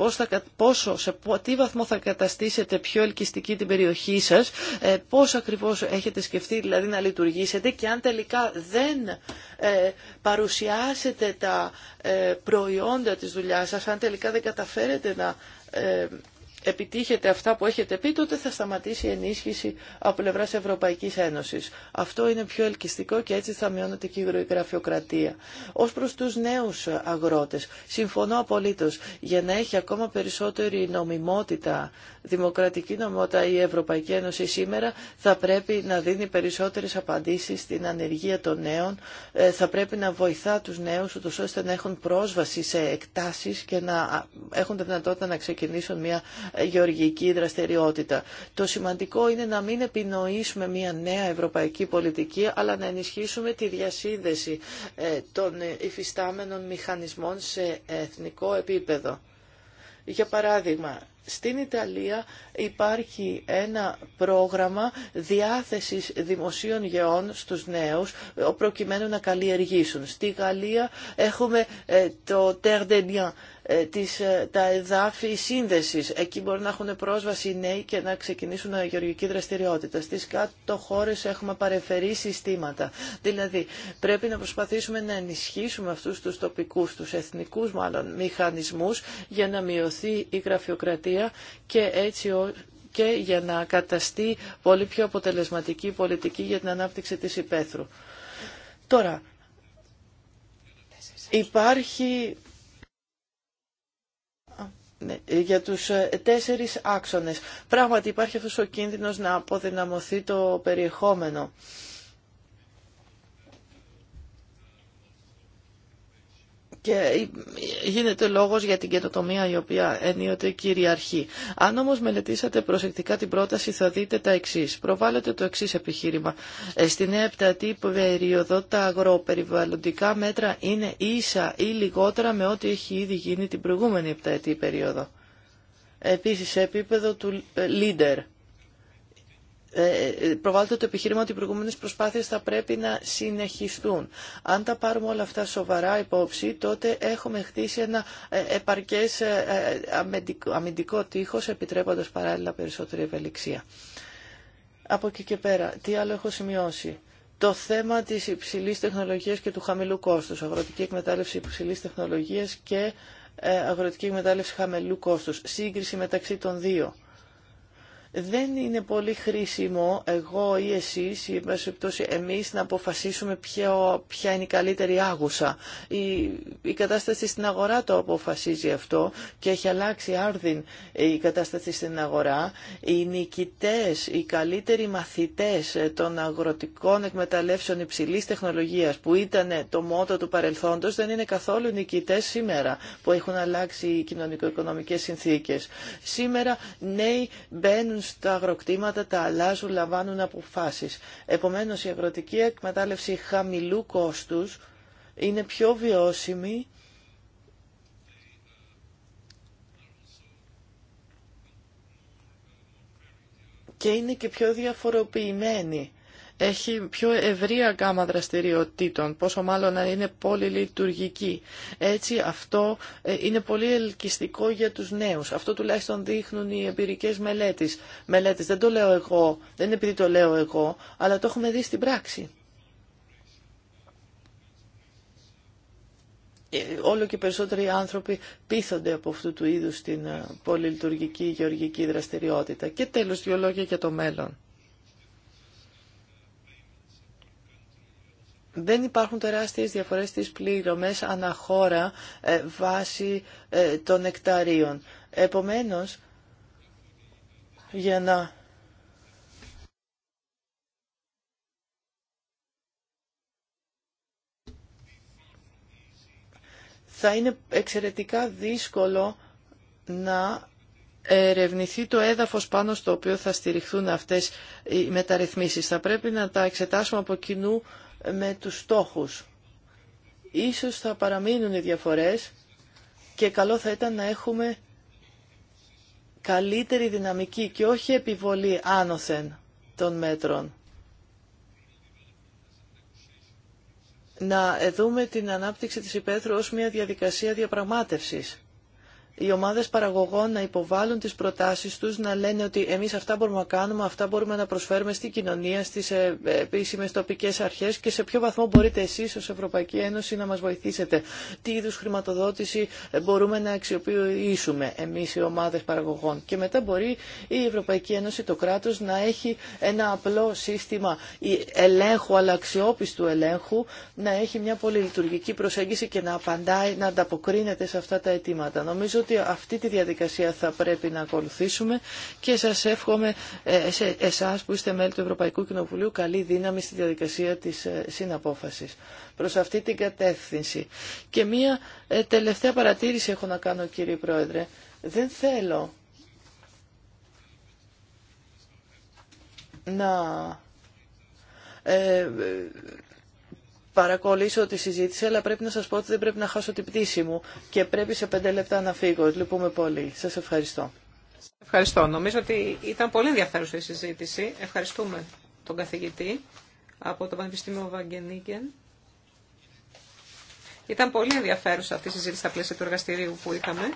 πόσο, σε τι βαθμό θα καταστήσετε πιο ελκυστική την περιοχή σας, ε, πώς ακριβώς έχετε σκεφτεί δηλαδή να λειτουργήσετε και αν τελικά δεν ε, παρουσιάσετε τα ε, προϊόντα της δουλειάς σας, αν τελικά δεν καταφέρετε να επιτύχετε αυτά που έχετε πει, τότε θα σταματήσει η ενίσχυση από πλευρά Ευρωπαϊκή Ένωση. Αυτό είναι πιο ελκυστικό και έτσι θα μειώνεται και η γραφειοκρατία. Ω προ του νέου αγρότε, συμφωνώ απολύτω. Για να έχει ακόμα περισσότερη νομιμότητα δημοκρατική νομότητα η Ευρωπαϊκή Ένωση σήμερα θα πρέπει να δίνει περισσότερες απαντήσεις στην ανεργία των νέων, ε, θα πρέπει να βοηθά τους νέους ούτως ώστε να έχουν πρόσβαση σε εκτάσεις και να έχουν τη δυνατότητα να ξεκινήσουν μια ε, γεωργική δραστηριότητα. Το σημαντικό είναι να μην επινοήσουμε μια νέα ευρωπαϊκή πολιτική, αλλά να ενισχύσουμε τη διασύνδεση ε, των υφιστάμενων μηχανισμών σε εθνικό επίπεδο. Για παράδειγμα, στην Ιταλία υπάρχει ένα πρόγραμμα διάθεσης δημοσίων γεών στους νέους προκειμένου να καλλιεργήσουν. Στη Γαλλία έχουμε ε, το Terre des ε, τις, ε, τα εδάφη σύνδεσης. Εκεί μπορεί να έχουν πρόσβαση οι νέοι και να ξεκινήσουν γεωργική δραστηριότητα. Στις κάτω χώρες έχουμε παρεφερεί συστήματα. Δηλαδή πρέπει να προσπαθήσουμε να ενισχύσουμε αυτούς τους τοπικούς, τους εθνικούς μάλλον μηχανισμούς για να μειωθεί η γραφειοκρατία και έτσι και για να καταστεί πολύ πιο αποτελεσματική πολιτική για την ανάπτυξη της υπαίθρου. Τώρα, υπάρχει ε, για τους ε, τέσσερις άξονες. Πράγματι υπάρχει αυτός ο κίνδυνος να αποδυναμωθεί το περιεχόμενο και γίνεται λόγος για την καινοτομία η οποία ενίοτε κυριαρχεί. Αν όμως μελετήσατε προσεκτικά την πρόταση θα δείτε τα εξής. Προβάλλεται το εξής επιχείρημα. Ε, στην επτατή περίοδο τα αγροπεριβαλλοντικά μέτρα είναι ίσα ή λιγότερα με ό,τι έχει ήδη γίνει την προηγούμενη επτατή περίοδο. Επίσης σε επίπεδο του ε, leader ε, ε, προβάλλεται το επιχείρημα ότι οι προηγούμενε προσπάθειε θα πρέπει να συνεχιστούν. Αν τα πάρουμε όλα αυτά σοβαρά υπόψη, τότε έχουμε χτίσει ένα ε, επαρκέ αμυντικό τείχο, επιτρέποντα παράλληλα περισσότερη ευελιξία. Από εκεί και πέρα, τι άλλο έχω σημειώσει. Το θέμα τη υψηλή τεχνολογία και του χαμηλού κόστου. αγροτική εκμετάλλευση υψηλή τεχνολογία και αγροτική εκμετάλλευση χαμηλού κόστου. σύγκριση μεταξύ των δύο δεν είναι πολύ χρήσιμο εγώ ή εσείς ή πτώση εμείς να αποφασίσουμε ποιο, ποια είναι η καλύτερη άγουσα. Η, η κατάσταση στην αγορά το αποφασίζει αυτό και έχει αλλάξει άρδιν η κατάσταση στην αγορά. Οι νικητές, οι καλύτεροι μαθητές των αγροτικών εκμεταλλεύσεων υψηλής τεχνολογίας που ήταν το μότο του παρελθόντος δεν είναι καθόλου νικητές σήμερα που έχουν αλλάξει οι κοινωνικο-οικονομικές συνθήκες. Σήμερα νέοι μπαίνουν στα αγροκτήματα, τα αλλάζουν, λαμβάνουν αποφάσεις. Επομένως η αγροτική εκμετάλλευση χαμηλού κόστους είναι πιο βιώσιμη και είναι και πιο διαφοροποιημένη έχει πιο ευρία γάμα δραστηριοτήτων, πόσο μάλλον να είναι πολυλειτουργική. Έτσι αυτό ε, είναι πολύ ελκυστικό για τους νέους. Αυτό τουλάχιστον δείχνουν οι εμπειρικές μελέτες. μελέτες. Δεν το λέω εγώ, δεν είναι επειδή το λέω εγώ, αλλά το έχουμε δει στην πράξη. Ε, όλο και περισσότεροι άνθρωποι πείθονται από αυτού του είδους την ε, πολυλειτουργική γεωργική δραστηριότητα. Και τέλος, δύο λόγια για το μέλλον. δεν υπάρχουν τεράστιες διαφορές στις πληρωμές αναχώρα ε, βάσει ε, των νεκταρίων. Επομένως, για να... Θα είναι εξαιρετικά δύσκολο να ερευνηθεί το έδαφος πάνω στο οποίο θα στηριχθούν αυτές οι μεταρρυθμίσεις. Θα πρέπει να τα εξετάσουμε από κοινού με τους στόχους. Ίσως θα παραμείνουν οι διαφορές και καλό θα ήταν να έχουμε καλύτερη δυναμική και όχι επιβολή άνωθεν των μέτρων. Να δούμε την ανάπτυξη της υπαίθρου ως μια διαδικασία διαπραγμάτευσης οι ομάδε παραγωγών να υποβάλουν τι προτάσει του, να λένε ότι εμεί αυτά μπορούμε να κάνουμε, αυτά μπορούμε να προσφέρουμε στην κοινωνία, στι ε, ε, επίσημε τοπικέ αρχέ και σε ποιο βαθμό μπορείτε εσεί ω Ευρωπαϊκή Ένωση να μα βοηθήσετε. Τι είδου χρηματοδότηση ε, μπορούμε να αξιοποιήσουμε εμεί οι ομάδε παραγωγών. Και μετά μπορεί η Ευρωπαϊκή Ένωση, το κράτο να έχει ένα απλό σύστημα ελέγχου, αλλά αξιόπιστου ελέγχου, να έχει μια πολυλειτουργική προσέγγιση και να απαντάει, να ανταποκρίνεται σε αυτά τα αιτήματα. Νομίζω ότι αυτή τη διαδικασία θα πρέπει να ακολουθήσουμε και σας εύχομαι ε, σε εσάς που είστε μέλη του Ευρωπαϊκού Κοινοβουλίου καλή δύναμη στη διαδικασία της ε, συναπόφασης προς αυτή την κατεύθυνση. Και μία ε, τελευταία παρατήρηση έχω να κάνω κύριε Πρόεδρε. Δεν θέλω να παρακολουθήσω τη συζήτηση, αλλά πρέπει να σας πω ότι δεν πρέπει να χάσω την πτήση μου και πρέπει σε πέντε λεπτά να φύγω. Λυπούμε πολύ. Σας ευχαριστώ. Ευχαριστώ. Νομίζω ότι ήταν πολύ ενδιαφέρουσα η συζήτηση. Ευχαριστούμε τον καθηγητή από το Πανεπιστήμιο Βαγγενίκεν. Ήταν πολύ ενδιαφέρουσα αυτή η συζήτηση στα πλαίσια του εργαστηρίου που είχαμε.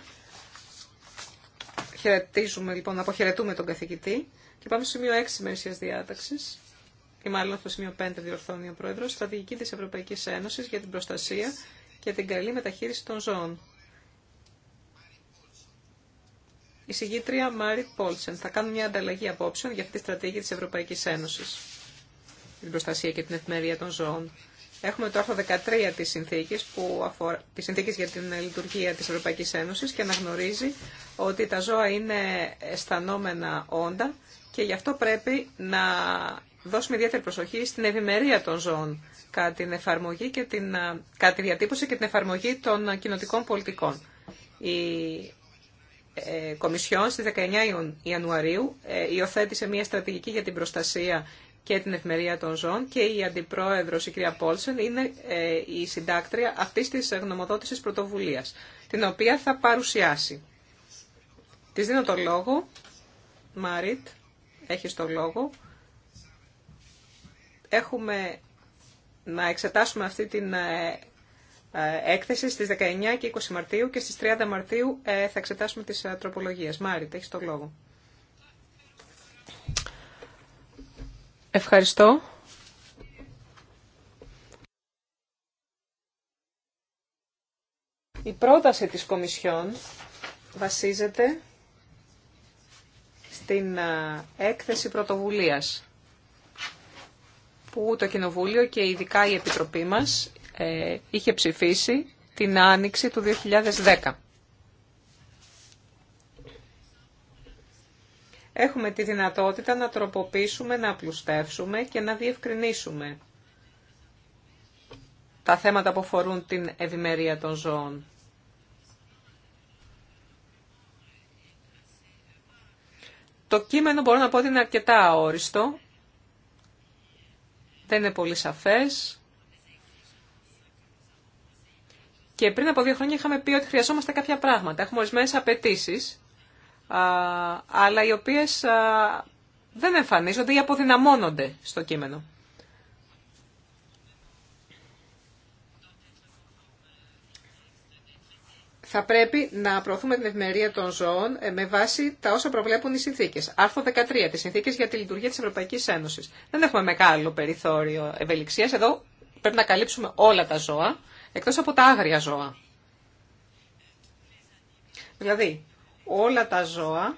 Χαιρετίζουμε λοιπόν, αποχαιρετούμε τον καθηγητή και πάμε στο σημείο 6 μερισίας διάταξης ή μάλλον στο σημείο 5 διορθώνει ο πρόεδρο, στρατηγική τη Ευρωπαϊκή Ένωση για την προστασία και την καλή μεταχείριση των ζώων. Η συγγήτρια Μάρι Πόλσεν θα κάνει μια ανταλλαγή απόψεων για αυτή τη στρατηγική τη Ευρωπαϊκή Ένωση. Την προστασία και την ευμερία των ζώων. Έχουμε το άρθρο 13 της συνθήκης, αφορά, για την λειτουργία της Ευρωπαϊκής Ένωσης και αναγνωρίζει ότι τα ζώα είναι αισθανόμενα όντα και γι' αυτό πρέπει να δώσουμε ιδιαίτερη προσοχή στην ευημερία των ζώων κατά, την εφαρμογή και την, κατά τη διατύπωση και την εφαρμογή των κοινοτικών πολιτικών. Η ε, Κομισιόν στις 19 Ιανουαρίου ε, υιοθέτησε μια στρατηγική για την προστασία και την ευημερία των ζώων και η Αντιπρόεδρος, η κυρία Πόλσεν, είναι ε, η συντάκτρια αυτής της γνωμοδότησης πρωτοβουλίας, την οποία θα παρουσιάσει. Της δίνω το λόγο. Μάριτ, έχεις το λόγο έχουμε να εξετάσουμε αυτή την ε, ε, έκθεση στις 19 και 20 Μαρτίου και στις 30 Μαρτίου ε, θα εξετάσουμε τις τροπολογίες. Μάρι, έχεις το λόγο. Ευχαριστώ. Η πρόταση της Κομισιόν βασίζεται στην έκθεση πρωτοβουλίας που το Κοινοβούλιο και ειδικά η Επιτροπή μας ε, είχε ψηφίσει την Άνοιξη του 2010. Έχουμε τη δυνατότητα να τροποποιήσουμε, να απλουστεύσουμε και να διευκρινίσουμε τα θέματα που αφορούν την ευημερία των ζώων. Το κείμενο μπορώ να πω ότι είναι αρκετά αόριστο δεν είναι πολύ σαφές. Και πριν από δύο χρόνια είχαμε πει ότι χρειαζόμαστε κάποια πράγματα. Έχουμε ορισμένε απαιτήσει, αλλά οι οποίες δεν εμφανίζονται ή αποδυναμώνονται στο κείμενο. θα πρέπει να προωθούμε την ευμερία των ζώων ε, με βάση τα όσα προβλέπουν οι συνθήκε. Άρθρο 13, τι συνθήκε για τη λειτουργία τη Ευρωπαϊκή Ένωση. Δεν έχουμε μεγάλο περιθώριο ευελιξία. Εδώ πρέπει να καλύψουμε όλα τα ζώα, εκτό από τα άγρια ζώα. Δηλαδή, όλα τα ζώα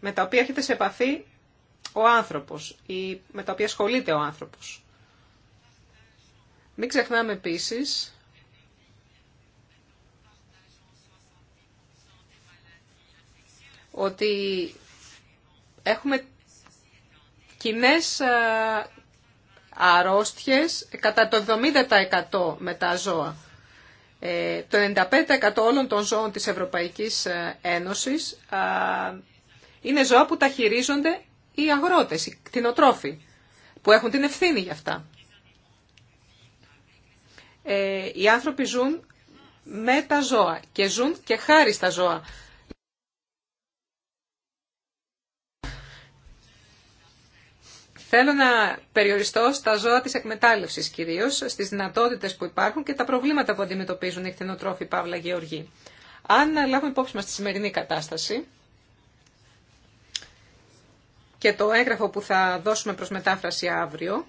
με τα οποία έρχεται σε επαφή ο άνθρωπος ή με τα οποία ασχολείται ο άνθρωπος. Μην ξεχνάμε επίσης ότι έχουμε κοινέ αρρώστιες κατά το 70% με τα ζώα. Ε, το 95% όλων των ζώων της Ευρωπαϊκής ε, Ένωσης είναι ζώα που τα χειρίζονται οι αγρότες, οι κτηνοτρόφοι, που έχουν την ευθύνη για αυτά. Ε, οι άνθρωποι ζουν με τα ζώα και ζουν και χάρη στα ζώα. Θέλω να περιοριστώ στα ζώα της εκμετάλλευσης κυρίω στις δυνατότητες που υπάρχουν και τα προβλήματα που αντιμετωπίζουν οι κτηνοτρόφοι Παύλα Γεωργοί. Αν λάβουμε υπόψη μας τη σημερινή κατάσταση και το έγγραφο που θα δώσουμε προς μετάφραση αύριο,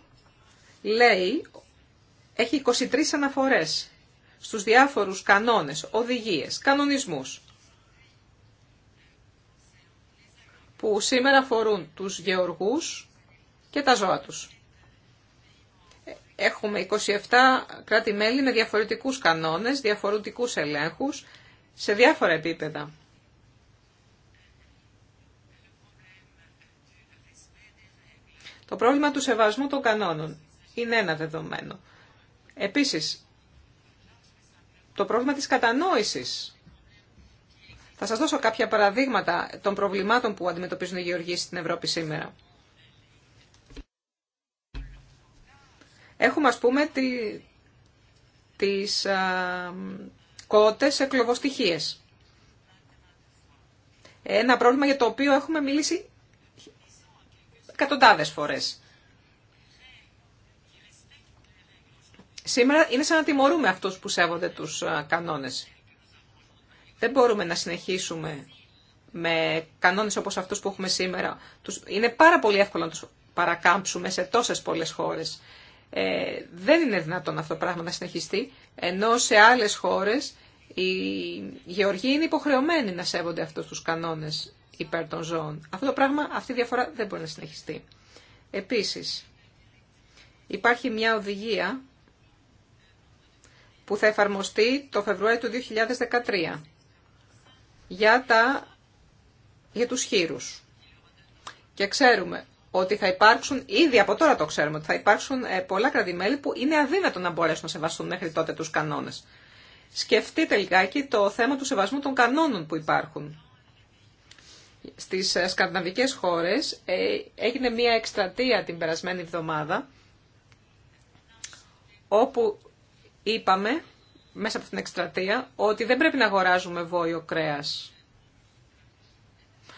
λέει, έχει 23 αναφορές στους διάφορους κανόνες, οδηγίες, κανονισμού. που σήμερα αφορούν τους γεωργούς και τα ζώα τους. Έχουμε 27 κράτη-μέλη με διαφορετικούς κανόνες, διαφορετικούς ελέγχους σε διάφορα επίπεδα. Το πρόβλημα του σεβασμού των κανόνων είναι ένα δεδομένο. Επίσης, το πρόβλημα της κατανόησης. Θα σας δώσω κάποια παραδείγματα των προβλημάτων που αντιμετωπίζουν οι γεωργοί στην Ευρώπη σήμερα. Έχουμε ας πούμε τη, τις α, κότες Ένα πρόβλημα για το οποίο έχουμε μιλήσει εκατοντάδες φορές. Σήμερα είναι σαν να τιμωρούμε αυτούς που σέβονται τους κανόνες. Δεν μπορούμε να συνεχίσουμε με κανόνες όπως αυτούς που έχουμε σήμερα. Είναι πάρα πολύ εύκολο να τους παρακάμψουμε σε τόσες πολλές χώρες. Ε, δεν είναι δυνατόν αυτό το πράγμα να συνεχιστεί, ενώ σε άλλες χώρες οι γεωργοί είναι υποχρεωμένοι να σέβονται αυτούς τους κανόνες υπέρ των ζώων. Αυτό το πράγμα, αυτή η διαφορά δεν μπορεί να συνεχιστεί. Επίσης, υπάρχει μια οδηγία που θα εφαρμοστεί το Φεβρουάριο του 2013 για, τα, για τους χείρους. Και ξέρουμε ότι θα υπάρξουν, ήδη από τώρα το ξέρουμε, ότι θα υπάρξουν ε, πολλά κρατημέλη που είναι αδύνατο να μπορέσουν να σεβαστούν μέχρι τότε τους κανόνες. Σκεφτείτε λιγάκι το θέμα του σεβασμού των κανόνων που υπάρχουν. Στις ε, σκανδιναβικές χώρες ε, έγινε μία εκστρατεία την περασμένη εβδομάδα, όπου είπαμε μέσα από την εκστρατεία ότι δεν πρέπει να αγοράζουμε βόλιο κρέας.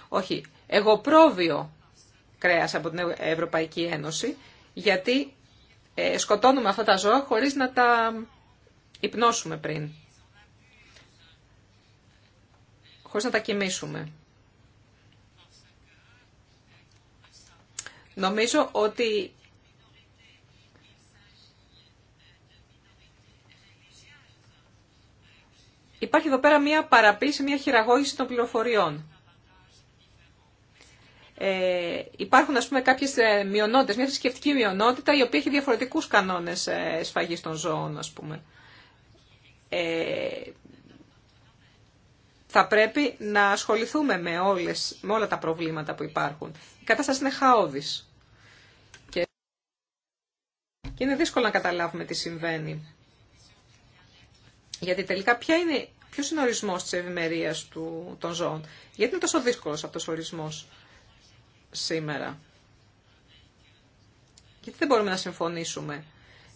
Όχι, εγωπρόβιο κρέας από την Ευρωπαϊκή Ένωση, γιατί ε, σκοτώνουμε αυτά τα ζώα χωρίς να τα υπνώσουμε πριν. Χωρίς να τα κοιμήσουμε. Νομίζω ότι υπάρχει εδώ πέρα μία παραποίηση, μία χειραγώγηση των πληροφοριών ε, υπάρχουν ας πούμε κάποιες ε, μειονότητες, μια θρησκευτική μειονότητα η οποία έχει διαφορετικούς κανόνες ε, σφαγής των ζώων ας πούμε. Ε, θα πρέπει να ασχοληθούμε με, όλες, όλα τα προβλήματα που υπάρχουν. Η κατάσταση είναι χαόδης. Και, και είναι δύσκολο να καταλάβουμε τι συμβαίνει. Γιατί τελικά ποια είναι, ποιος είναι ο ορισμός της ευημερίας του, των ζώων. Γιατί είναι τόσο δύσκολος αυτός ο ορισμός σήμερα. Γιατί δεν μπορούμε να συμφωνήσουμε.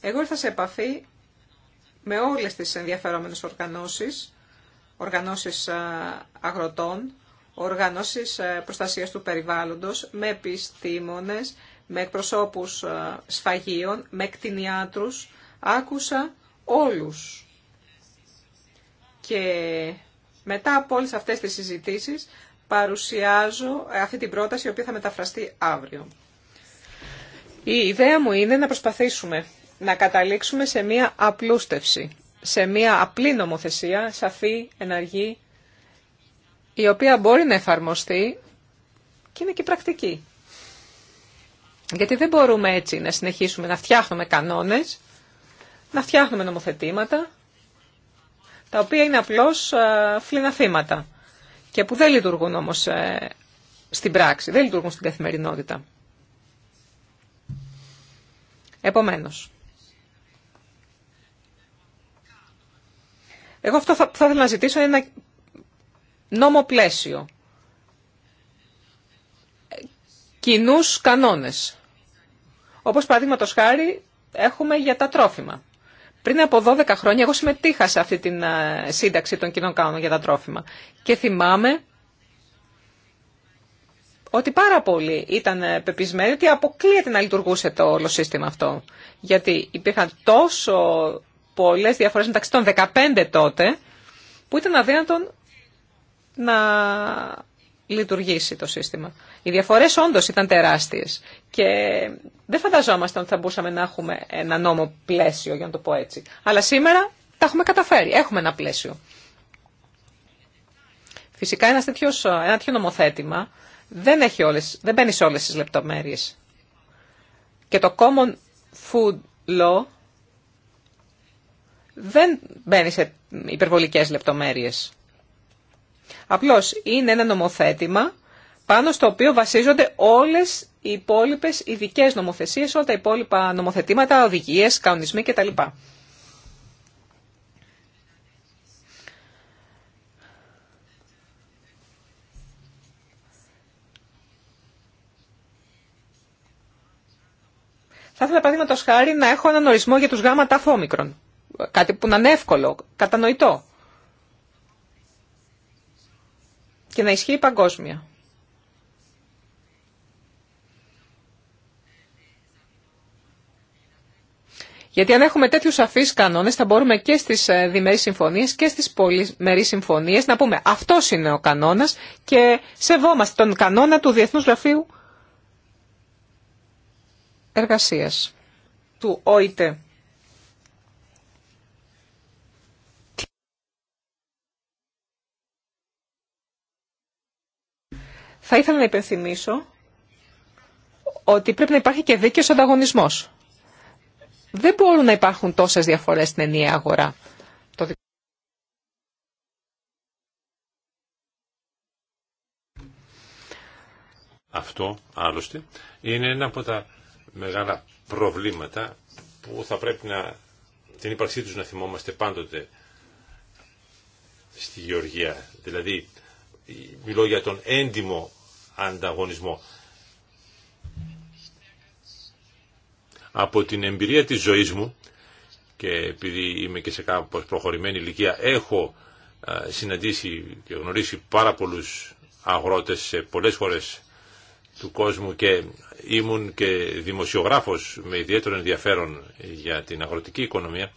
Εγώ ήρθα σε επαφή με όλες τις ενδιαφερόμενες οργανώσεις, οργανώσεις ε, αγροτών, οργανώσεις ε, προστασίας του περιβάλλοντος, με επιστήμονες, με εκπροσώπους ε, σφαγίων, με κτηνιάτρους. Άκουσα όλους. Και μετά από όλες αυτές τις συζητήσεις παρουσιάζω ε, αυτή την πρόταση, η οποία θα μεταφραστεί αύριο. Η ιδέα μου είναι να προσπαθήσουμε να καταλήξουμε σε μία απλούστευση, σε μία απλή νομοθεσία, σαφή, εναργή, η οποία μπορεί να εφαρμοστεί και είναι και πρακτική. Γιατί δεν μπορούμε έτσι να συνεχίσουμε να φτιάχνουμε κανόνες, να φτιάχνουμε νομοθετήματα, τα οποία είναι απλώς ε, φλιναθήματα και που δεν λειτουργούν όμως ε, στην πράξη, δεν λειτουργούν στην καθημερινότητα. Επομένως, εγώ αυτό θα, θα ήθελα να ζητήσω είναι ένα νόμο πλαίσιο. Κοινούς κανόνες. Όπως παραδείγματος χάρη έχουμε για τα τρόφιμα. Πριν από 12 χρόνια εγώ συμμετείχα σε αυτή την ε, σύνταξη των κοινών κανόνων για τα τρόφιμα και θυμάμαι ότι πάρα πολλοί ήταν ε, πεπισμένοι ότι αποκλείεται να λειτουργούσε το όλο σύστημα αυτό. Γιατί υπήρχαν τόσο πολλές διαφορές μεταξύ των 15 τότε που ήταν αδύνατον να λειτουργήσει το σύστημα. Οι διαφορές όντω ήταν τεράστιες και δεν φανταζόμαστε ότι θα μπορούσαμε να έχουμε ένα νόμο πλαίσιο, για να το πω έτσι. Αλλά σήμερα τα έχουμε καταφέρει, έχουμε ένα πλαίσιο. Φυσικά ένα τέτοιο, ένα τέτοιο νομοθέτημα δεν, έχει όλες, δεν μπαίνει σε όλε τι λεπτομέρειε. Και το Common Food Law δεν μπαίνει σε υπερβολικές λεπτομέρειες. Απλώς είναι ένα νομοθέτημα πάνω στο οποίο βασίζονται όλες οι υπόλοιπε ειδικέ νομοθεσίες, όλα τα υπόλοιπα νομοθετήματα, οδηγίες, κανονισμοί κτλ. Θα ήθελα παραδείγματο χάρη να έχω έναν ορισμό για του γάμματα φόμικρον Κάτι που να είναι εύκολο, κατανοητό. και να ισχύει παγκόσμια. Γιατί αν έχουμε τέτοιους σαφείς κανόνες θα μπορούμε και στις ε, διμερείς συμφωνίες και στις πολυμερείς συμφωνίες να πούμε αυτό είναι ο κανόνας και σεβόμαστε τον κανόνα του Διεθνούς Γραφείου Εργασίας, του ΟΙΤΕ. Θα ήθελα να υπενθυμίσω ότι πρέπει να υπάρχει και δίκαιος ανταγωνισμός. Δεν μπορούν να υπάρχουν τόσες διαφορές στην ενιαία αγορά. Αυτό, άλλωστε, είναι ένα από τα μεγάλα προβλήματα που θα πρέπει να την ύπαρξή τους να θυμόμαστε πάντοτε στη Γεωργία. Δηλαδή, μιλώ για τον έντιμο ανταγωνισμό. Από την εμπειρία της ζωής μου και επειδή είμαι και σε κάπως προχωρημένη ηλικία έχω συναντήσει και γνωρίσει πάρα πολλούς αγρότες σε πολλές χώρες του κόσμου και ήμουν και δημοσιογράφος με ιδιαίτερο ενδιαφέρον για την αγροτική οικονομία.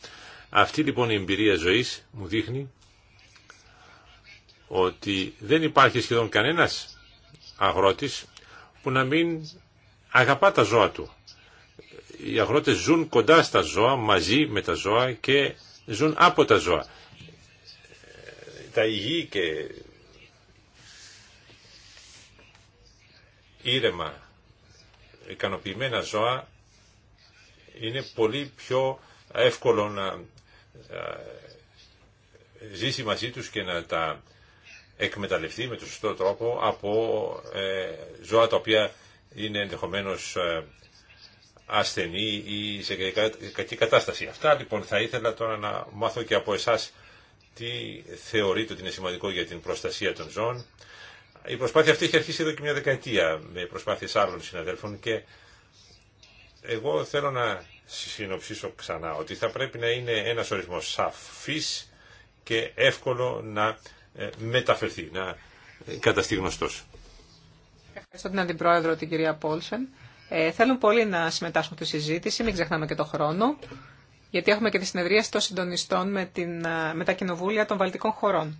Αυτή λοιπόν η εμπειρία ζωής μου δείχνει ότι δεν υπάρχει σχεδόν κανένας αγρότης που να μην αγαπά τα ζώα του. Οι αγρότες ζουν κοντά στα ζώα, μαζί με τα ζώα και ζουν από τα ζώα. Τα υγιή και ήρεμα ικανοποιημένα ζώα είναι πολύ πιο εύκολο να ε, ζήσει μαζί τους και να τα εκμεταλλευτεί με τον σωστό τρόπο από ε, ζώα τα οποία είναι ενδεχομένως ε, ασθενή ή σε κακή κατάσταση. Αυτά λοιπόν θα ήθελα τώρα να μάθω και από εσάς τι θεωρείτε ότι είναι σημαντικό για την προστασία των ζώων. Η προσπάθεια αυτή έχει αρχίσει εδώ και μια δεκαετία με προσπάθειες άλλων συναδέλφων και εγώ θέλω να συνοψίσω ξανά ότι θα πρέπει να είναι ένας ορισμός σαφής και εύκολο να ε, μεταφερθεί, να καταστεί γνωστό. Ευχαριστώ την Αντιπρόεδρο, την κυρία Πόλσεν. Ε, θέλουν πολύ να συμμετάσχουν στη συζήτηση, μην ξεχνάμε και το χρόνο, γιατί έχουμε και τη συνεδρία των συντονιστών με, την, ε, με τα κοινοβούλια των βαλτικών χωρών.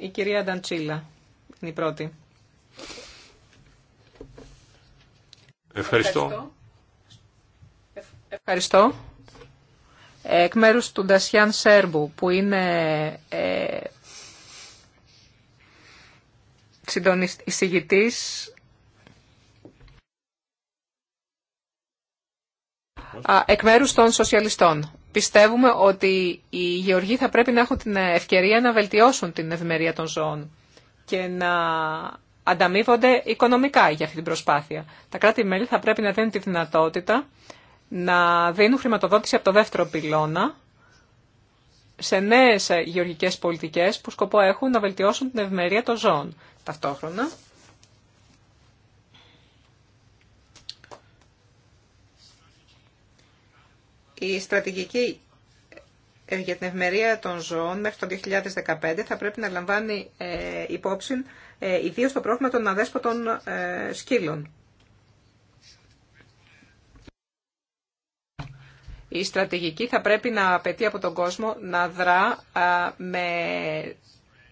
Η κυρία Νταντσίλα είναι η πρώτη. Ευχαριστώ. Ευχαριστώ. Ε, εκ μέρους του Ντασιάν Σέρμπου, που είναι ε, συντονιστής εκ μέρους των σοσιαλιστών. Πιστεύουμε ότι οι γεωργοί θα πρέπει να έχουν την ευκαιρία να βελτιώσουν την ευημερία των ζώων και να ανταμείβονται οικονομικά για αυτή την προσπάθεια. Τα κράτη-μέλη θα πρέπει να δίνουν τη δυνατότητα να δίνουν χρηματοδότηση από το δεύτερο πυλώνα σε νέες γεωργικές πολιτικές που σκοπό έχουν να βελτιώσουν την ευημερία των ζώων ταυτόχρονα. Η στρατηγική για την ευμερία των ζώων μέχρι το 2015 θα πρέπει να λαμβάνει ε, υπόψη ε, ιδίως το πρόβλημα των αδέσποτων ε, σκύλων. Η στρατηγική θα πρέπει να απαιτεί από τον κόσμο να δρά με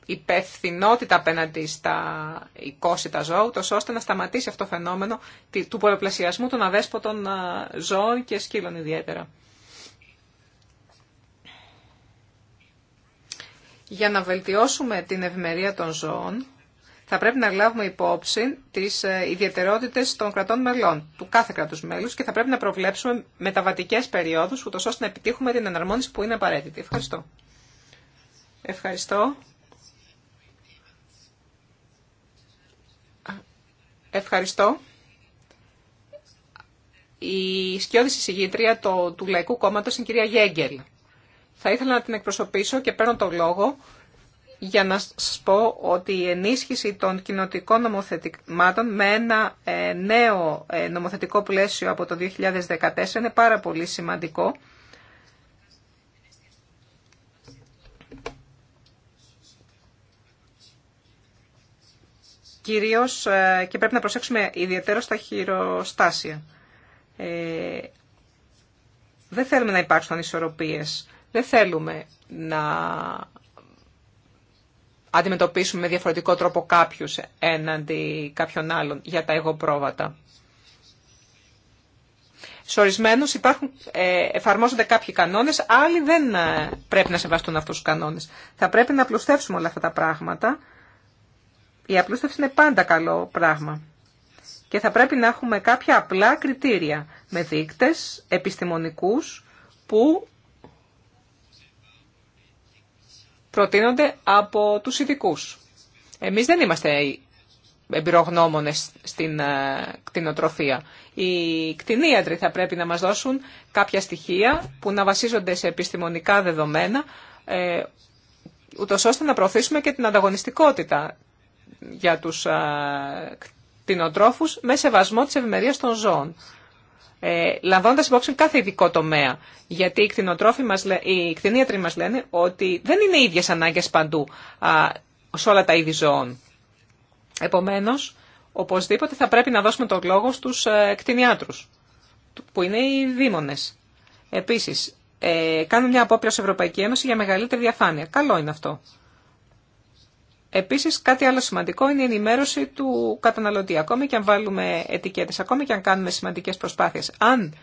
υπευθυνότητα απέναντι στα οικόσιτα ζώα, ούτως ώστε να σταματήσει αυτό το φαινόμενο του πολλαπλασιασμού των αδέσποτων ζώων και σκύλων ιδιαίτερα. Για να βελτιώσουμε την ευημερία των ζώων, θα πρέπει να λάβουμε υπόψη τις ε, ιδιαιτερότητες των κρατών μελών, του κάθε κράτους μέλους και θα πρέπει να προβλέψουμε μεταβατικές περιόδους, ούτως ώστε να επιτύχουμε την εναρμόνιση που είναι απαραίτητη. Ευχαριστώ. Ευχαριστώ. Ευχαριστώ. Η σκιώδη συγγήτρια του Λαϊκού Κόμματος είναι η κυρία Γέγκελ. Θα ήθελα να την εκπροσωπήσω και παίρνω το λόγο για να σας πω ότι η ενίσχυση των κοινοτικών νομοθετημάτων με ένα ε, νέο ε, νομοθετικό πλαίσιο από το 2014 είναι πάρα πολύ σημαντικό κυρίως ε, και πρέπει να προσέξουμε ιδιαίτερα στα χειροστάσια. Ε, δεν θέλουμε να υπάρξουν ανισορροπίες. Δεν θέλουμε να αντιμετωπίσουμε με διαφορετικό τρόπο κάποιους έναντι κάποιων άλλων για τα εγωπρόβατα. Σε ορισμένους υπάρχουν, ε, εφαρμόζονται κάποιοι κανόνες, άλλοι δεν ε, πρέπει να σεβαστούν αυτούς τους κανόνες. Θα πρέπει να πλουστεύσουμε όλα αυτά τα πράγματα η απλούστευση είναι πάντα καλό πράγμα. Και θα πρέπει να έχουμε κάποια απλά κριτήρια με δείκτες επιστημονικούς που προτείνονται από τους ειδικού. Εμείς δεν είμαστε εμπειρογνώμονες στην ε, κτηνοτροφία. Οι κτηνίατροι θα πρέπει να μας δώσουν κάποια στοιχεία που να βασίζονται σε επιστημονικά δεδομένα, ε, ούτως ώστε να προωθήσουμε και την ανταγωνιστικότητα για τους κτηνοτρόφους με σεβασμό της ευημερία των ζώων. Ε, Λαμβάνοντα υπόψη κάθε ειδικό τομέα. Γιατί οι, κτηνοτρόφοι μας, κτηνίατροι μα λένε ότι δεν είναι ίδιες ανάγκε παντού α, σε όλα τα είδη ζώων. Επομένω, οπωσδήποτε θα πρέπει να δώσουμε τον λόγο στου ε, κτηνιάτρου, που είναι οι δήμονε. Επίση, ε, κάνουν μια απόπειρα σε Ευρωπαϊκή Ένωση για μεγαλύτερη διαφάνεια. Καλό είναι αυτό. Επίση, κάτι άλλο σημαντικό είναι η ενημέρωση του καταναλωτή. Ακόμη και αν βάλουμε ετικέτε, ακόμη και αν κάνουμε σημαντικέ προσπάθειε. Αν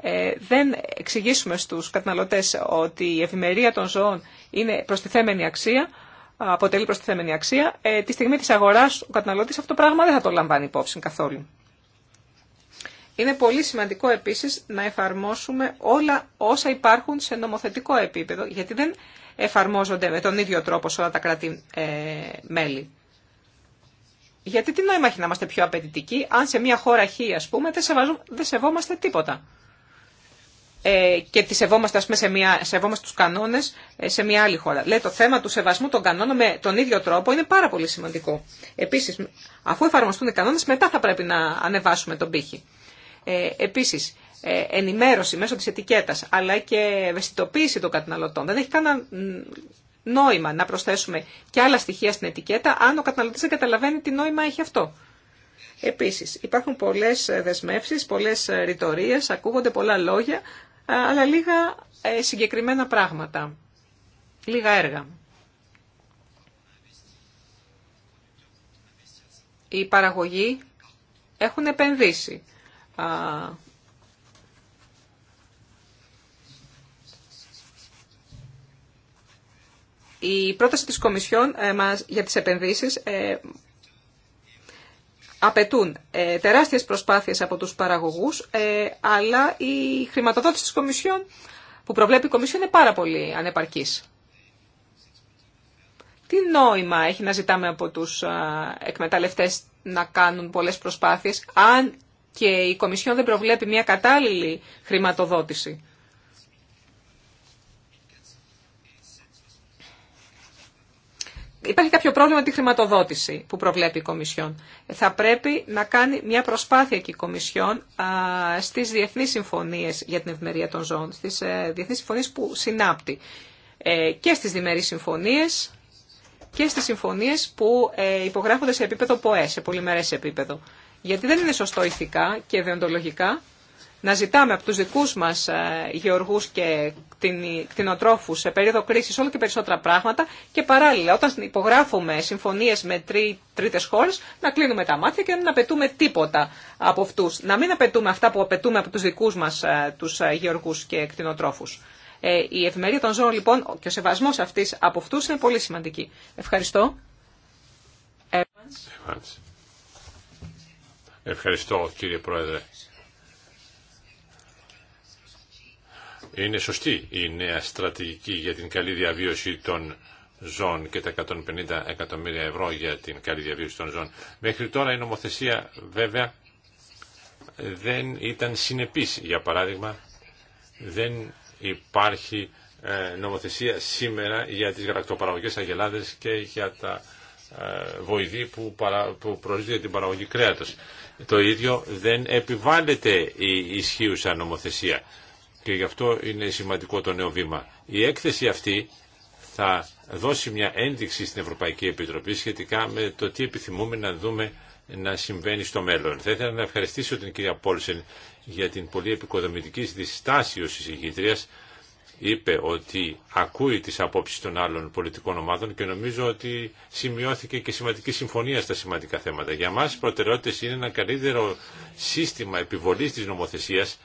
ε, δεν εξηγήσουμε στου καταναλωτέ ότι η ευημερία των ζώων είναι προστιθέμενη αξία, αποτελεί προστιθέμενη αξία, ε, τη στιγμή τη αγορά ο καταναλωτή αυτό το πράγμα δεν θα το λαμβάνει υπόψη καθόλου. Είναι πολύ σημαντικό επίση να εφαρμόσουμε όλα όσα υπάρχουν σε νομοθετικό επίπεδο, γιατί δεν εφαρμόζονται με τον ίδιο τρόπο σε όλα τα κράτη-μέλη. Ε, Γιατί τι νόημα έχει να είμαστε πιο απαιτητικοί, αν σε μια χώρα χ, ας πούμε, δεν σεβόμαστε τίποτα. Ε, και τη σεβόμαστε, ας πούμε, σε σεβόμαστε τους κανόνες ε, σε μια άλλη χώρα. Λέει, το θέμα του σεβασμού των κανόνων με τον ίδιο τρόπο είναι πάρα πολύ σημαντικό. Επίσης, αφού εφαρμοστούν οι κανόνες, μετά θα πρέπει να ανεβάσουμε τον πύχη. Ε, επίσης, ε, ενημέρωση μέσω της ετικέτας, αλλά και ευαισθητοποίηση των καταναλωτών. Δεν έχει κανένα νόημα να προσθέσουμε και άλλα στοιχεία στην ετικέτα, αν ο καταναλωτής δεν καταλαβαίνει τι νόημα έχει αυτό. Επίσης, υπάρχουν πολλές δεσμεύσεις, πολλές ρητορίε, ακούγονται πολλά λόγια, αλλά λίγα ε, συγκεκριμένα πράγματα, λίγα έργα. Οι παραγωγοί έχουν επενδύσει Η πρόταση της Κομισιόν ε, για τις επενδύσεις ε, απαιτούν ε, τεράστιες προσπάθειες από τους παραγωγούς, αλλά η χρηματοδότηση της Κομισιόν που προβλέπει η Κομισιόν είναι πάρα πολύ ανεπαρκής. Τι νόημα έχει να ζητάμε από τους εκμεταλλευτές να κάνουν πολλές προσπάθειες, αν και η Κομισιόν δεν προβλέπει μια κατάλληλη χρηματοδότηση. υπάρχει κάποιο πρόβλημα με τη χρηματοδότηση που προβλέπει η Κομισιόν. Θα πρέπει να κάνει μια προσπάθεια και η Κομισιόν στις διεθνείς συμφωνίες για την ευμερία των ζώων, στις ε, διεθνείς συμφωνίες που συνάπτει ε, και στις διμερείς συμφωνίες και στις συμφωνίες που ε, υπογράφονται σε επίπεδο ΠΟΕ, σε πολυμερές επίπεδο. Γιατί δεν είναι σωστό ηθικά και δεοντολογικά να ζητάμε από τους δικούς μας ε, γεωργούς και κτηνοτρόφους σε περίοδο κρίσης όλο και περισσότερα πράγματα και παράλληλα όταν υπογράφουμε συμφωνίες με τρί, τρίτες χώρες να κλείνουμε τα μάτια και να μην απαιτούμε τίποτα από αυτούς. Να μην απαιτούμε αυτά που απαιτούμε από τους δικούς μας ε, τους ε, γεωργούς και κτηνοτρόφους. η ευημερία των ζώων λοιπόν και ο σεβασμός αυτής από αυτούς είναι πολύ σημαντική. Ευχαριστώ. Ευχαριστώ κύριε Πρόεδρε. Είναι σωστή η νέα στρατηγική για την καλή διαβίωση των ζώων και τα 150 εκατομμύρια ευρώ για την καλή διαβίωση των ζώων. Μέχρι τώρα η νομοθεσία βέβαια δεν ήταν συνεπής. Για παράδειγμα δεν υπάρχει ε, νομοθεσία σήμερα για τις γαλακτοπαραγωγές αγελάδες και για τα ε, βοηθή που, προσδίδει την παραγωγή κρέατος. Το ίδιο δεν επιβάλλεται η ισχύουσα νομοθεσία και γι' αυτό είναι σημαντικό το νέο βήμα. Η έκθεση αυτή θα δώσει μια ένδειξη στην Ευρωπαϊκή Επιτροπή σχετικά με το τι επιθυμούμε να δούμε να συμβαίνει στο μέλλον. Θα ήθελα να ευχαριστήσω την κυρία Πόλσεν για την πολύ επικοδομητική διστάση ως εισηγήτριας. Είπε ότι ακούει τις απόψεις των άλλων πολιτικών ομάδων και νομίζω ότι σημειώθηκε και σημαντική συμφωνία στα σημαντικά θέματα. Για μας οι προτεραιότητες είναι ένα καλύτερο σύστημα επιβολής της νομοθεσίας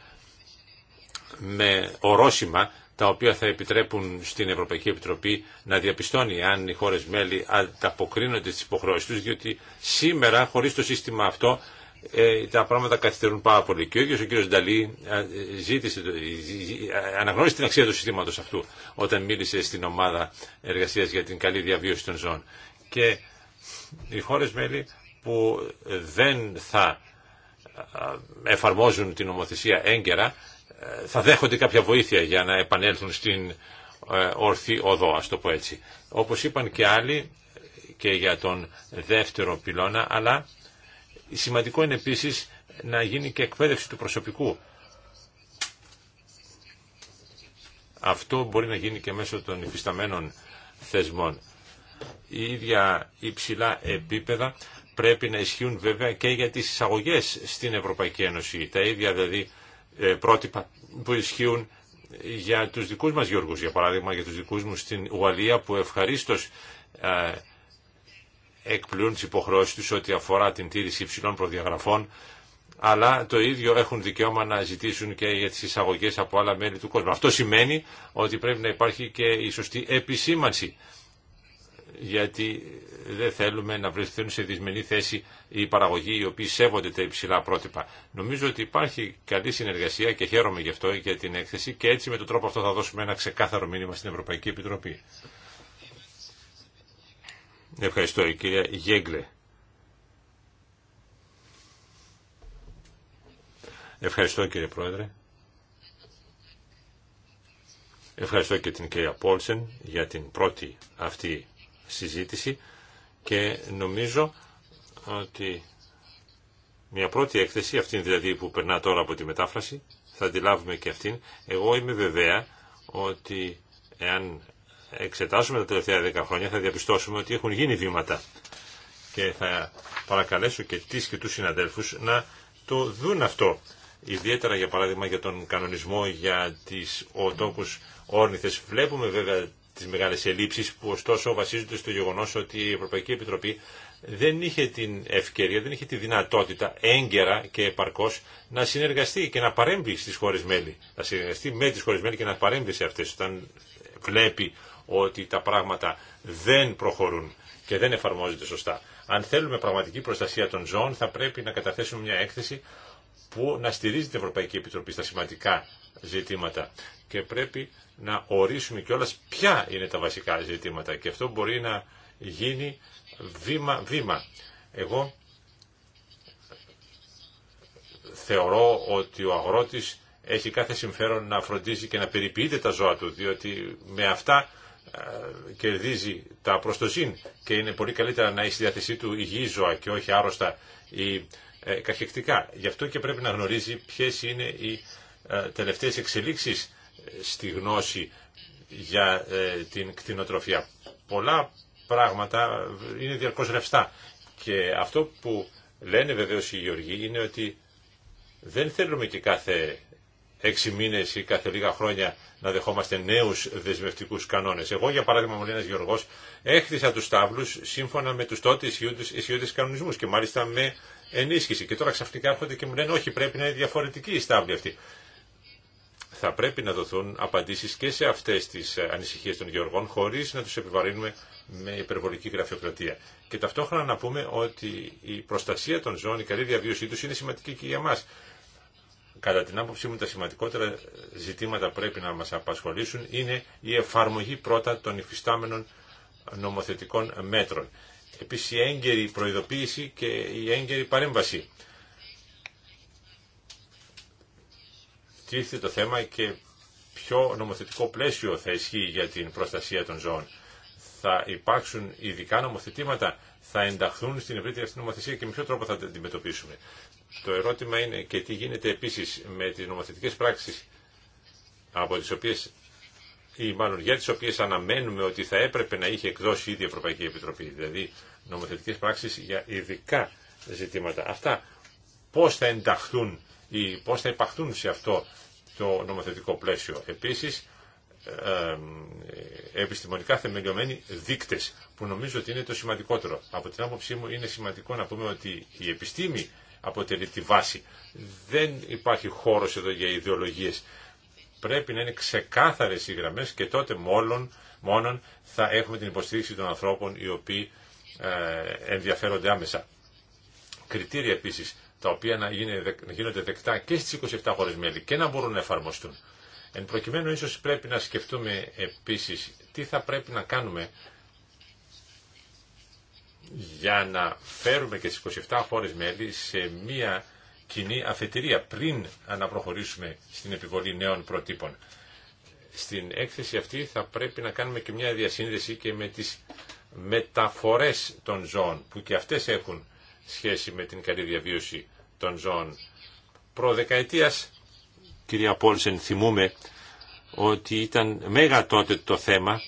με ορόσημα τα οποία θα επιτρέπουν στην Ευρωπαϊκή Επιτροπή να διαπιστώνει αν οι χώρες μέλη ανταποκρίνονται στις υποχρεώσεις τους, διότι σήμερα χωρίς το σύστημα αυτό ε, τα πράγματα καθυστερούν πάρα πολύ. Και ο ίδιος ο κύριος Νταλή ε, ζήτησε, ε, αναγνώρισε την αξία του συστήματος αυτού όταν μίλησε στην ομάδα εργασίας για την καλή διαβίωση των ζώων. Και οι χώρες μέλη που δεν θα εφαρμόζουν την νομοθεσία έγκαιρα θα δέχονται κάποια βοήθεια για να επανέλθουν στην ορθή ε, οδό, ας το πω έτσι. Όπως είπαν και άλλοι και για τον δεύτερο πυλώνα, αλλά σημαντικό είναι επίσης να γίνει και εκπαίδευση του προσωπικού. Αυτό μπορεί να γίνει και μέσω των υφισταμένων θεσμών. Η ίδια υψηλά επίπεδα πρέπει να ισχύουν βέβαια και για τις εισαγωγές στην Ευρωπαϊκή Ένωση. Τα ίδια δηλαδή ε, πρότυπα που ισχύουν για τους δικούς μας Γιώργους, για παράδειγμα για τους δικούς μου στην Ουαλία που ευχαρίστως ε, εκπλούν τις υποχρεώσεις τους ό,τι αφορά την τήρηση υψηλών προδιαγραφών, αλλά το ίδιο έχουν δικαίωμα να ζητήσουν και για τις εισαγωγές από άλλα μέλη του κόσμου. Αυτό σημαίνει ότι πρέπει να υπάρχει και η σωστή επισήμανση γιατί δεν θέλουμε να βρεθούν σε δυσμενή θέση οι παραγωγοί οι οποίοι σέβονται τα υψηλά πρότυπα. Νομίζω ότι υπάρχει καλή συνεργασία και χαίρομαι γι' αυτό για την έκθεση και έτσι με τον τρόπο αυτό θα δώσουμε ένα ξεκάθαρο μήνυμα στην Ευρωπαϊκή Επιτροπή. Ευχαριστώ η κυρία Γέγκλε. Ευχαριστώ κύριε Πρόεδρε. Ευχαριστώ και την κυρία Πόλσεν για την πρώτη αυτή συζήτηση και νομίζω ότι μια πρώτη έκθεση, αυτή δηλαδή που περνά τώρα από τη μετάφραση, θα αντιλάβουμε και αυτήν. Εγώ είμαι βεβαία ότι εάν εξετάσουμε τα τελευταία δέκα χρόνια θα διαπιστώσουμε ότι έχουν γίνει βήματα και θα παρακαλέσω και τις και τους συναδέλφους να το δουν αυτό. Ιδιαίτερα για παράδειγμα για τον κανονισμό για τις οτόκους όρνηθες. Βλέπουμε βέβαια τις μεγάλες ελλείψεις που ωστόσο βασίζονται στο γεγονός ότι η Ευρωπαϊκή Επιτροπή δεν είχε την ευκαιρία, δεν είχε τη δυνατότητα έγκαιρα και επαρκώς να συνεργαστεί και να παρέμβει στις χώρες μέλη. Να συνεργαστεί με τις χώρες μέλη και να παρέμβει σε αυτές όταν βλέπει ότι τα πράγματα δεν προχωρούν και δεν εφαρμόζονται σωστά. Αν θέλουμε πραγματική προστασία των ζώων θα πρέπει να καταθέσουμε μια έκθεση που να στηρίζει την Ευρωπαϊκή Επιτροπή στα σημαντικά ζητήματα και πρέπει να ορίσουμε κιόλα ποια είναι τα βασικά ζητήματα και αυτό μπορεί να γίνει βήμα-βήμα. Εγώ θεωρώ ότι ο αγρότης έχει κάθε συμφέρον να φροντίζει και να περιποιείται τα ζώα του, διότι με αυτά ε, κερδίζει τα προστοσύν και είναι πολύ καλύτερα να έχει στη διάθεσή του υγιή ζώα και όχι άρρωστα ή ε, καχεκτικά. Γι' αυτό και πρέπει να γνωρίζει ποιες είναι οι ε, τελευταίες εξελίξεις ε, στη γνώση για την κτηνοτροφία. Πολλά πράγματα είναι διαρκώς ρευστά και αυτό που λένε βεβαίως οι Γεωργοί είναι ότι δεν θέλουμε και κάθε έξι μήνες ή κάθε λίγα χρόνια να δεχόμαστε νέους δεσμευτικούς κανόνες. Εγώ για παράδειγμα μου λέει ένας Γεωργός έχτισα τους τάβλους σύμφωνα με τους τότε ισχυούντες κανονισμούς και μάλιστα με ενίσχυση. Και τώρα ξαφνικά έρχονται και μου λένε όχι πρέπει να είναι διαφορετική η στάβλη αυτή. Θα πρέπει να δοθούν απαντήσεις και σε αυτές τις ανησυχίες των γεωργών χωρίς να τους επιβαρύνουμε με υπερβολική γραφειοκρατία. Και ταυτόχρονα να πούμε ότι η προστασία των ζώων, η καλή διαβίωσή τους είναι σημαντική και για μας. Κατά την άποψή μου τα σημαντικότερα ζητήματα πρέπει να μας απασχολήσουν είναι η εφαρμογή πρώτα των υφιστάμενων νομοθετικών μέτρων. Επίσης η έγκαιρη προειδοποίηση και η έγκαιρη παρέμβαση. Τι το θέμα και ποιο νομοθετικό πλαίσιο θα ισχύει για την προστασία των ζώων. Θα υπάρξουν ειδικά νομοθετήματα, θα ενταχθούν στην ευρύτερη αυτή νομοθεσία και με ποιο τρόπο θα την αντιμετωπίσουμε. Το ερώτημα είναι και τι γίνεται επίσης με τις νομοθετικές πράξεις από τις οποίες ή μάλλον για τι οποίε αναμένουμε ότι θα έπρεπε να είχε εκδώσει ήδη η Ευρωπαϊκή Επιτροπή, δηλαδή υπάρχει χώρο εδώ για ειδικά ζητήματα. Αυτά πω θα ενταχθούν ή πώς θα υπαχθούν σε αυτό το νομοθετικό πλαίσιο. Επίσης, ε, ε, επιστημονικά θεμελιωμένοι δείκτες που νομίζω ότι είναι το σημαντικότερο. Από την άποψή μου είναι σημαντικό να πούμε ότι η πω θα υπαχθουν σε αυτο το νομοθετικο πλαισιο επισης επιστημονικα θεμελιωμενοι δεικτε που νομιζω οτι αποτελεί τη βάση. Δεν υπάρχει χώρος εδώ για ιδεολογίες. Πρέπει να είναι ξεκάθαρες οι γραμμές και τότε μόνο μόνον θα έχουμε την υποστήριξη των ανθρώπων οι οποίοι ε, ενδιαφέρονται άμεσα. Κριτήρια επίσης τα οποία να γίνονται δεκτά και στις 27 χώρες μέλη και να μπορούν να εφαρμοστούν. Εν προκειμένου ίσως πρέπει να σκεφτούμε επίσης τι θα πρέπει να κάνουμε για να φέρουμε και τις 27 χώρες μέλη σε μία κοινή αφετηρία πριν αναπροχωρήσουμε στην επιβολή νέων προτύπων. Στην έκθεση αυτή θα πρέπει να κάνουμε και μια διασύνδεση και με τις μεταφορές των ζώων που και αυτές έχουν σχέση με την καλή διαβίωση των ζώων. Προδεκαετίας, κυρία Πόλσεν, θυμούμε ότι ήταν μέγα τότε το θέμα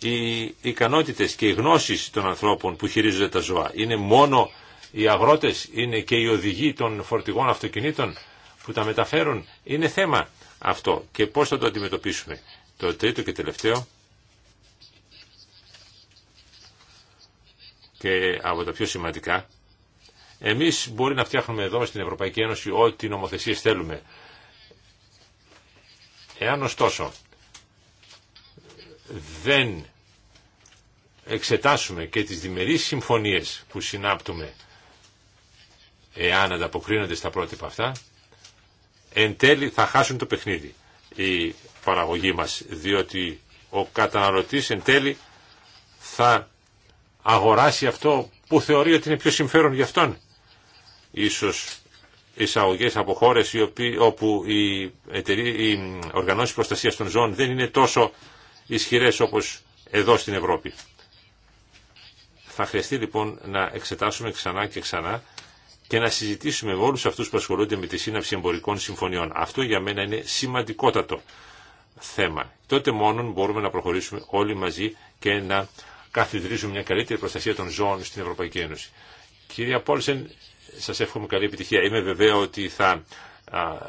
οι ικανότητες και οι γνώσεις των ανθρώπων που χειρίζονται τα ζώα. Είναι μόνο οι αγρότες, είναι και οι οδηγοί των φορτηγών αυτοκινήτων που τα μεταφέρουν. Είναι θέμα αυτό και πώς θα το αντιμετωπίσουμε. Το τρίτο και τελευταίο και από τα πιο σημαντικά εμείς μπορεί να φτιάχνουμε εδώ στην Ευρωπαϊκή Ένωση ό,τι νομοθεσίες θέλουμε. Εάν ωστόσο δεν εξετάσουμε και τις διμερείς συμφωνίες που συνάπτουμε εάν ανταποκρίνονται στα πρότυπα αυτά, εν τέλει θα χάσουν το παιχνίδι η παραγωγή μας, διότι ο καταναλωτής εν τέλει θα αγοράσει αυτό που θεωρεί ότι είναι πιο συμφέρον για αυτόν. Ίσως εισαγωγέ από χώρε όπου οι, οι οργανώσει προστασία των ζώων δεν είναι τόσο ισχυρές όπως εδώ στην Ευρώπη. Θα χρειαστεί λοιπόν να εξετάσουμε ξανά και ξανά και να συζητήσουμε με όλους αυτούς που ασχολούνται με τη σύναψη εμπορικών συμφωνιών. Αυτό για μένα είναι σημαντικότατο θέμα. Τότε μόνο μπορούμε να προχωρήσουμε όλοι μαζί και να καθιδρύσουμε μια καλύτερη προστασία των ζώων στην Ευρωπαϊκή Ένωση. Κυρία Πόλσεν, σας εύχομαι καλή επιτυχία. Είμαι βεβαίω ότι θα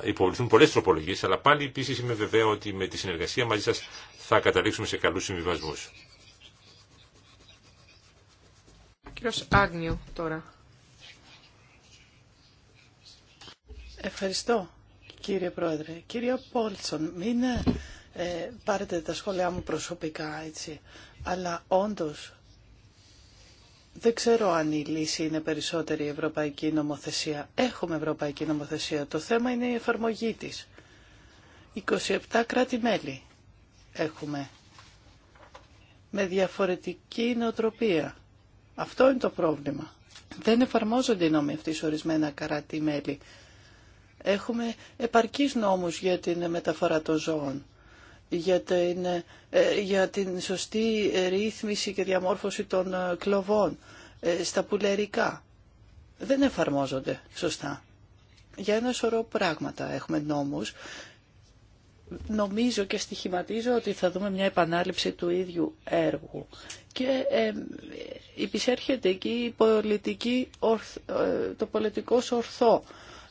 υποβληθούν πολλές τροπολογίες, αλλά πάλι επίσης είμαι βεβαίω ότι με τη συνεργασία μαζί σας θα καταλήξουμε σε καλούς συμβιβασμούς. Κύριος τώρα. Ευχαριστώ, κύριε Πρόεδρε. Κύριε Πόλτσον, μην ε, πάρετε τα σχόλιά μου προσωπικά, έτσι. Αλλά όντως, δεν ξέρω αν η λύση είναι περισσότερη ευρωπαϊκή νομοθεσία. Έχουμε ευρωπαϊκή νομοθεσία. Το θέμα είναι η εφαρμογή της. 27 κράτη-μέλη έχουμε με διαφορετική νοοτροπία. Αυτό είναι το πρόβλημα. Δεν εφαρμόζονται οι νόμοι αυτοί σε ορισμένα κράτη-μέλη. Έχουμε επαρκείς νόμους για την μεταφορά των ζώων, για την, ε, για την σωστή ρύθμιση και διαμόρφωση των ε, κλοβών ε, στα πουλερικά. Δεν εφαρμόζονται σωστά. Για ένα σωρό πράγματα έχουμε νόμους. Νομίζω και στοιχηματίζω ότι θα δούμε μια επανάληψη του ίδιου έργου. Και ε, υπησέρχεται εκεί πολιτική, το πολιτικό ορθό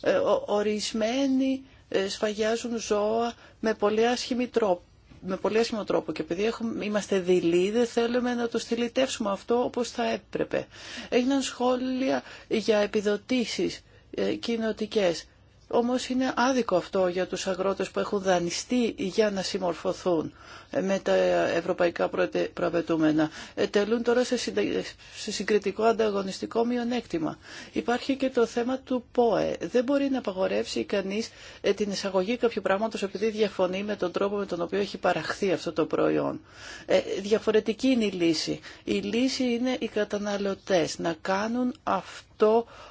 ε, ορισμένοι ε, σφαγιάζουν ζώα με πολύ άσχημη με άσχημο τρόπο και επειδή έχουμε, είμαστε δειλοί δεν θέλουμε να το στυλιτεύσουμε αυτό όπως θα έπρεπε. Έγιναν σχόλια για επιδοτήσεις ε, όμως είναι άδικο αυτό για τους αγρότες που έχουν δανειστεί για να συμμορφωθούν με τα ευρωπαϊκά προαπαιτούμενα. Ε, τελούν τώρα σε συγκριτικό ανταγωνιστικό μειονέκτημα. Υπάρχει και το θέμα του ΠΟΕ. Δεν μπορεί να απαγορεύσει κανείς ε, την εισαγωγή κάποιου πράγματος επειδή διαφωνεί με τον τρόπο με τον οποίο έχει παραχθεί αυτό το προϊόν. Ε, διαφορετική είναι η λύση. Η λύση είναι οι καταναλωτές να κάνουν αυτό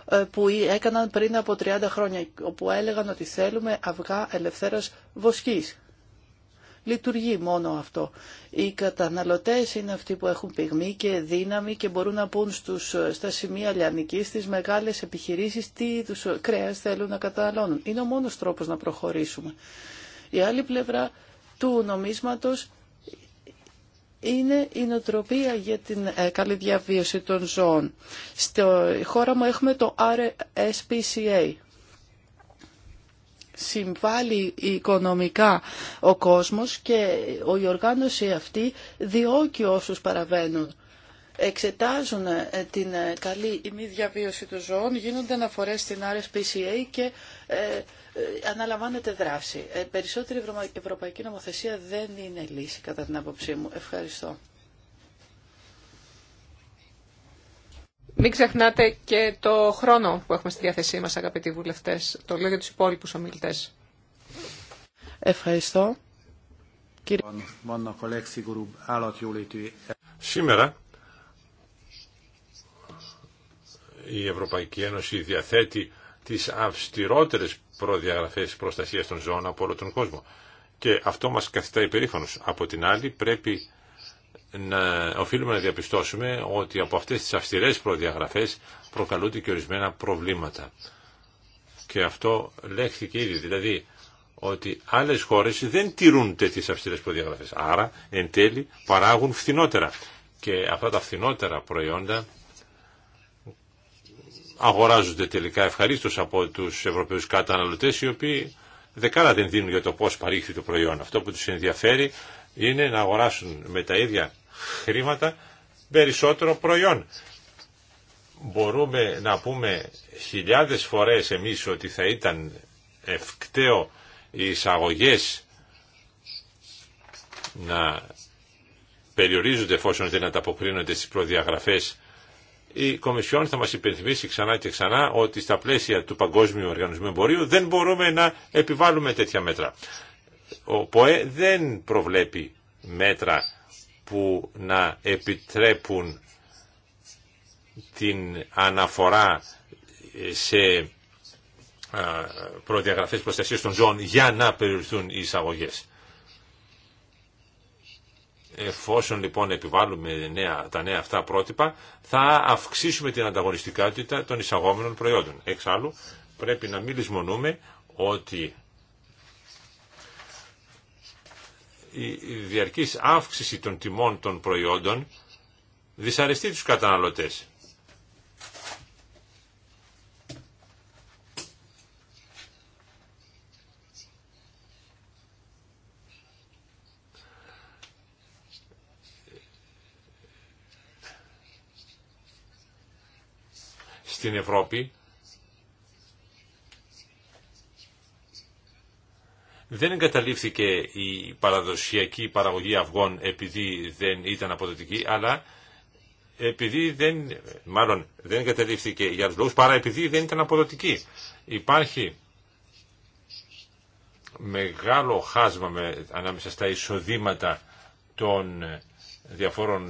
ε, που έκαναν πριν από 30 χρόνια, όπου έλεγαν ότι θέλουμε αυγά ελευθέρας βοσκής. Λειτουργεί μόνο αυτό. Οι καταναλωτές είναι αυτοί που έχουν πυγμή και δύναμη και μπορούν να πούν στους, ε, στα σημεία λιανικής, στις μεγάλες επιχειρήσεις, τι είδους ε, κρέας θέλουν να καταναλώνουν. Είναι ο μόνος τρόπος να προχωρήσουμε. Η άλλη πλευρά του νομίσματος είναι η νοτροπία για την ε, καλή διαβίωση των ζώων. Στη χώρα μου έχουμε το RSPCA. Συμβάλλει οικονομικά ο κόσμος και η οργάνωση αυτή διώκει όσους παραβαίνουν εξετάζουν ε, την ε, καλή ή μη διαβίωση των ζώων, γίνονται αναφορές στην RSPCA και ε, ε, αναλαμβάνεται δράση. περισσότερη ευρωπαϊκή νομοθεσία δεν είναι λύση κατά την άποψή μου. Ευχαριστώ. Μην ξεχνάτε και το χρόνο που έχουμε στη διάθεσή μας, αγαπητοί βουλευτές. Το λέω για τους υπόλοιπους ομιλητές. Ευχαριστώ. Σήμερα η Ευρωπαϊκή Ένωση διαθέτει τις αυστηρότερες προδιαγραφές προστασίας των ζώων από όλο τον κόσμο. Και αυτό μας καθιστά υπερήφανος. Από την άλλη πρέπει να οφείλουμε να διαπιστώσουμε ότι από αυτές τις αυστηρές προδιαγραφές προκαλούνται και ορισμένα προβλήματα. Και αυτό λέχθηκε ήδη, δηλαδή ότι άλλες χώρες δεν τηρούν τέτοιες αυστηρές προδιαγραφές. Άρα, εν τέλει, παράγουν φθηνότερα. Και αυτά τα φθηνότερα προϊόντα αγοράζονται τελικά ευχαρίστως από τους ευρωπαίου καταναλωτές οι οποίοι δεκάρα δεν δίνουν για το πώ παρήχθη το προϊόν. Αυτό που τους ενδιαφέρει είναι να αγοράσουν με τα ίδια χρήματα περισσότερο προϊόν. Μπορούμε να πούμε χιλιάδες φορές εμείς ότι θα ήταν ευκταίο οι εισαγωγέ να περιορίζονται εφόσον δεν ανταποκρίνονται στις προδιαγραφές η Κομισιόν θα μας υπενθυμίσει ξανά και ξανά ότι στα πλαίσια του Παγκόσμιου Οργανισμού Εμπορίου δεν μπορούμε να επιβάλλουμε τέτοια μέτρα. Ο ΠΟΕ δεν προβλέπει μέτρα που να επιτρέπουν την αναφορά σε προδιαγραφές προστασίας των ζώων για να περιοριστούν οι εισαγωγές. Εφόσον λοιπόν επιβάλλουμε νέα, τα νέα αυτά πρότυπα, θα αυξήσουμε την ανταγωνιστικότητα των εισαγόμενων προϊόντων. Εξάλλου, πρέπει να μην λησμονούμε ότι η διαρκής αύξηση των τιμών των προϊόντων δυσαρεστεί τους καταναλωτές. στην Ευρώπη δεν εγκαταλείφθηκε η παραδοσιακή παραγωγή αυγών επειδή δεν ήταν αποδοτική, αλλά επειδή δεν, μάλλον δεν εγκαταλείφθηκε για τους λόγους, παρά επειδή δεν ήταν αποδοτική. Υπάρχει μεγάλο χάσμα με, ανάμεσα στα εισοδήματα των διαφόρων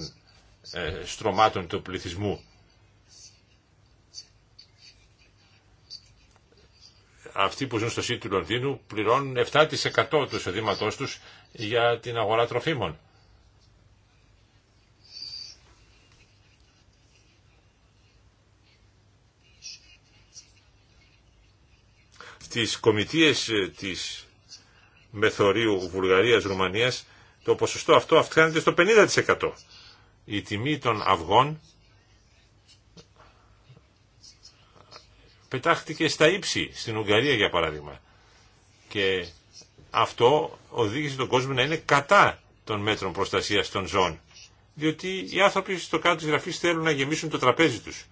ε, στρωμάτων του πληθυσμού. αυτοί που ζουν στο σύντη του Λονδίνου πληρώνουν 7% του εισοδήματό του για την αγορά τροφίμων. Στις κομιτείες ε, της Μεθορίου Βουλγαρίας, Ρουμανίας το ποσοστό αυτό αυξάνεται στο 50%. Η τιμή των αυγών πετάχτηκε στα ύψη, στην Ουγγαρία για παράδειγμα. Και αυτό οδήγησε τον κόσμο να είναι κατά των μέτρων προστασίας των ζώων. Διότι οι άνθρωποι στο κάτω της γραφής θέλουν να γεμίσουν το τραπέζι τους.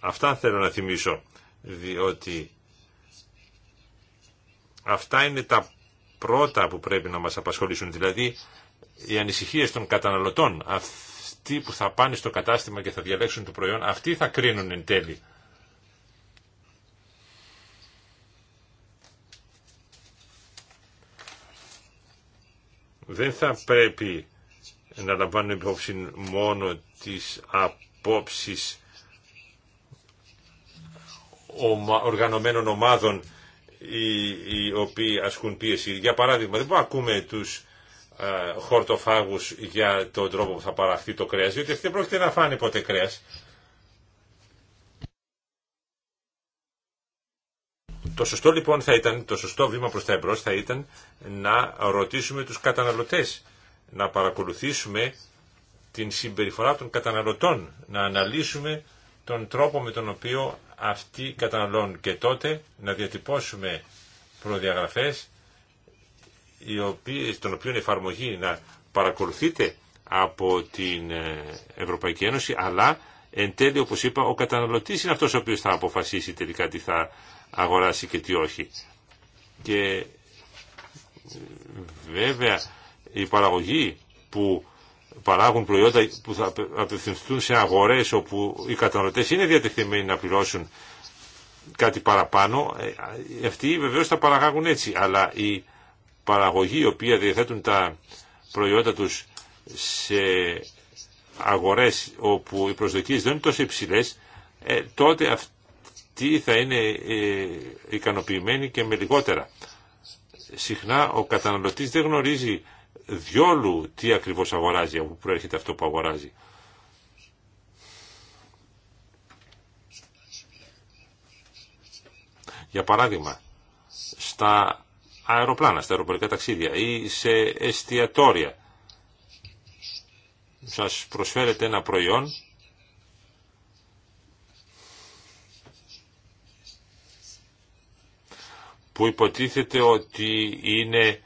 Αυτά θέλω να θυμίσω, διότι αυτά είναι τα πρώτα που πρέπει να μας απασχολήσουν, δηλαδή οι ανησυχίες των καταναλωτών αυτοί που θα πάνε στο κατάστημα και θα διαλέξουν το προϊόν, αυτοί θα κρίνουν εν τέλει. Δεν θα πρέπει να λαμβάνουν υπόψη μόνο τις απόψεις οργανωμένων ομάδων οι, οι οποίοι ασκούν πίεση. Για παράδειγμα, δεν μπορούμε να ακούμε τους ε, Χορτοφάγου για τον τρόπο που θα παραχθεί το κρέα διότι αυτή δεν πρόκειται να φάνε ποτέ κρέας. Το σωστό λοιπόν θα ήταν, το σωστό βήμα προς τα εμπρός θα ήταν να ρωτήσουμε τους καταναλωτές, να παρακολουθήσουμε την συμπεριφορά των καταναλωτών, να αναλύσουμε τον τρόπο με τον οποίο αυτοί καταναλώνουν και τότε να διατυπώσουμε προδιαγραφές των οποίων εφαρμογή να παρακολουθείτε από την ε, Ευρωπαϊκή Ένωση, αλλά εν τέλει, όπως είπα, ο καταναλωτής είναι αυτός ο οποίος θα αποφασίσει τελικά τι θα αγοράσει και τι όχι. Και βέβαια η παραγωγή που παράγουν προϊόντα που θα απευθυνθούν σε αγορές όπου οι καταναλωτές είναι διατεθειμένοι να πληρώσουν κάτι παραπάνω, ε, αυτοί βεβαίως θα παραγάγουν έτσι, αλλά οι παραγωγή η οποία διαθέτουν τα προϊόντα τους σε αγορές όπου οι προσδοκίες δεν είναι τόσο υψηλές, ε, τότε αυτή θα είναι ε, ικανοποιημένοι και με λιγότερα. Συχνά ο καταναλωτής δεν γνωρίζει διόλου τι ακριβώς αγοράζει, από που προέρχεται αυτό που αγοράζει. Για παράδειγμα, στα αεροπλάνα, στα αεροπορικά ταξίδια ή σε εστιατόρια. Σας προσφέρετε ένα προϊόν που υποτίθεται ότι είναι, ε,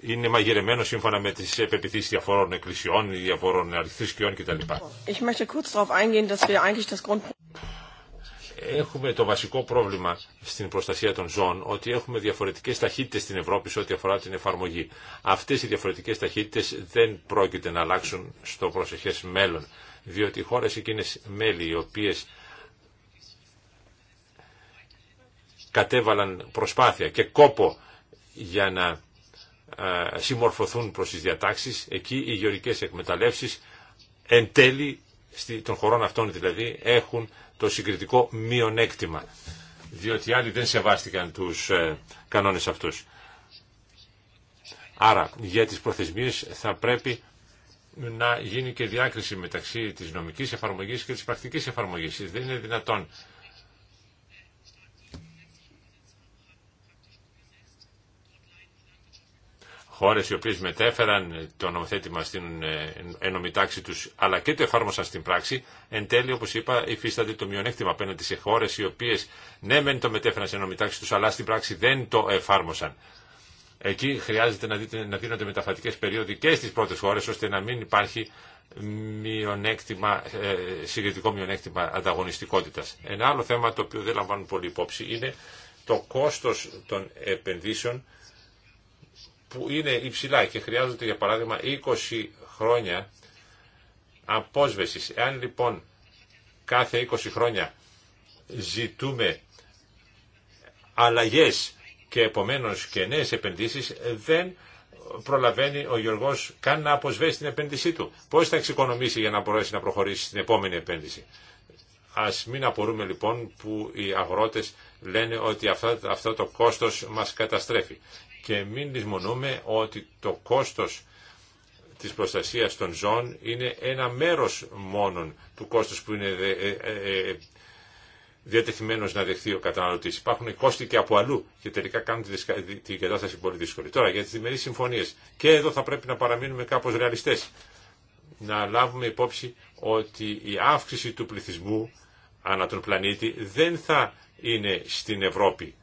είναι μαγειρεμένο σύμφωνα με τις επεπιθύσεις διαφόρων εκκλησιών, διαφόρων αριθρησκειών κτλ. Ich έχουμε το βασικό πρόβλημα στην προστασία των ζώων, ότι έχουμε διαφορετικές ταχύτητες στην Ευρώπη σε ό,τι αφορά την εφαρμογή. Αυτές οι διαφορετικές ταχύτητες δεν πρόκειται να αλλάξουν στο προσεχέ μέλλον, διότι οι χώρες εκείνες μέλη οι οποίες κατέβαλαν προσπάθεια και κόπο για να συμμορφωθούν προς τις διατάξεις, εκεί οι γεωρικές εκμεταλλεύσεις εν τέλει των χωρών αυτών δηλαδή έχουν το συγκριτικό μειονέκτημα, διότι άλλοι δεν σεβάστηκαν τους ε, κανόνες αυτούς. Άρα για τις προθεσμίες θα πρέπει να γίνει και διάκριση μεταξύ της νομικής εφαρμογής και της πρακτικής εφαρμογής. Δεν είναι δυνατόν χώρε οι οποίε μετέφεραν το νομοθέτημα στην ε, ενωμή τάξη του, αλλά και το εφάρμοσαν στην πράξη, εν τέλει όπω είπα υφίστανται το μειονέκτημα απέναντι σε χώρε, οι οποίε ναι μεν το μετέφεραν στην ενωμή τάξη τους αλλά στην πράξη δεν το εφάρμοσαν. Εκεί χρειάζεται να, δείτε, να δίνονται μεταφατικέ περίοδοι και στι πρώτε χώρε, ώστε να μην υπάρχει μειονέκτημα, ε, συγκριτικό μειονέκτημα ανταγωνιστικότητα. Ένα άλλο θέμα το οποίο δεν λαμβάνουν πολύ υπόψη είναι το κόστος των επενδύσεων που είναι υψηλά και χρειάζονται για παράδειγμα 20 χρόνια απόσβεσης. Εάν λοιπόν κάθε 20 χρόνια ζητούμε αλλαγές και επομένως και νέες επενδύσεις δεν προλαβαίνει ο Γιώργος καν να αποσβέσει την επένδυσή του. Πώς θα εξοικονομήσει για να μπορέσει να προχωρήσει στην επόμενη επένδυση. Ας μην απορούμε λοιπόν που οι αγρότες λένε ότι αυτό, αυτό το κόστος μας καταστρέφει και μην λησμονούμε ότι το κόστος της προστασίας των ζώων είναι ένα μέρος μόνον του κόστος που είναι ε, ε, ε, διατεθειμένος να δεχθεί ο καταναλωτής. Υπάρχουν κόστη και από αλλού και τελικά κάνουν την κατάσταση πολύ δύσκολη. Τώρα για τις διμερείς συμφωνίες. Και εδώ θα πρέπει να παραμείνουμε κάπως ρεαλιστές. Να λάβουμε υπόψη ότι η αύξηση του πληθυσμού ανά τον πλανήτη δεν θα είναι στην Ευρώπη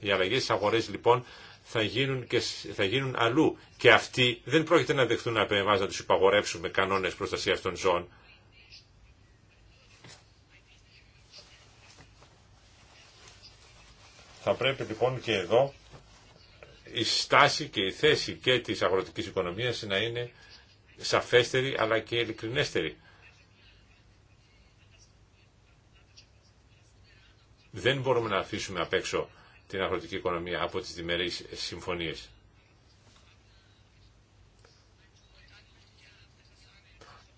οι αλλαγέ στι αγορέ λοιπόν θα γίνουν, και, θα γίνουν αλλού και αυτοί δεν πρόκειται να δεχτούν από εμάς να τους υπαγορεύσουμε κανόνες προστασίας των ζώων. Θα πρέπει λοιπόν και εδώ η στάση και η θέση και της αγροτικής οικονομίας να είναι σαφέστερη αλλά και ειλικρινέστερη. Δεν μπορούμε να αφήσουμε απ' έξω την αγροτική οικονομία από τις διμερείς συμφωνίες.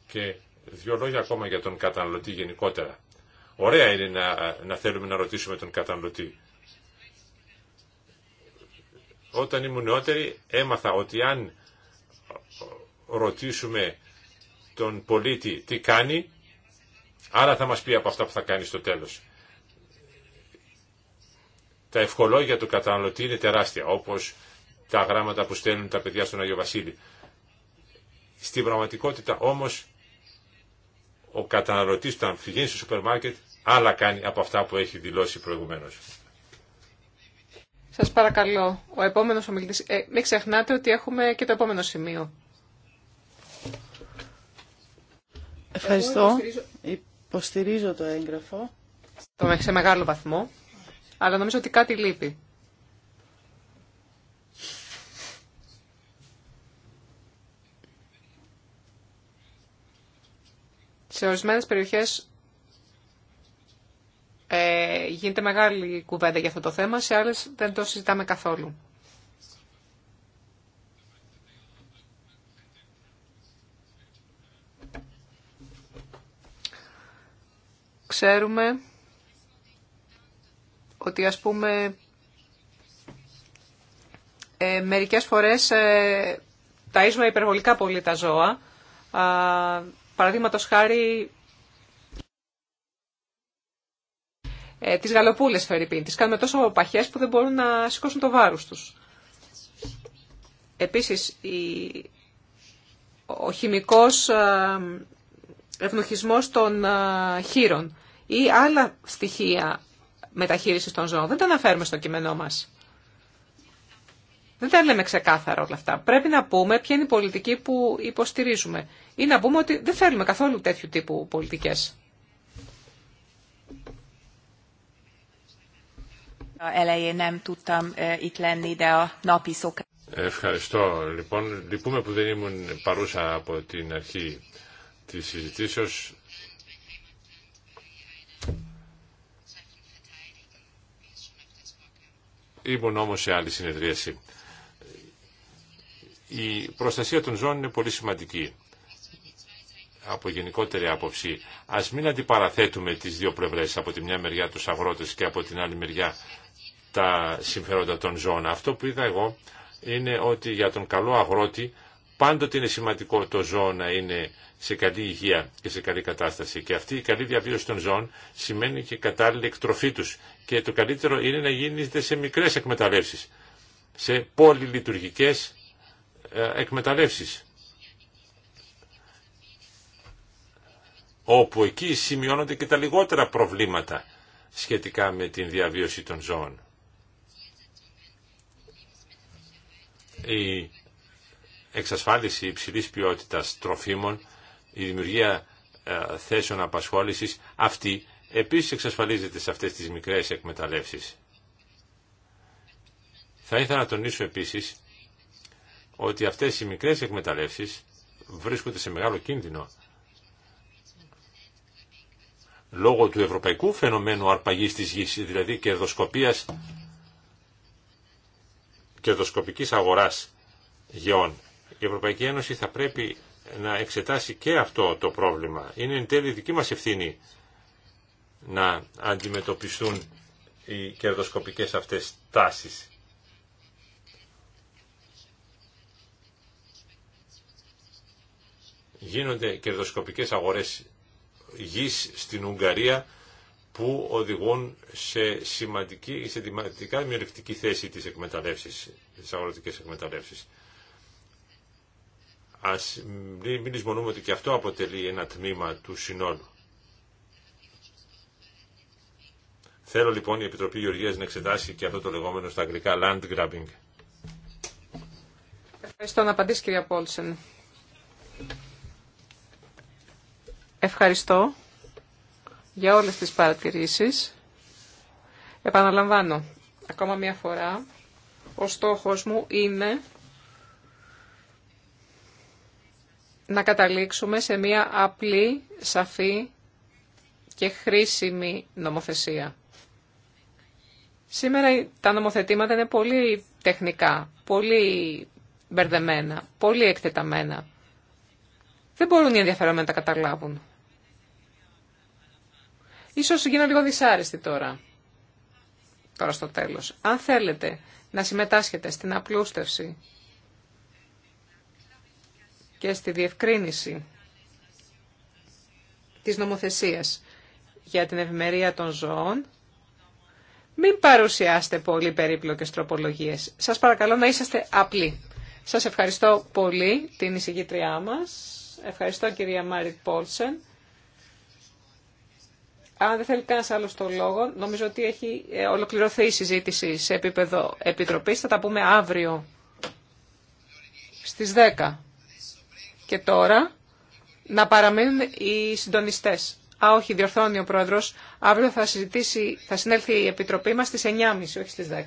Και δύο λόγια ακόμα για τον καταναλωτή γενικότερα. Ωραία είναι να, θέλουμε να ρωτήσουμε τον καταναλωτή. Όταν ήμουν νεότερη έμαθα ότι αν ρωτήσουμε τον πολίτη τι κάνει, άρα θα μας πει από αυτά που θα κάνει στο τέλος τα ευχολόγια του καταναλωτή είναι τεράστια, όπως τα γράμματα που στέλνουν τα παιδιά στον Άγιο Βασίλη. Στην πραγματικότητα όμως ο καταναλωτής όταν πηγαίνει στο σούπερ μάρκετ άλλα κάνει από αυτά που έχει δηλώσει προηγουμένως. Σας παρακαλώ, ο επόμενος ομιλητής, ε, μην ξεχνάτε ότι έχουμε και το επόμενο σημείο. Ευχαριστώ. Υποστηρίζω, το έγγραφο. Το σε μεγάλο βαθμό αλλά νομίζω ότι κάτι λείπει. Σε ορισμένες περιοχές ε, γίνεται μεγάλη κουβέντα για αυτό το θέμα, σε άλλες δεν το συζητάμε καθόλου. Ξέρουμε ότι ας πούμε ε, μερικές φορές ε, ταΐζουμε υπερβολικά πολύ τα ζώα. Ε, παραδείγματος χάρη ε, τις γαλοπούλες φερρυπίν. Τις κάνουμε τόσο παχές που δεν μπορούν να σηκώσουν το βάρος τους. Επίσης, ο χημικός ευνοχισμός των χείρων ή άλλα στοιχεία μεταχείριση των ζώων. Δεν τα αναφέρουμε στο κείμενό μα. Δεν τα λέμε ξεκάθαρα όλα αυτά. Πρέπει να πούμε ποια είναι η πολιτική που υποστηρίζουμε. Ή να πούμε ότι δεν θέλουμε καθόλου τέτοιου τύπου πολιτικές. Eh, Ευχαριστώ. Λοιπόν, λυπούμε που δεν ήμουν παρούσα από την αρχή της συζητήσεως. Ήμουν όμως σε άλλη συνεδρίαση. Η προστασία των ζώων είναι πολύ σημαντική από γενικότερη άποψη. Ας μην αντιπαραθέτουμε τις δύο πλευρέ από τη μια μεριά του αγρότες και από την άλλη μεριά τα συμφέροντα των ζώων. Αυτό που είδα εγώ είναι ότι για τον καλό αγρότη Πάντοτε είναι σημαντικό το ζώο να είναι σε καλή υγεία και σε καλή κατάσταση. Και αυτή η καλή διαβίωση των ζώων σημαίνει και κατάλληλη εκτροφή τους. Και το καλύτερο είναι να γίνεται σε μικρές εκμεταλλεύσεις, σε πολυλειτουργικές ε, εκμεταλλεύσεις. Όπου εκεί σημειώνονται και τα λιγότερα προβλήματα σχετικά με την διαβίωση των ζώων. Η εξασφάλιση υψηλής ποιότητας τροφίμων, η δημιουργία ε, θέσεων απασχόλησης, αυτή επίσης εξασφαλίζεται σε αυτές τις μικρές εκμεταλλεύσεις. Θα ήθελα να τονίσω επίσης ότι αυτές οι μικρές εκμεταλλεύσεις βρίσκονται σε μεγάλο κίνδυνο λόγω του ευρωπαϊκού φαινομένου αρπαγής της γης, δηλαδή κερδοσκοπίας κερδοσκοπικής αγοράς γεών. Η Ευρωπαϊκή Ένωση θα πρέπει να εξετάσει και αυτό το πρόβλημα. Είναι εν τέλει δική μας ευθύνη να αντιμετωπιστούν οι κερδοσκοπικές αυτές τάσεις. Γίνονται κερδοσκοπικές αγορές γης στην Ουγγαρία που οδηγούν σε σημαντική, σε δημιουργική θέση της εκμεταλλεύσης, της αγροτικής εκμεταλλεύσης. Ας μην εισμονούμε ότι και αυτό αποτελεί ένα τμήμα του συνόλου. Θέλω λοιπόν η Επιτροπή Γεωργίας να εξετάσει και αυτό το λεγόμενο στα αγγλικά land grabbing. Ευχαριστώ να απαντήσει κυρία Πόλσεν. Ευχαριστώ για όλες τις παρατηρήσεις. Επαναλαμβάνω, ακόμα μία φορά, ο στόχος μου είναι να καταλήξουμε σε μια απλή, σαφή και χρήσιμη νομοθεσία. Σήμερα τα νομοθετήματα είναι πολύ τεχνικά, πολύ μπερδεμένα, πολύ εκτεταμένα. Δεν μπορούν οι ενδιαφερόμενοι να τα καταλάβουν. Ίσως γίνω λίγο δυσάρεστη τώρα, τώρα στο τέλος. Αν θέλετε να συμμετάσχετε στην απλούστευση και στη διευκρίνηση της νομοθεσίας για την ευημερία των ζώων, μην παρουσιάστε πολύ περίπλοκες τροπολογίες. Σας παρακαλώ να είσαστε απλοί. Σας ευχαριστώ πολύ την εισηγήτριά μας. Ευχαριστώ κυρία Μάριτ Πόλσεν. Αν δεν θέλει κανένα άλλο το λόγο, νομίζω ότι έχει ε, ολοκληρωθεί η συζήτηση σε επίπεδο επιτροπής. Θα τα πούμε αύριο στις 10 και τώρα να παραμείνουν οι συντονιστές. Α, όχι, διορθώνει ο Πρόεδρος. Αύριο θα, συζητήσει, θα συνέλθει η Επιτροπή μας στις 9.30, όχι στις 10.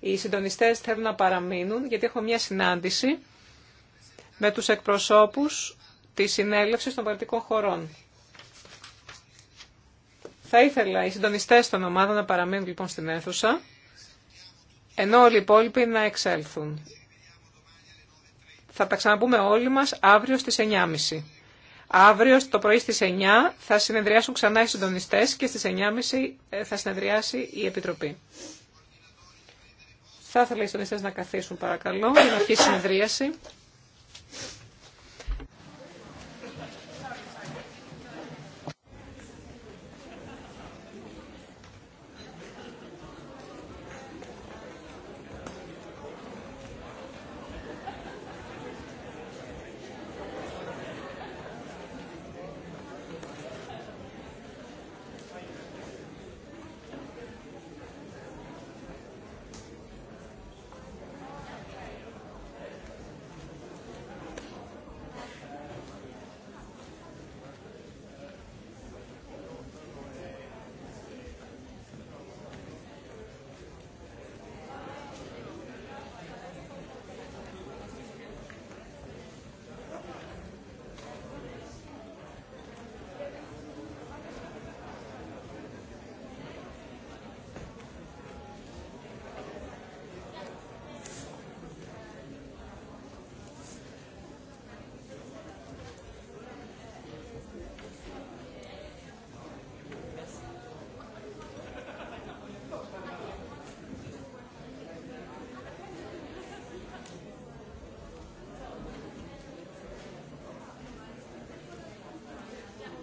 Οι συντονιστές θέλουν να παραμείνουν, γιατί έχω μια συνάντηση με τους εκπροσώπους της συνέλευση των πολιτικών χωρών. Θα ήθελα οι συντονιστές των ομάδων να παραμείνουν λοιπόν στην αίθουσα, ενώ όλοι οι υπόλοιποι να εξέλθουν. Θα τα ξαναπούμε όλοι μας αύριο στις 9.30. Αύριο το πρωί στις 9 θα συνεδριάσουν ξανά οι συντονιστές και στις 9.30 ε, θα συνεδριάσει η Επιτροπή. Θα ήθελα οι συντονιστές να καθίσουν παρακαλώ για να αρχίσει η συνεδρίαση.